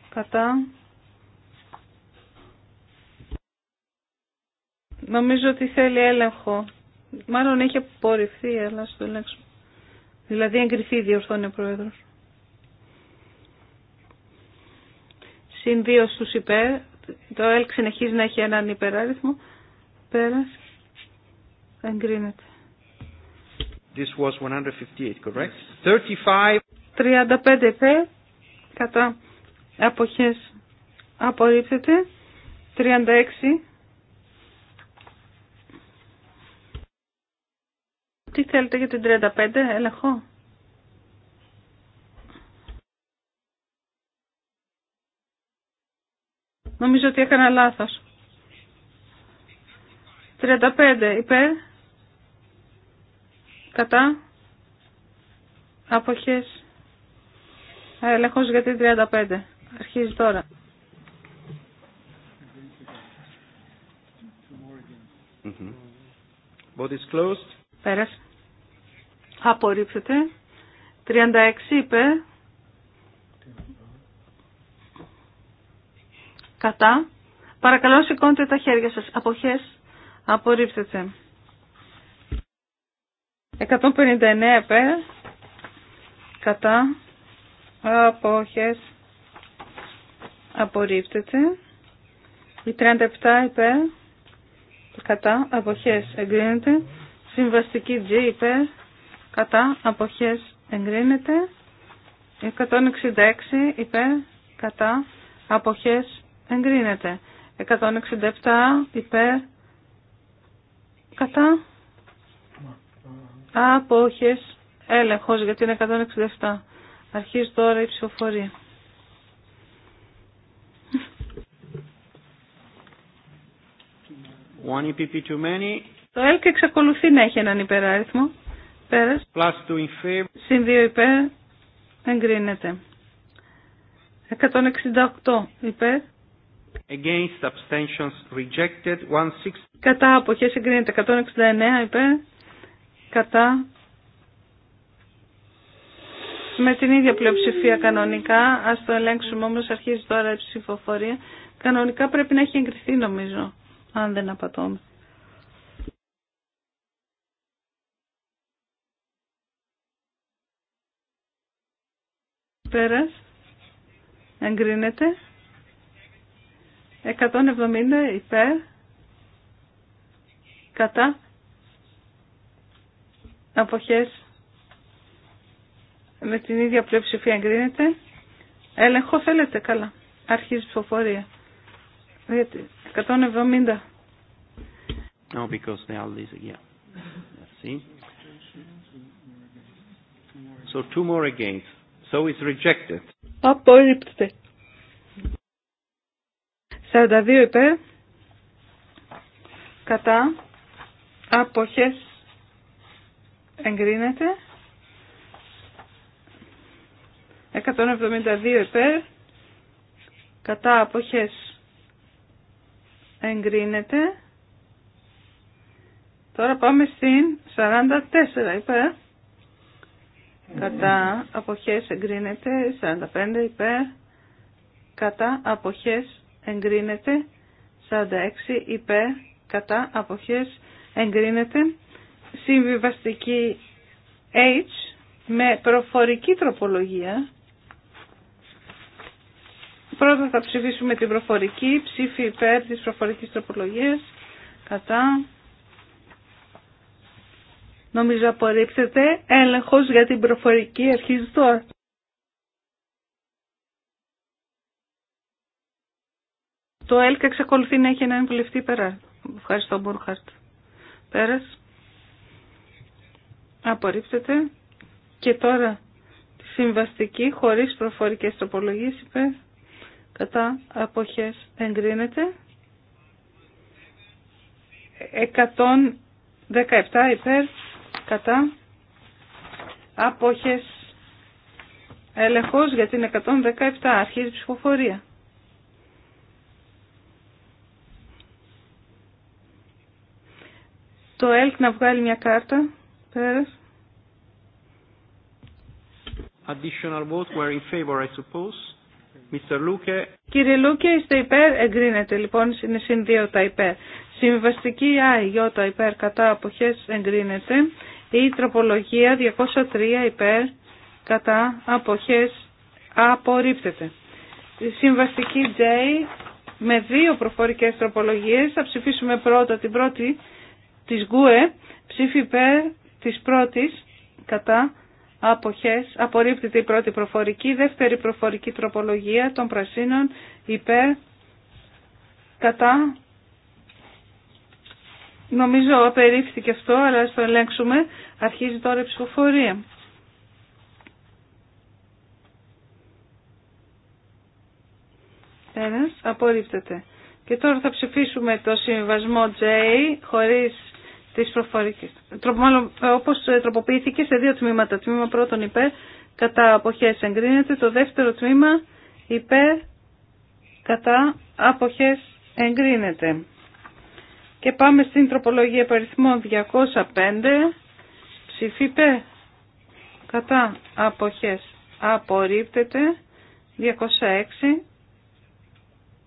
Speaker 3: κατά Νομίζω ότι θέλει έλεγχο. Μάλλον έχει απορριφθεί, αλλά στο λέξω. Δηλαδή εγκριθεί διορθώνει ο Πρόεδρος. Συν δύο στους υπέρ, το ΕΛΚ συνεχίζει να έχει έναν υπεράριθμο. Πέρας. Εγκρίνεται.
Speaker 2: This was 158, correct? 35.
Speaker 3: 35 πέ, Κατά αποχές απορρίπτεται. 36. Τι θέλετε για την 35, έλεγχο. Νομίζω ότι έκανα λάθος. 35 υπέρ. Κατά. Αποχές. Έλεγχος γιατί 35. Αρχίζει τώρα.
Speaker 2: Mm -hmm.
Speaker 3: Πέρασε. Απορρίψετε. 36 υπέρ. Κατά. Παρακαλώ σηκώντε τα χέρια σας. Αποχές. Απορρίπτεται. 159 πέρα. Κατά. Αποχές. Απορρίπτεται. Η 37 υπέρ. Κατά. Αποχές. Εγκρίνεται. Συμβαστική G υπέρ. Κατά. Αποχές. Εγκρίνεται. 166 υπέρ. Κατά. Αποχές εγκρίνεται. 167 υπέρ κατά απόχες έλεγχος γιατί είναι 167. Αρχίζει τώρα η ψηφοφορία.
Speaker 4: One EPP too many.
Speaker 3: Το ΕΛΚ εξακολουθεί να έχει έναν υπεράριθμο. Πέρας.
Speaker 4: Plus two in favor.
Speaker 3: Συν δύο υπέρ. Εγκρίνεται. 168 υπέρ. Κατά αποχές εγκρίνεται 169 υπέρ. Κατά. Με την ίδια πλειοψηφία κανονικά. Ας το ελέγξουμε όμως αρχίζει τώρα η ψηφοφορία. Κανονικά πρέπει να έχει εγκριθεί νομίζω. Αν δεν απατώμε. Πέρας. Εγκρίνεται. 170 υπέρ κατά αποχές με την ίδια πλειοψηφία εγκρίνεται. Έλεγχο θέλετε καλά. Αρχίζει η ψηφοφορία. 170.
Speaker 4: No, because they are these again. See. So two more against. So it's rejected.
Speaker 3: Απορρίπτεται. 42 υπέρ. Κατά. Αποχές. Εγκρίνεται. 172 υπέρ. Κατά αποχές. Εγκρίνεται. Τώρα πάμε στην 44 υπέρ. Κατά αποχές εγκρίνεται. 45 υπέρ. Κατά αποχές εγκρίνεται. 46 υπέρ κατά αποχές εγκρίνεται. Συμβιβαστική H με προφορική τροπολογία. Πρώτα θα ψηφίσουμε την προφορική, ψήφι υπέρ της προφορικής τροπολογίας, κατά. Νομίζω απορρίπτεται. Έλεγχος για την προφορική αρχίζει τώρα. Το ΕΛΚ εξακολουθεί να έχει έναν βουλευτή πέρα. Ευχαριστώ, Μπορχάρτ. Πέρα. Απορρίπτεται. Και τώρα τη συμβαστική χωρίς προφορικές τροπολογίες είπε Κατά αποχές εγκρίνεται. 117 υπέρ. Κατά αποχές έλεγχος για την 117 αρχής ψηφοφορία. το ΕΛΚ να βγάλει μια κάρτα. Πέρας.
Speaker 4: Additional favor, I suppose. Mr. Luke.
Speaker 3: Κύριε Λούκε, είστε υπέρ, εγκρίνεται λοιπόν, είναι συν δύο τα υπέρ. Συμβαστική ΑΙ, υπέρ, κατά αποχές εγκρίνεται. Η τροπολογία 203 υπέρ, κατά αποχές απορρίπτεται. συμβαστική J με δύο προφορικές τροπολογίες, θα ψηφίσουμε πρώτα την πρώτη της ΓΚΟΕ, ψήφι υπέρ της πρώτης, κατά, αποχές, απορρίπτεται η πρώτη προφορική, δεύτερη προφορική τροπολογία των πρασίνων, υπέρ, κατά, νομίζω απερίφθηκε αυτό, αλλά ας το ελέγξουμε, αρχίζει τώρα η ψηφοφορία. Ένας απορρίπτεται. Και τώρα θα ψηφίσουμε το συμβασμό J χωρίς της ε, όπως ε, τροποποιήθηκε σε δύο τμήματα. Τμήμα πρώτον υπέρ, κατά αποχές εγκρίνεται. Το δεύτερο τμήμα υπέρ, κατά αποχές εγκρίνεται. Και πάμε στην τροπολογία περίθμων 205. Ψηφίπε κατά αποχές απορρίπτεται. 206.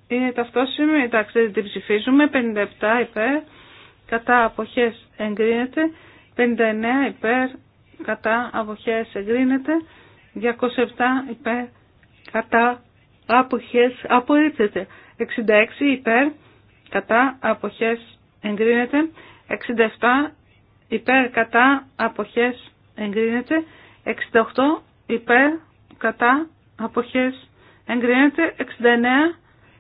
Speaker 3: Είναι ταυτόσημη, εντάξει δεν την ψηφίζουμε. 57 υπέρ κατά αποχές εγκρίνεται, 59 υπέρ κατά αποχές εγκρίνεται, 207 υπέρ κατά αποχές απορρίπτεται, 66 υπέρ κατά αποχές εγκρίνεται, 67 υπέρ κατά αποχές εγκρίνεται, 68 υπέρ κατά αποχές εγκρίνεται, 69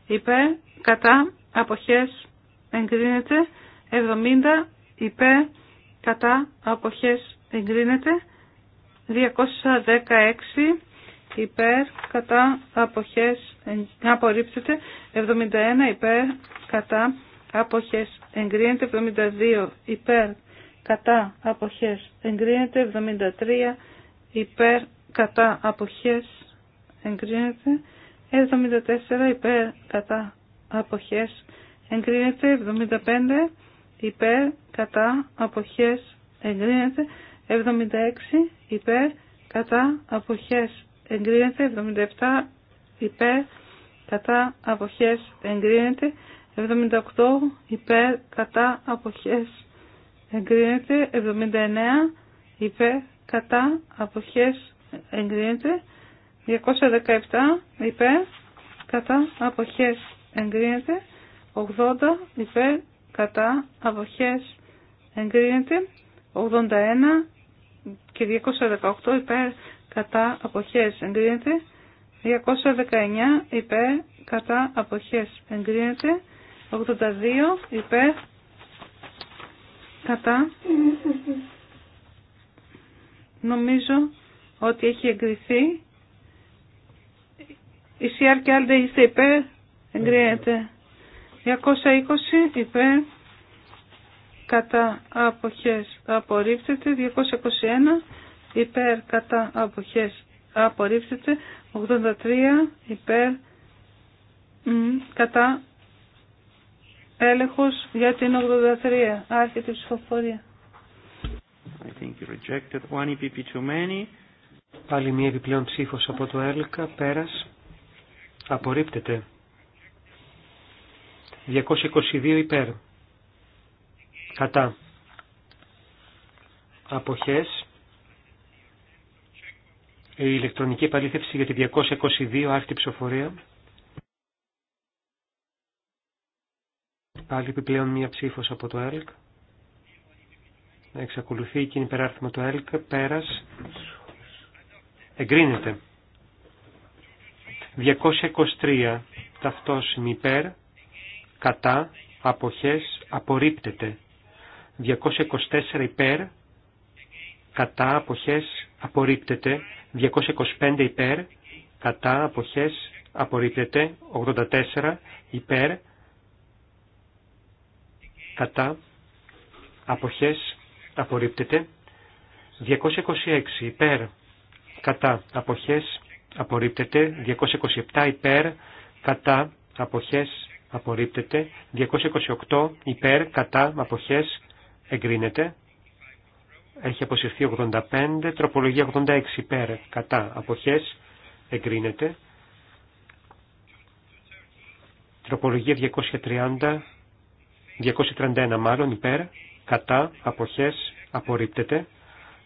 Speaker 3: υπέρ κατά αποχές εγκρίνεται, 70 υπέρ κατά αποχές εγκρίνεται. 216 υπέρ κατά αποχές απορρίπτεται. 71 υπέρ κατά αποχές εγκρίνεται. 72 υπέρ κατά αποχές εγκρίνεται. 73 υπέρ κατά αποχές εγκρίνεται. 74 υπέρ κατά αποχές εγκρίνεται. 75 υπέρ, κατά, αποχές, εγκρίνεται. 76 υπέρ, κατά, αποχές, εγκρίνεται. 77 υπέρ, κατά, αποχές, εγκρίνεται. 78 υπέρ, κατά, αποχές, εγκρίνεται. 79 υπέρ, κατά, αποχές, εγκρίνεται. 217 υπέρ, κατά, αποχές, εγκρίνεται. 80 υπέρ, κατά αποχές εγκρίνεται 81 και 218 υπέρ κατά αποχές εγκρίνεται 219 υπέρ κατά αποχές εγκρίνεται 82 υπέρ κατά νομίζω ότι έχει εγκριθεί η ΣΥΑΡ και άλλοι είστε υπέρ εγκρίνεται 220 υπέρ κατά αποχές απορρίπτεται 221 υπέρ κατά αποχές απορρίπτεται 83 υπέρ κατά έλεγχος για την 83 άρχεται η ψηφοφορία
Speaker 4: I think you rejected e too many. Πάλι μία επιπλέον ψήφος από το ΕΛΚΑ, πέρας, απορρίπτεται. 222 υπέρ. Κατά. Αποχές. Η ηλεκτρονική επαλήθευση για τη 222 άρχιτη ψηφοφορία. Πάλι επιπλέον μία ψήφος από το ΕΛΚ. Εξακολουθεί είναι υπεράρθμα το ΕΛΚ. Πέρας. Εγκρίνεται. 223 ταυτόσιμη υπέρ κατά, αποχές, απορρίπτεται. 224 υπέρ, κατά, αποχές, απορρίπτεται. 225 υπέρ, κατά, αποχές, απορρίπτεται. 84 υπέρ, κατά, αποχές, απορρίπτεται. 226 υπέρ, κατά, αποχές, απορρίπτεται. 227 υπέρ, κατά, αποχές, απορρίπτεται. 228 υπέρ, κατά, αποχές, εγκρίνεται. Έχει αποσυρθεί 85, τροπολογία 86 υπέρ, κατά, αποχές, εγκρίνεται. Τροπολογία 230, 231 μάλλον υπέρ, κατά, αποχές, απορρίπτεται.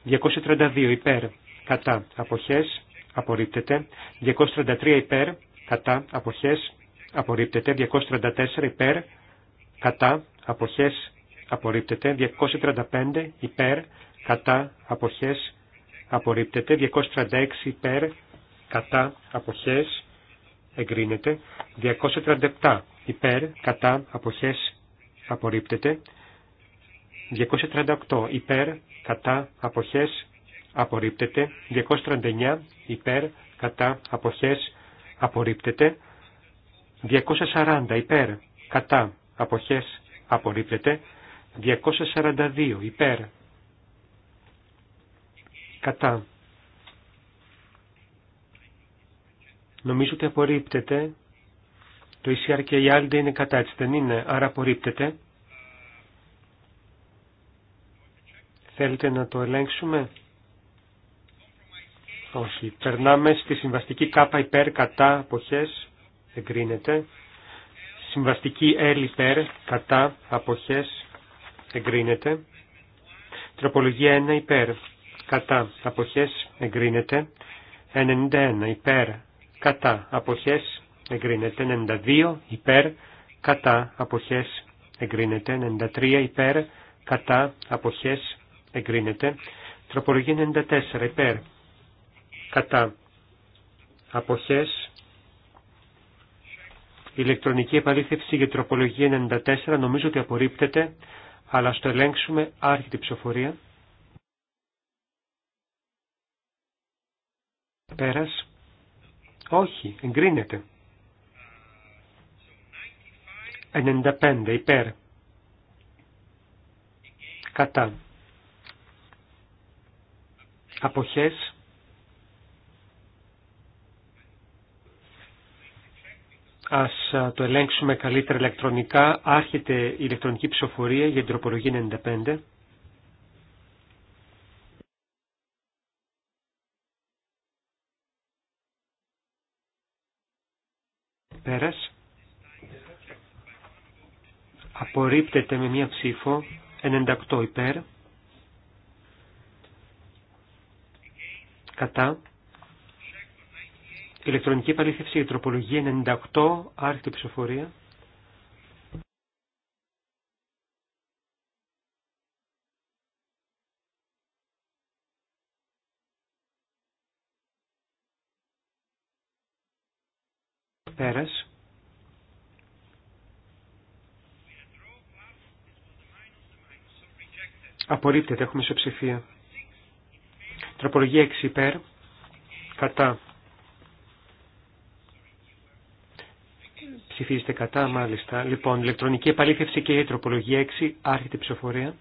Speaker 4: 232 υπέρ, κατά, αποχές, απορρίπτεται. 233 υπέρ, κατά, αποχές, απορρίπτεται. 234 υπέρ, κατά, αποχές, απορρίπτεται. 235 υπέρ, κατά, αποχές, απορρίπτεται. 236 υπέρ, κατά, αποχές, εγκρίνεται. 237 υπέρ, κατά, αποχές, απορρίπτεται. 238 υπέρ, κατά, αποχές, απορρίπτεται. 239 υπέρ, κατά, αποχές, απορρίπτεται. 240 υπέρ κατά αποχές απορρίπτεται. 242 υπέρ κατά. Νομίζω ότι απορρίπτεται. Το ECR και η άλλη είναι κατά έτσι δεν είναι, άρα απορρίπτεται. Θέλετε να το ελέγξουμε. Όχι. Περνάμε στη συμβαστική κάπα υπέρ κατά αποχές εγκρίνεται. Συμβαστική L υπέρ, κατά, αποχές, εγκρίνεται. Τροπολογία 1 υπέρ, κατά, αποχές, εγκρίνεται. 91 υπέρ, κατά, αποχές, εγκρίνεται. 92 υπέρ, κατά, αποχές, εγκρίνεται. 93 υπέρ, κατά, αποχές, εγκρίνεται. Τροπολογία 94 υπέρ, κατά, αποχές, η Ηλεκτρονική επαλήθευση για τροπολογία 94 νομίζω ότι απορρίπτεται, αλλά στο το ελέγξουμε άρχιτη ψηφοφορία. Πέρας. Όχι, εγκρίνεται. 95 υπέρ. Κατά. Αποχές. Ας το ελέγξουμε καλύτερα ηλεκτρονικά. Άρχεται η ηλεκτρονική ψηφοφορία για την τροπολογία 95. Πέρας. Απορρίπτεται με μία ψήφο 98 υπέρ. Κατά. Ηλεκτρονική επαλήθευση για τροπολογία 98, άρχιτη ψηφοφορία. Πέρας. Απορρίπτεται, έχουμε ψηφία. Τροπολογία 6 υπέρ, κατά Ψηφίζετε κατά, μάλιστα. Λοιπόν, ηλεκτρονική επαλήθευση και η τροπολογία 6, άρχεται ψηφοφορία.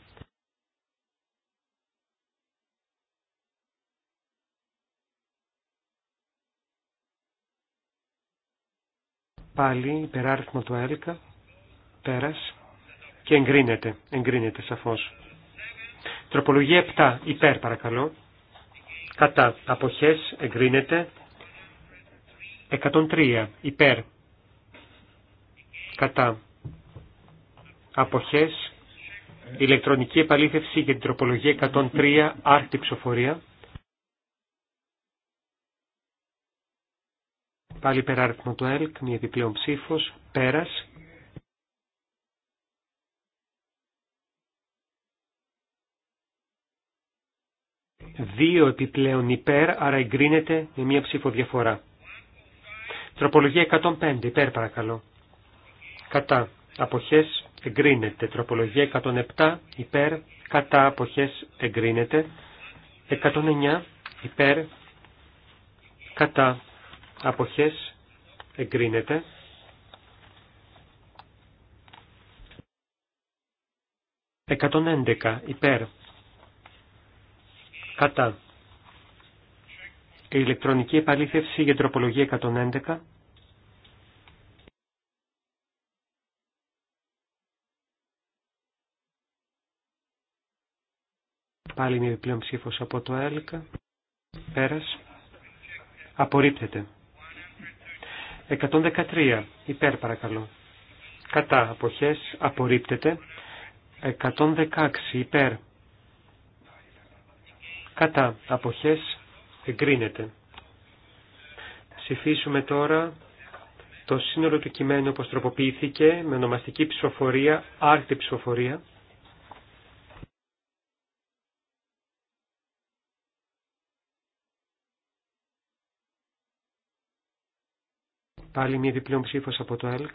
Speaker 4: Πάλι υπεράριθμο του ΕΛΚΑ, πέρας και εγκρίνεται, εγκρίνεται σαφώς. Τροπολογία 7, υπέρ παρακαλώ. Κατά, αποχές, εγκρίνεται. 103, υπέρ, κατά αποχές ηλεκτρονική επαλήθευση για την τροπολογία 103 άρτη ψηφοφορία πάλι υπεράριθμο του ΕΛΚ μια επιπλέον ψήφος πέρας δύο επιπλέον υπέρ, άρα εγκρίνεται με μία ψήφο διαφορά. Τροπολογία 105, υπέρ παρακαλώ κατά αποχές εγκρίνεται. Τροπολογία 107 υπέρ κατά αποχές εγκρίνεται. 109 υπέρ κατά αποχές εγκρίνεται. Εκατόν υπέρ κατά η ηλεκτρονική επαλήθευση για τροπολογία 111 Πάλι μια επιπλέον ψήφο από το ΕΛΚΑ. Πέρα. Απορρίπτεται. 113. Υπέρ παρακαλώ. Κατά αποχές απορρίπτεται. 116. Υπέρ. Κατά αποχές εγκρίνεται. Ψηφίσουμε τώρα το σύνολο του κειμένου όπως τροποποιήθηκε με ονομαστική ψηφοφορία, άρτη ψηφοφορία. Πάλι μια επιπλέον ψήφος από το ΕΛΚ.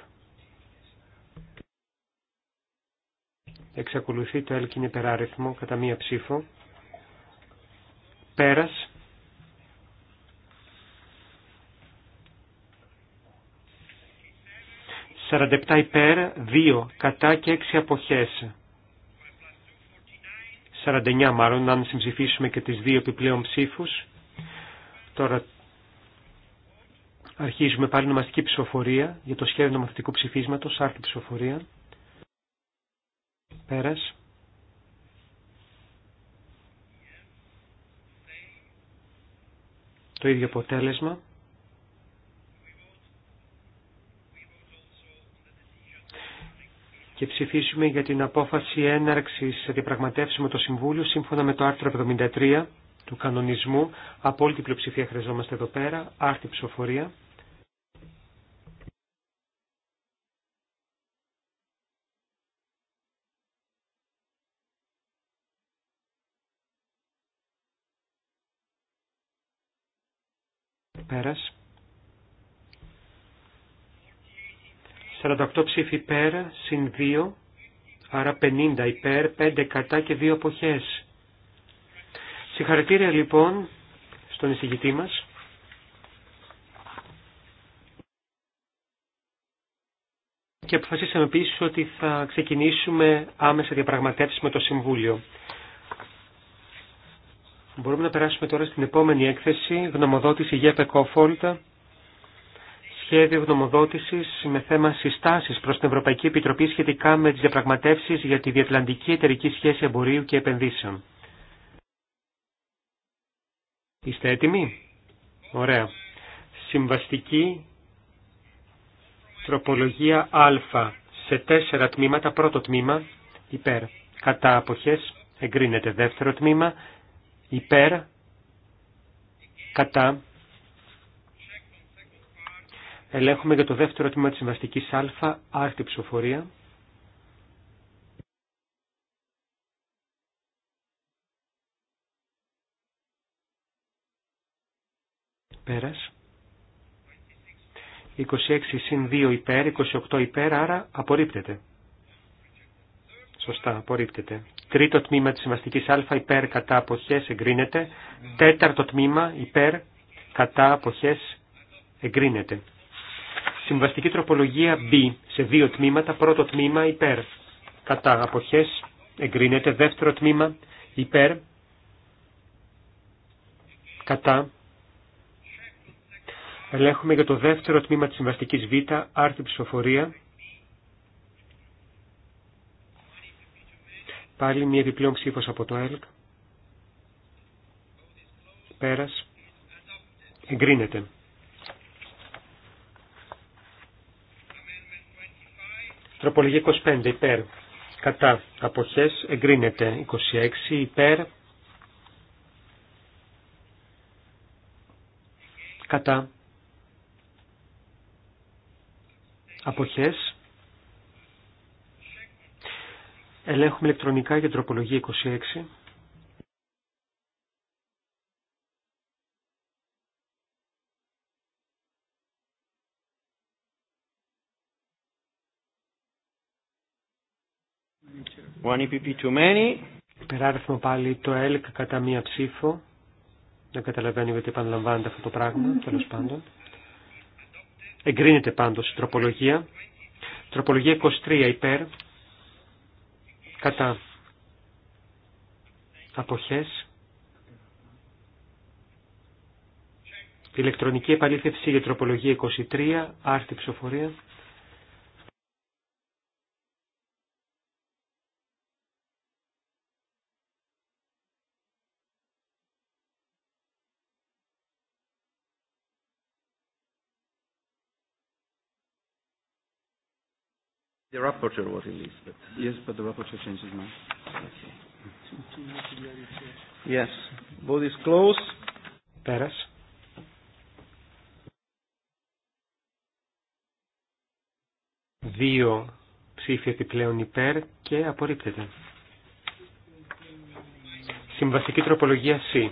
Speaker 4: Εξακολουθεί το ΕΛΚ είναι περάριθμο κατά μία ψήφο. Πέρας. 47 υπέρ, 2 κατά και 6 αποχές. 49 μάλλον, αν συμψηφίσουμε και τις δύο επιπλέον ψήφους. Τώρα Αρχίζουμε πάλι νομαστική ψηφοφορία για το σχέδιο νομοθετικού ψηφίσματος, άρθρο ψηφοφορία. Πέρας. Το ίδιο αποτέλεσμα. Και ψηφίσουμε για την απόφαση έναρξης διαπραγματεύσεων με το Συμβούλιο σύμφωνα με το άρθρο 73 του κανονισμού. Απόλυτη πλειοψηφία χρειαζόμαστε εδώ πέρα. Άρτη ψηφοφορία. το ψήφι υπέρ, συν 2, άρα 50 υπέρ, 5 κατά και 2 αποχές. Συγχαρητήρια λοιπόν στον εισηγητή μας. Και αποφασίσαμε επίση ότι θα ξεκινήσουμε άμεσα διαπραγματεύσεις με το Συμβούλιο. Μπορούμε να περάσουμε τώρα στην επόμενη έκθεση, γνωμοδότηση για Πεκόφολτα σχέδιο γνωμοδότηση με θέμα συστάσεις προς την Ευρωπαϊκή Επιτροπή σχετικά με τις διαπραγματεύσει για τη διατλαντική εταιρική σχέση εμπορίου και επενδύσεων. Είστε έτοιμοι? Ωραία. Συμβαστική τροπολογία α σε τέσσερα τμήματα. Πρώτο τμήμα υπέρ. Κατά αποχές εγκρίνεται δεύτερο τμήμα υπέρ. Κατά Ελέγχουμε για το δεύτερο τμήμα της συμβαστικής α, άρτη ψηφοφορία. Πέρας. 26 συν 2 υπέρ, 28 υπέρ, άρα απορρίπτεται. Σωστά, απορρίπτεται. Τρίτο τμήμα της συμβαστικής α υπέρ κατά αποχές εγκρίνεται. Τέταρτο τμήμα υπέρ κατά αποχές εγκρίνεται. Συμβαστική τροπολογία B σε δύο τμήματα. Πρώτο τμήμα υπέρ. Κατά αποχές εγκρίνεται. Δεύτερο τμήμα υπέρ. Κατά. Ελέγχουμε για το δεύτερο τμήμα της συμβαστικής Β, άρθρη ψηφοφορία. Πάλι μια επιπλέον ψήφος από το ΕΛΚ. Πέρας. Εγκρίνεται. Τροπολογία 25 υπέρ. Κατά αποχές εγκρίνεται 26 υπέρ. Κατά αποχές ελέγχουμε ηλεκτρονικά για τροπολογία 26. One Υπεράριθμο πάλι το ΕΛΚ κατά μία ψήφο. Δεν καταλαβαίνω γιατί επαναλαμβάνεται αυτό το πράγμα, τέλο πάντων. Εγκρίνεται πάντως η τροπολογία. Τροπολογία 23 υπέρ. Κατά. Αποχές. Ηλεκτρονική επαλήθευση για τροπολογία 23. άρθρη ψηφοφορία. rapporteur was in Yes, but the rapporteur changed his mind. Okay. Yes. Vote is closed. Πέρας. Δύο ψηφία επιπλέον υπέρ και απορρίπτεται. Συμβαστική τροπολογία C.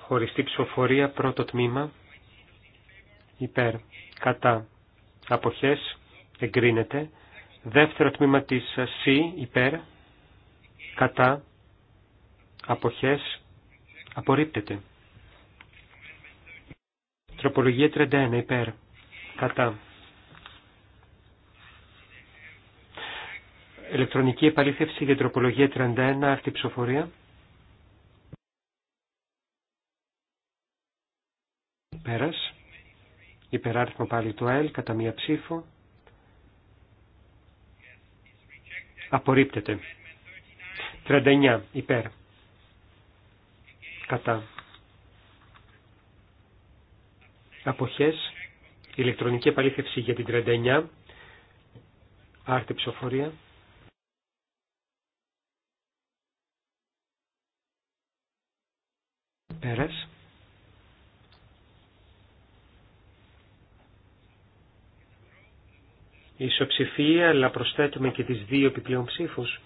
Speaker 4: Χωριστή ψηφοφορία πρώτο τμήμα. Υπέρ. Κατά αποχές εγκρίνεται. Δεύτερο τμήμα της C ε, υπέρ κατά αποχές απορρίπτεται. Τροπολογία 31 υπέρ κατά Ελεκτρονική επαλήθευση για τροπολογία 31 αυτή ψηφοφορία. Υπεράριθμο πάλι του ΑΕΛ κατά μία ψήφο. Απορρίπτεται. 39 υπέρ. Κατά. Αποχές. Ηλεκτρονική επαλήθευση για την 39. Άρτη ψηφοφορία. Πέρας. ισοψηφία, αλλά προσθέτουμε και τις δύο επιπλέον ψήφους.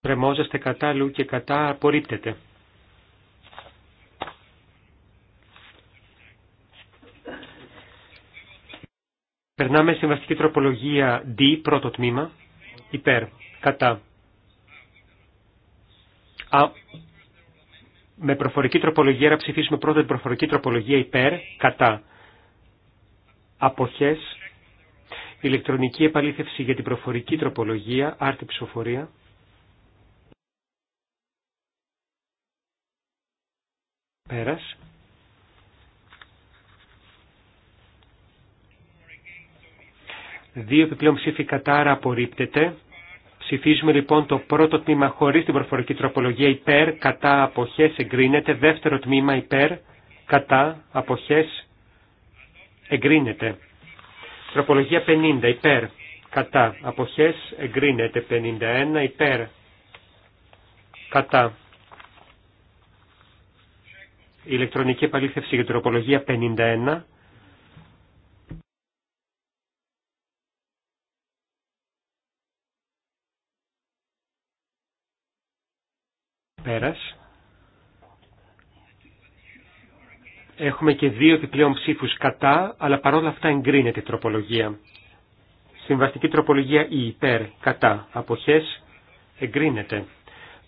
Speaker 4: Πρεμόζεστε κατά λου και κατά απορρίπτεται. Περνάμε στη βασική τροπολογία D, πρώτο τμήμα, υπέρ, κατά. Α, με προφορική τροπολογία, να ψηφίσουμε πρώτα την προφορική τροπολογία υπέρ, κατά αποχές, ηλεκτρονική επαλήθευση για την προφορική τροπολογία, άρτη ψηφοφορία. Πέρας. Δύο επιπλέον ψήφοι κατάρα απορρίπτεται. Ψηφίζουμε λοιπόν το πρώτο τμήμα χωρίς την προφορική τροπολογία υπέρ, κατά, αποχές, εγκρίνεται. Δεύτερο τμήμα υπέρ, κατά, αποχές, εγκρίνεται. Τροπολογία 50 υπέρ κατά αποχές εγκρίνεται. 51 υπέρ κατά ηλεκτρονική επαλήθευση για τροπολογία 51 Έχουμε και δύο επιπλέον ψήφους κατά, αλλά παρόλα αυτά εγκρίνεται η τροπολογία. Συμβαστική τροπολογία η υπέρ, κατά, αποχές, εγκρίνεται.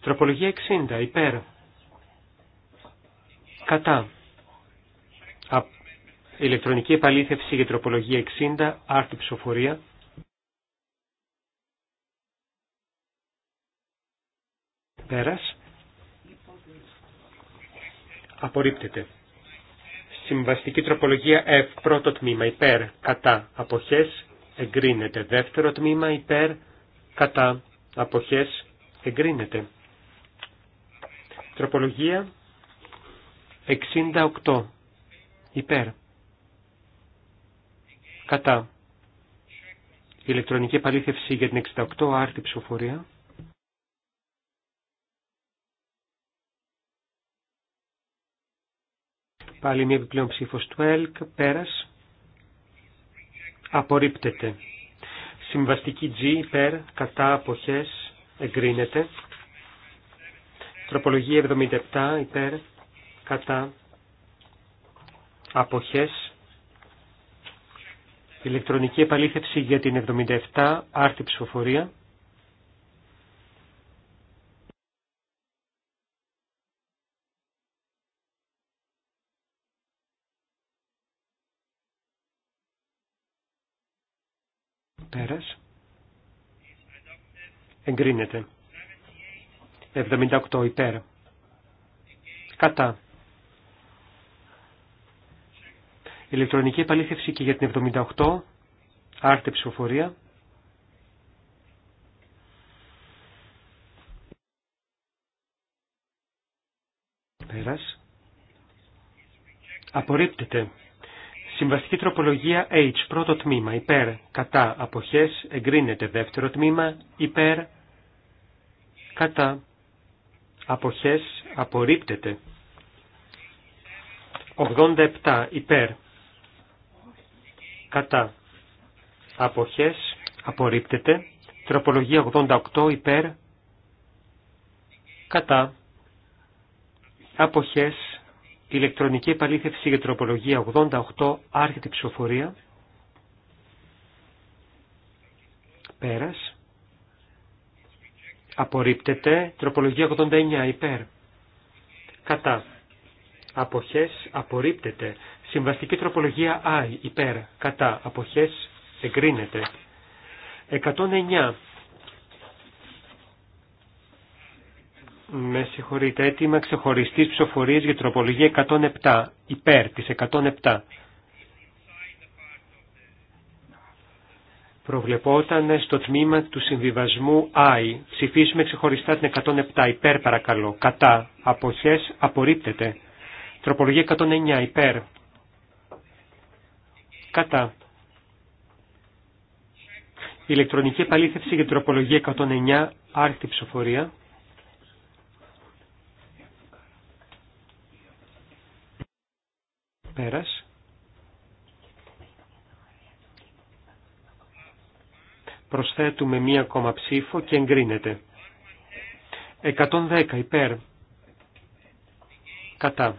Speaker 4: Τροπολογία 60, υπέρ, κατά. Α, ηλεκτρονική επαλήθευση για τροπολογία 60, άρτη ψηφοφορία. Πέρας. Απορρίπτεται. Συμβαστική τροπολογία F, πρώτο τμήμα, υπέρ, κατά, αποχές, εγκρίνεται. Δεύτερο τμήμα, υπέρ, κατά, αποχές, εγκρίνεται. Τροπολογία 68, υπέρ, κατά. Ηλεκτρονική επαλήθευση για την 68 άρτη ψηφοφορία. Πάλι μια επιπλέον ψήφο του ΕΛΚ, πέρας. Απορρίπτεται. Συμβαστική G, υπέρ, κατά, αποχές, εγκρίνεται. Τροπολογία 77, υπέρ, κατά, αποχές. Ηλεκτρονική επαλήθευση για την 77, άρτη ψηφοφορία. εγκρίνεται. 78 υπέρ. Κατά. Ηλεκτρονική επαλήθευση και για την 78. Άρτε ψηφοφορία. Πέρας. Απορρίπτεται. Συμβαστική τροπολογία H, πρώτο τμήμα, υπέρ, κατά, αποχές, εγκρίνεται. Δεύτερο τμήμα, υπέρ, κατά, αποχές, απορρίπτεται. 87, υπέρ, κατά, αποχές, απορρίπτεται. Τροπολογία 88, υπέρ, κατά, αποχές, ηλεκτρονική επαλήθευση για τροπολογία 88 άρχεται η ψηφοφορία. Πέρας. Απορρίπτεται τροπολογία 89 υπέρ. Κατά. Αποχές απορρίπτεται. Συμβαστική τροπολογία I υπέρ. Κατά. Αποχές εγκρίνεται. 109 Με συγχωρείτε, έτοιμα ξεχωριστής ψηφοφορίας για τροπολογία 107, υπέρ της 107. Προβλεπόταν στο τμήμα του συμβιβασμού I. Ψηφίσουμε ξεχωριστά την 107, υπέρ παρακαλώ. Κατά, αποχές, απορρίπτεται. Τροπολογία 109, υπέρ. Κατά. Ηλεκτρονική επαλήθευση για τροπολογία 109, άρθρη ψηφοφορία. Πέρας. Προσθέτουμε μία ακόμα ψήφο και εγκρίνεται. 110 υπέρ. Κατά.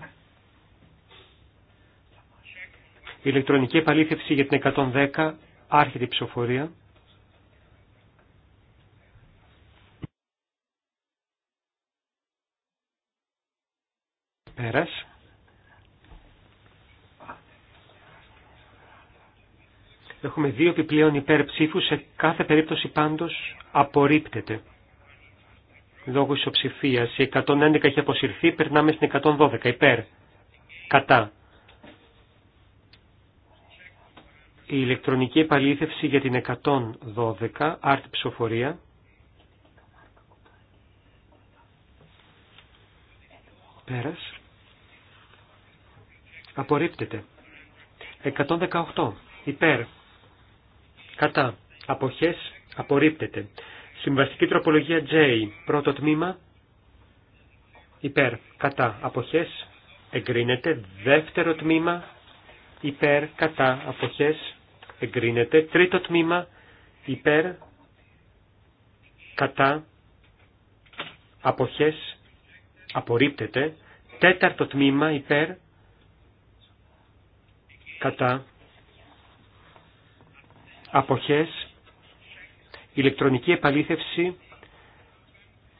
Speaker 4: Ηλεκτρονική επαλήθευση για την 110 άρχεται η ψηφοφορία. Πέρας. Έχουμε δύο επιπλέον υπέρψηφου, σε κάθε περίπτωση πάντω απορρίπτεται. Λόγω ισοψηφία. Η 111 έχει αποσυρθεί, περνάμε στην 112. Υπέρ. Κατά. Η ηλεκτρονική επαλήθευση για την 112, άρτη ψηφοφορία. Πέρας. Απορρίπτεται. 118. Υπέρ κατά, αποχές, απορρίπτεται. Συμβαστική τροπολογία J, πρώτο τμήμα, υπέρ, κατά, αποχές, εγκρίνεται. Δεύτερο τμήμα, υπέρ, κατά, αποχές, εγκρίνεται. Τρίτο τμήμα, υπέρ, κατά, αποχές, απορρίπτεται. Τέταρτο τμήμα, υπέρ, κατά, αποχές, ηλεκτρονική επαλήθευση,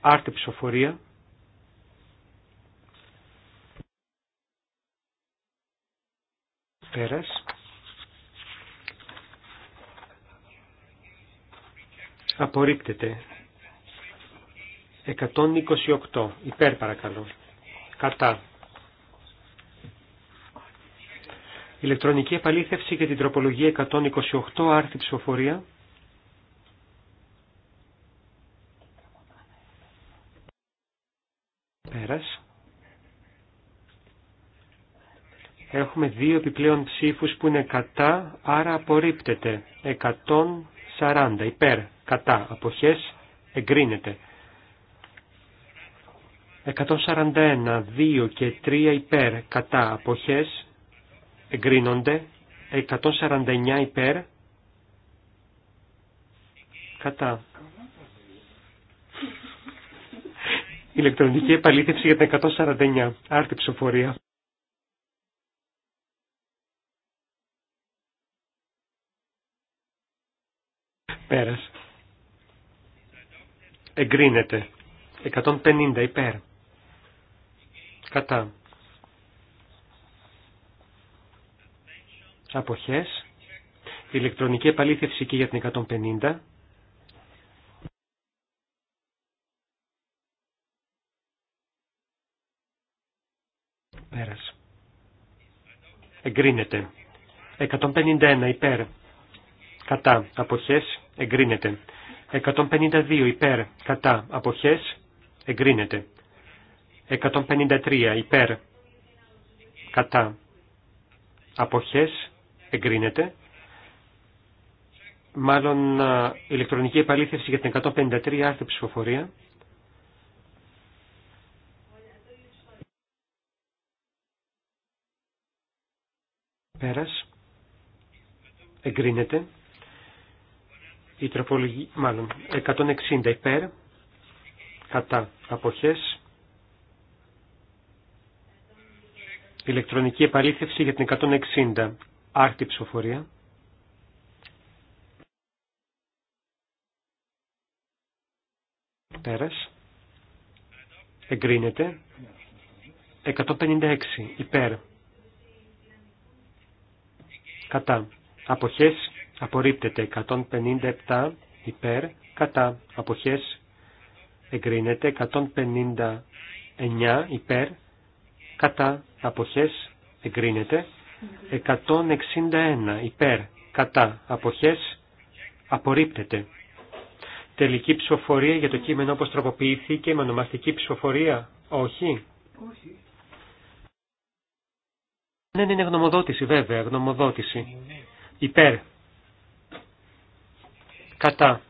Speaker 4: άρτη ψηφοφορία. Πέρας. Απορρίπτεται. 128. Υπέρ παρακαλώ. Κατά. Ηλεκτρονική επαλήθευση για την τροπολογία 128 άρθρη ψηφοφορία. Πέρας. Έχουμε δύο επιπλέον ψήφους που είναι κατά, άρα απορρίπτεται. 140 υπέρ, κατά, αποχές, εγκρίνεται. 141, 2 και 3 υπέρ, κατά, αποχές, εγκρίνονται 149 υπέρ κατά ηλεκτρονική επαλήθευση για τα 149 άρτη ψηφοφορία. Πέρας. Εγκρίνεται. 150 υπέρ. Κατά. αποχές, ηλεκτρονική επαλήθευση και για την 150. Πέρας. Εγκρίνεται. 151 υπέρ. Κατά. Αποχές. Εγκρίνεται. 152 υπέρ. Κατά. Αποχές. Εγκρίνεται. 153 υπέρ. Κατά. Αποχές εγκρίνεται. Μάλλον ηλεκτρονική επαλήθευση για την 153 άρθρη ψηφοφορία. Πέρας. Εγκρίνεται. Η τροπολογία, μάλλον, 160 υπέρ, κατά αποχές. Ηλεκτρονική επαλήθευση για την 160. Άρτη ψηφοφορία. Πέρας. Εγκρίνεται. 156 υπέρ. Κατά. Αποχές απορρίπτεται. 157 υπέρ. Κατά. Αποχές εγκρίνεται. 159 υπέρ. Κατά. Αποχές εγκρίνεται. 161 υπέρ κατά αποχές απορρίπτεται. Τελική ψηφοφορία για το κείμενο όπως τροποποιήθηκε με ονομαστική ψηφοφορία. Όχι. Όχι. Ναι, ναι είναι γνωμοδότηση βέβαια, γνωμοδότηση. Ναι, ναι. Υπέρ. Κατά.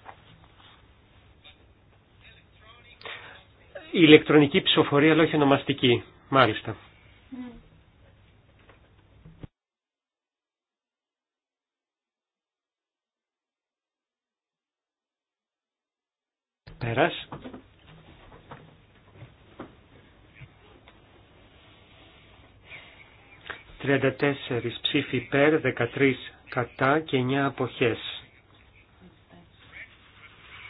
Speaker 4: Η ηλεκτρονική ψηφοφορία, αλλά όχι ονομαστική. Μάλιστα. Πέρας. τέσσερις ψήφοι υπέρ, 13 κατά και 9 αποχές.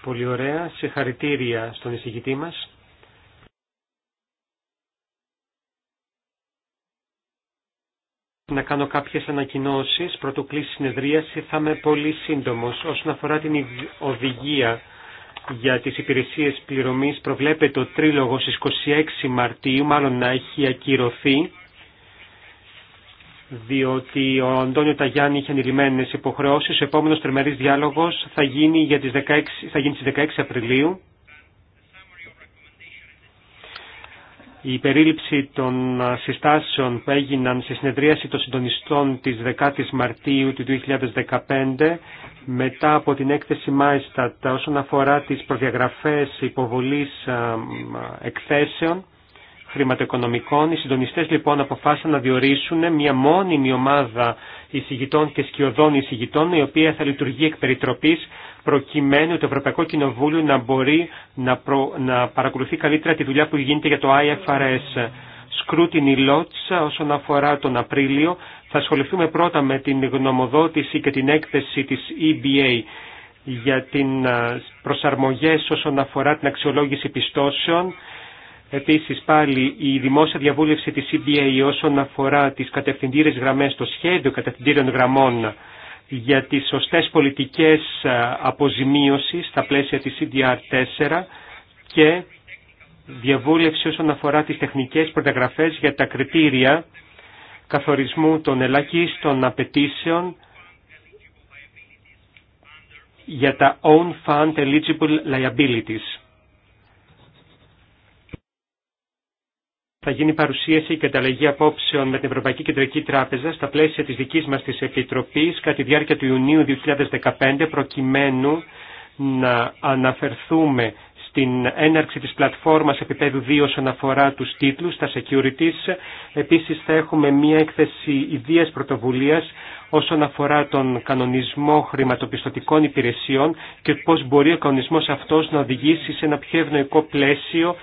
Speaker 4: Πολύ ωραία. Συγχαρητήρια στον εισηγητή μας. να κάνω κάποιες ανακοινώσεις. Πρωτού κλείσει συνεδρίαση θα είμαι πολύ σύντομος όσον αφορά την οδηγία για τις υπηρεσίες πληρωμής προβλέπεται ο τρίλογος στις 26 Μαρτίου, μάλλον να έχει ακυρωθεί, διότι ο Αντώνιο Ταγιάννη είχε ανηλυμένες υποχρεώσεις. Ο επόμενος τριμερής διάλογος θα γίνει, για τις 16, θα γίνει στις 16 Απριλίου η περίληψη των συστάσεων που έγιναν σε συνεδρίαση των συντονιστών της 10ης Μαρτίου του 2015 μετά από την έκθεση Μάιστατ όσον αφορά τις προδιαγραφές υποβολής εκθέσεων χρηματοοικονομικών. Οι συντονιστές λοιπόν αποφάσισαν να διορίσουν μια μόνιμη ομάδα εισηγητών και σκιωδών εισηγητών η οποία θα λειτουργεί εκ περιτροπής προκειμένου το Ευρωπαϊκό Κοινοβούλιο να μπορεί να, να παρακολουθεί καλύτερα τη δουλειά που γίνεται για το IFRS. Scrutiny Lots όσον αφορά τον Απρίλιο. Θα ασχοληθούμε πρώτα με την γνωμοδότηση και την έκθεση της EBA για την ε, προσαρμογές όσον αφορά την αξιολόγηση πιστώσεων Επίσης πάλι η δημόσια διαβούλευση της CBA όσον αφορά τις κατευθυντήρες γραμμές, το σχέδιο κατευθυντήρων γραμμών για τις σωστές πολιτικές ε, αποζημίωσης στα πλαίσια της CDR4 και διαβούλευση όσον αφορά τις τεχνικές προταγραφές για τα κριτήρια καθορισμού των ελάχιστων απαιτήσεων για τα Own Fund Eligible Liabilities. θα γίνει παρουσίαση και ανταλλαγή απόψεων με την Ευρωπαϊκή Κεντρική Τράπεζα στα πλαίσια της δικής μας της Επιτροπής κατά τη διάρκεια του Ιουνίου 2015 προκειμένου να αναφερθούμε στην έναρξη της πλατφόρμας επίπεδου 2 όσον αφορά τους τίτλους, τα securities. Επίσης θα έχουμε μία έκθεση ιδίας πρωτοβουλίας όσον αφορά τον κανονισμό χρηματοπιστωτικών υπηρεσιών και πώς μπορεί ο κανονισμός αυτός να οδηγήσει σε ένα πιο ευνοϊκό πλαίσιο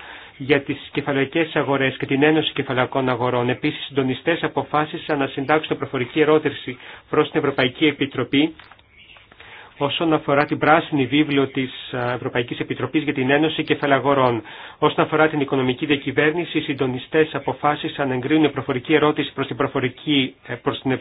Speaker 4: για τις κεφαλαϊκές αγορές και την Ένωση Κεφαλαϊκών Αγορών. Επίσης, οι συντονιστές αποφάσισαν να συντάξουν προφορική ερώτηση προς την Ευρωπαϊκή Επιτροπή όσον αφορά την πράσινη βίβλο της Ευρωπαϊκής Επιτροπής για την Ένωση Κεφαλαγορών. Όσον αφορά την οικονομική διακυβέρνηση, οι συντονιστές αποφάσισαν να εγκρίνουν προφορική ερώτηση προς την, προφορική, ε, προς την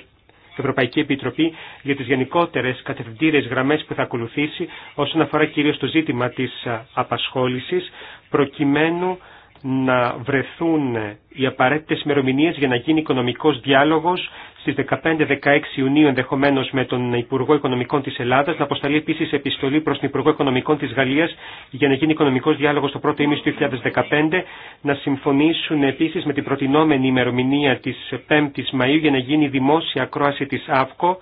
Speaker 4: Ευρωπαϊκή Επιτροπή για τις γενικότερες κατευθυντήρες γραμμές που θα ακολουθήσει όσον αφορά κυρίως το ζήτημα της απασχόλησης προκειμένου να βρεθούν οι απαραίτητες ημερομηνίε για να γίνει οικονομικός διάλογος στις 15-16 Ιουνίου ενδεχομένως με τον Υπουργό Οικονομικών της Ελλάδας, να αποσταλεί επίσης επιστολή προς τον Υπουργό Οικονομικών της Γαλλίας για να γίνει οικονομικός διάλογος το πρώτο ήμιση του 2015, να συμφωνήσουν επίση με την προτινόμενη ημερομηνία της 5ης Μαΐου για να γίνει δημόσια ακρόαση της ΑΦΚΟ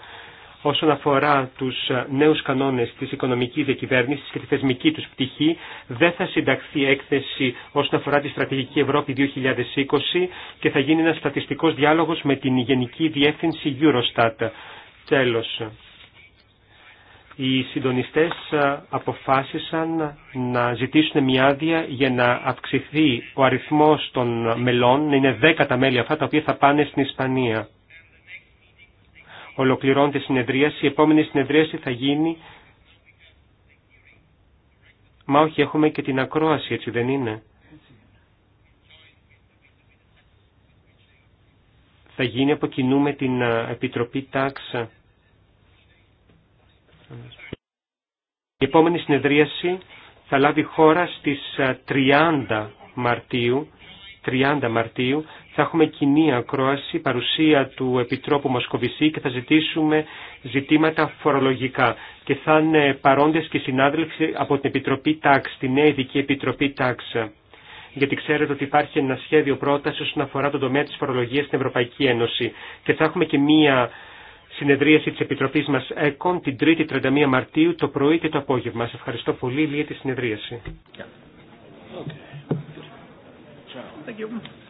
Speaker 4: όσον αφορά τους ε, νέους κανόνες της οικονομικής διακυβέρνησης και τη θεσμική τους πτυχή. Δεν θα συνταχθεί έκθεση όσον αφορά τη Στρατηγική Ευρώπη 2020 και θα γίνει ένας στατιστικός διάλογος με την Γενική Διεύθυνση Eurostat. Τέλος. Οι συντονιστές ε, αποφάσισαν να ζητήσουν μια άδεια για να αυξηθεί ο αριθμός των μελών, είναι 10 τα μέλη αυτά τα οποία θα πάνε στην Ισπανία ολοκληρώνεται η συνεδρίαση. Η επόμενη συνεδρίαση θα γίνει... Μα όχι, έχουμε και την ακρόαση, έτσι δεν είναι. Θα γίνει από κοινού με την Επιτροπή Τάξα. Η επόμενη συνεδρίαση θα λάβει χώρα στις 30 Μαρτίου, 30 Μαρτίου θα έχουμε κοινή ακρόαση, παρουσία του Επιτρόπου Μοσκοβισή και θα ζητήσουμε ζητήματα φορολογικά. Και θα είναι παρόντες και συνάδελφοι από την Επιτροπή ΤΑΞ, την Νέα Ειδική Επιτροπή ΤΑΞ. Γιατί ξέρετε ότι υπάρχει ένα σχέδιο πρόταση όσον αφορά τον τομέα τη φορολογία στην Ευρωπαϊκή Ένωση. Και θα έχουμε και μία συνεδρίαση της Επιτροπής μας ΕΚΟΝ την 3η 31 Μαρτίου το πρωί και το απόγευμα. Σας ευχαριστώ πολύ για τη συνεδρίαση.
Speaker 1: Yeah. Okay.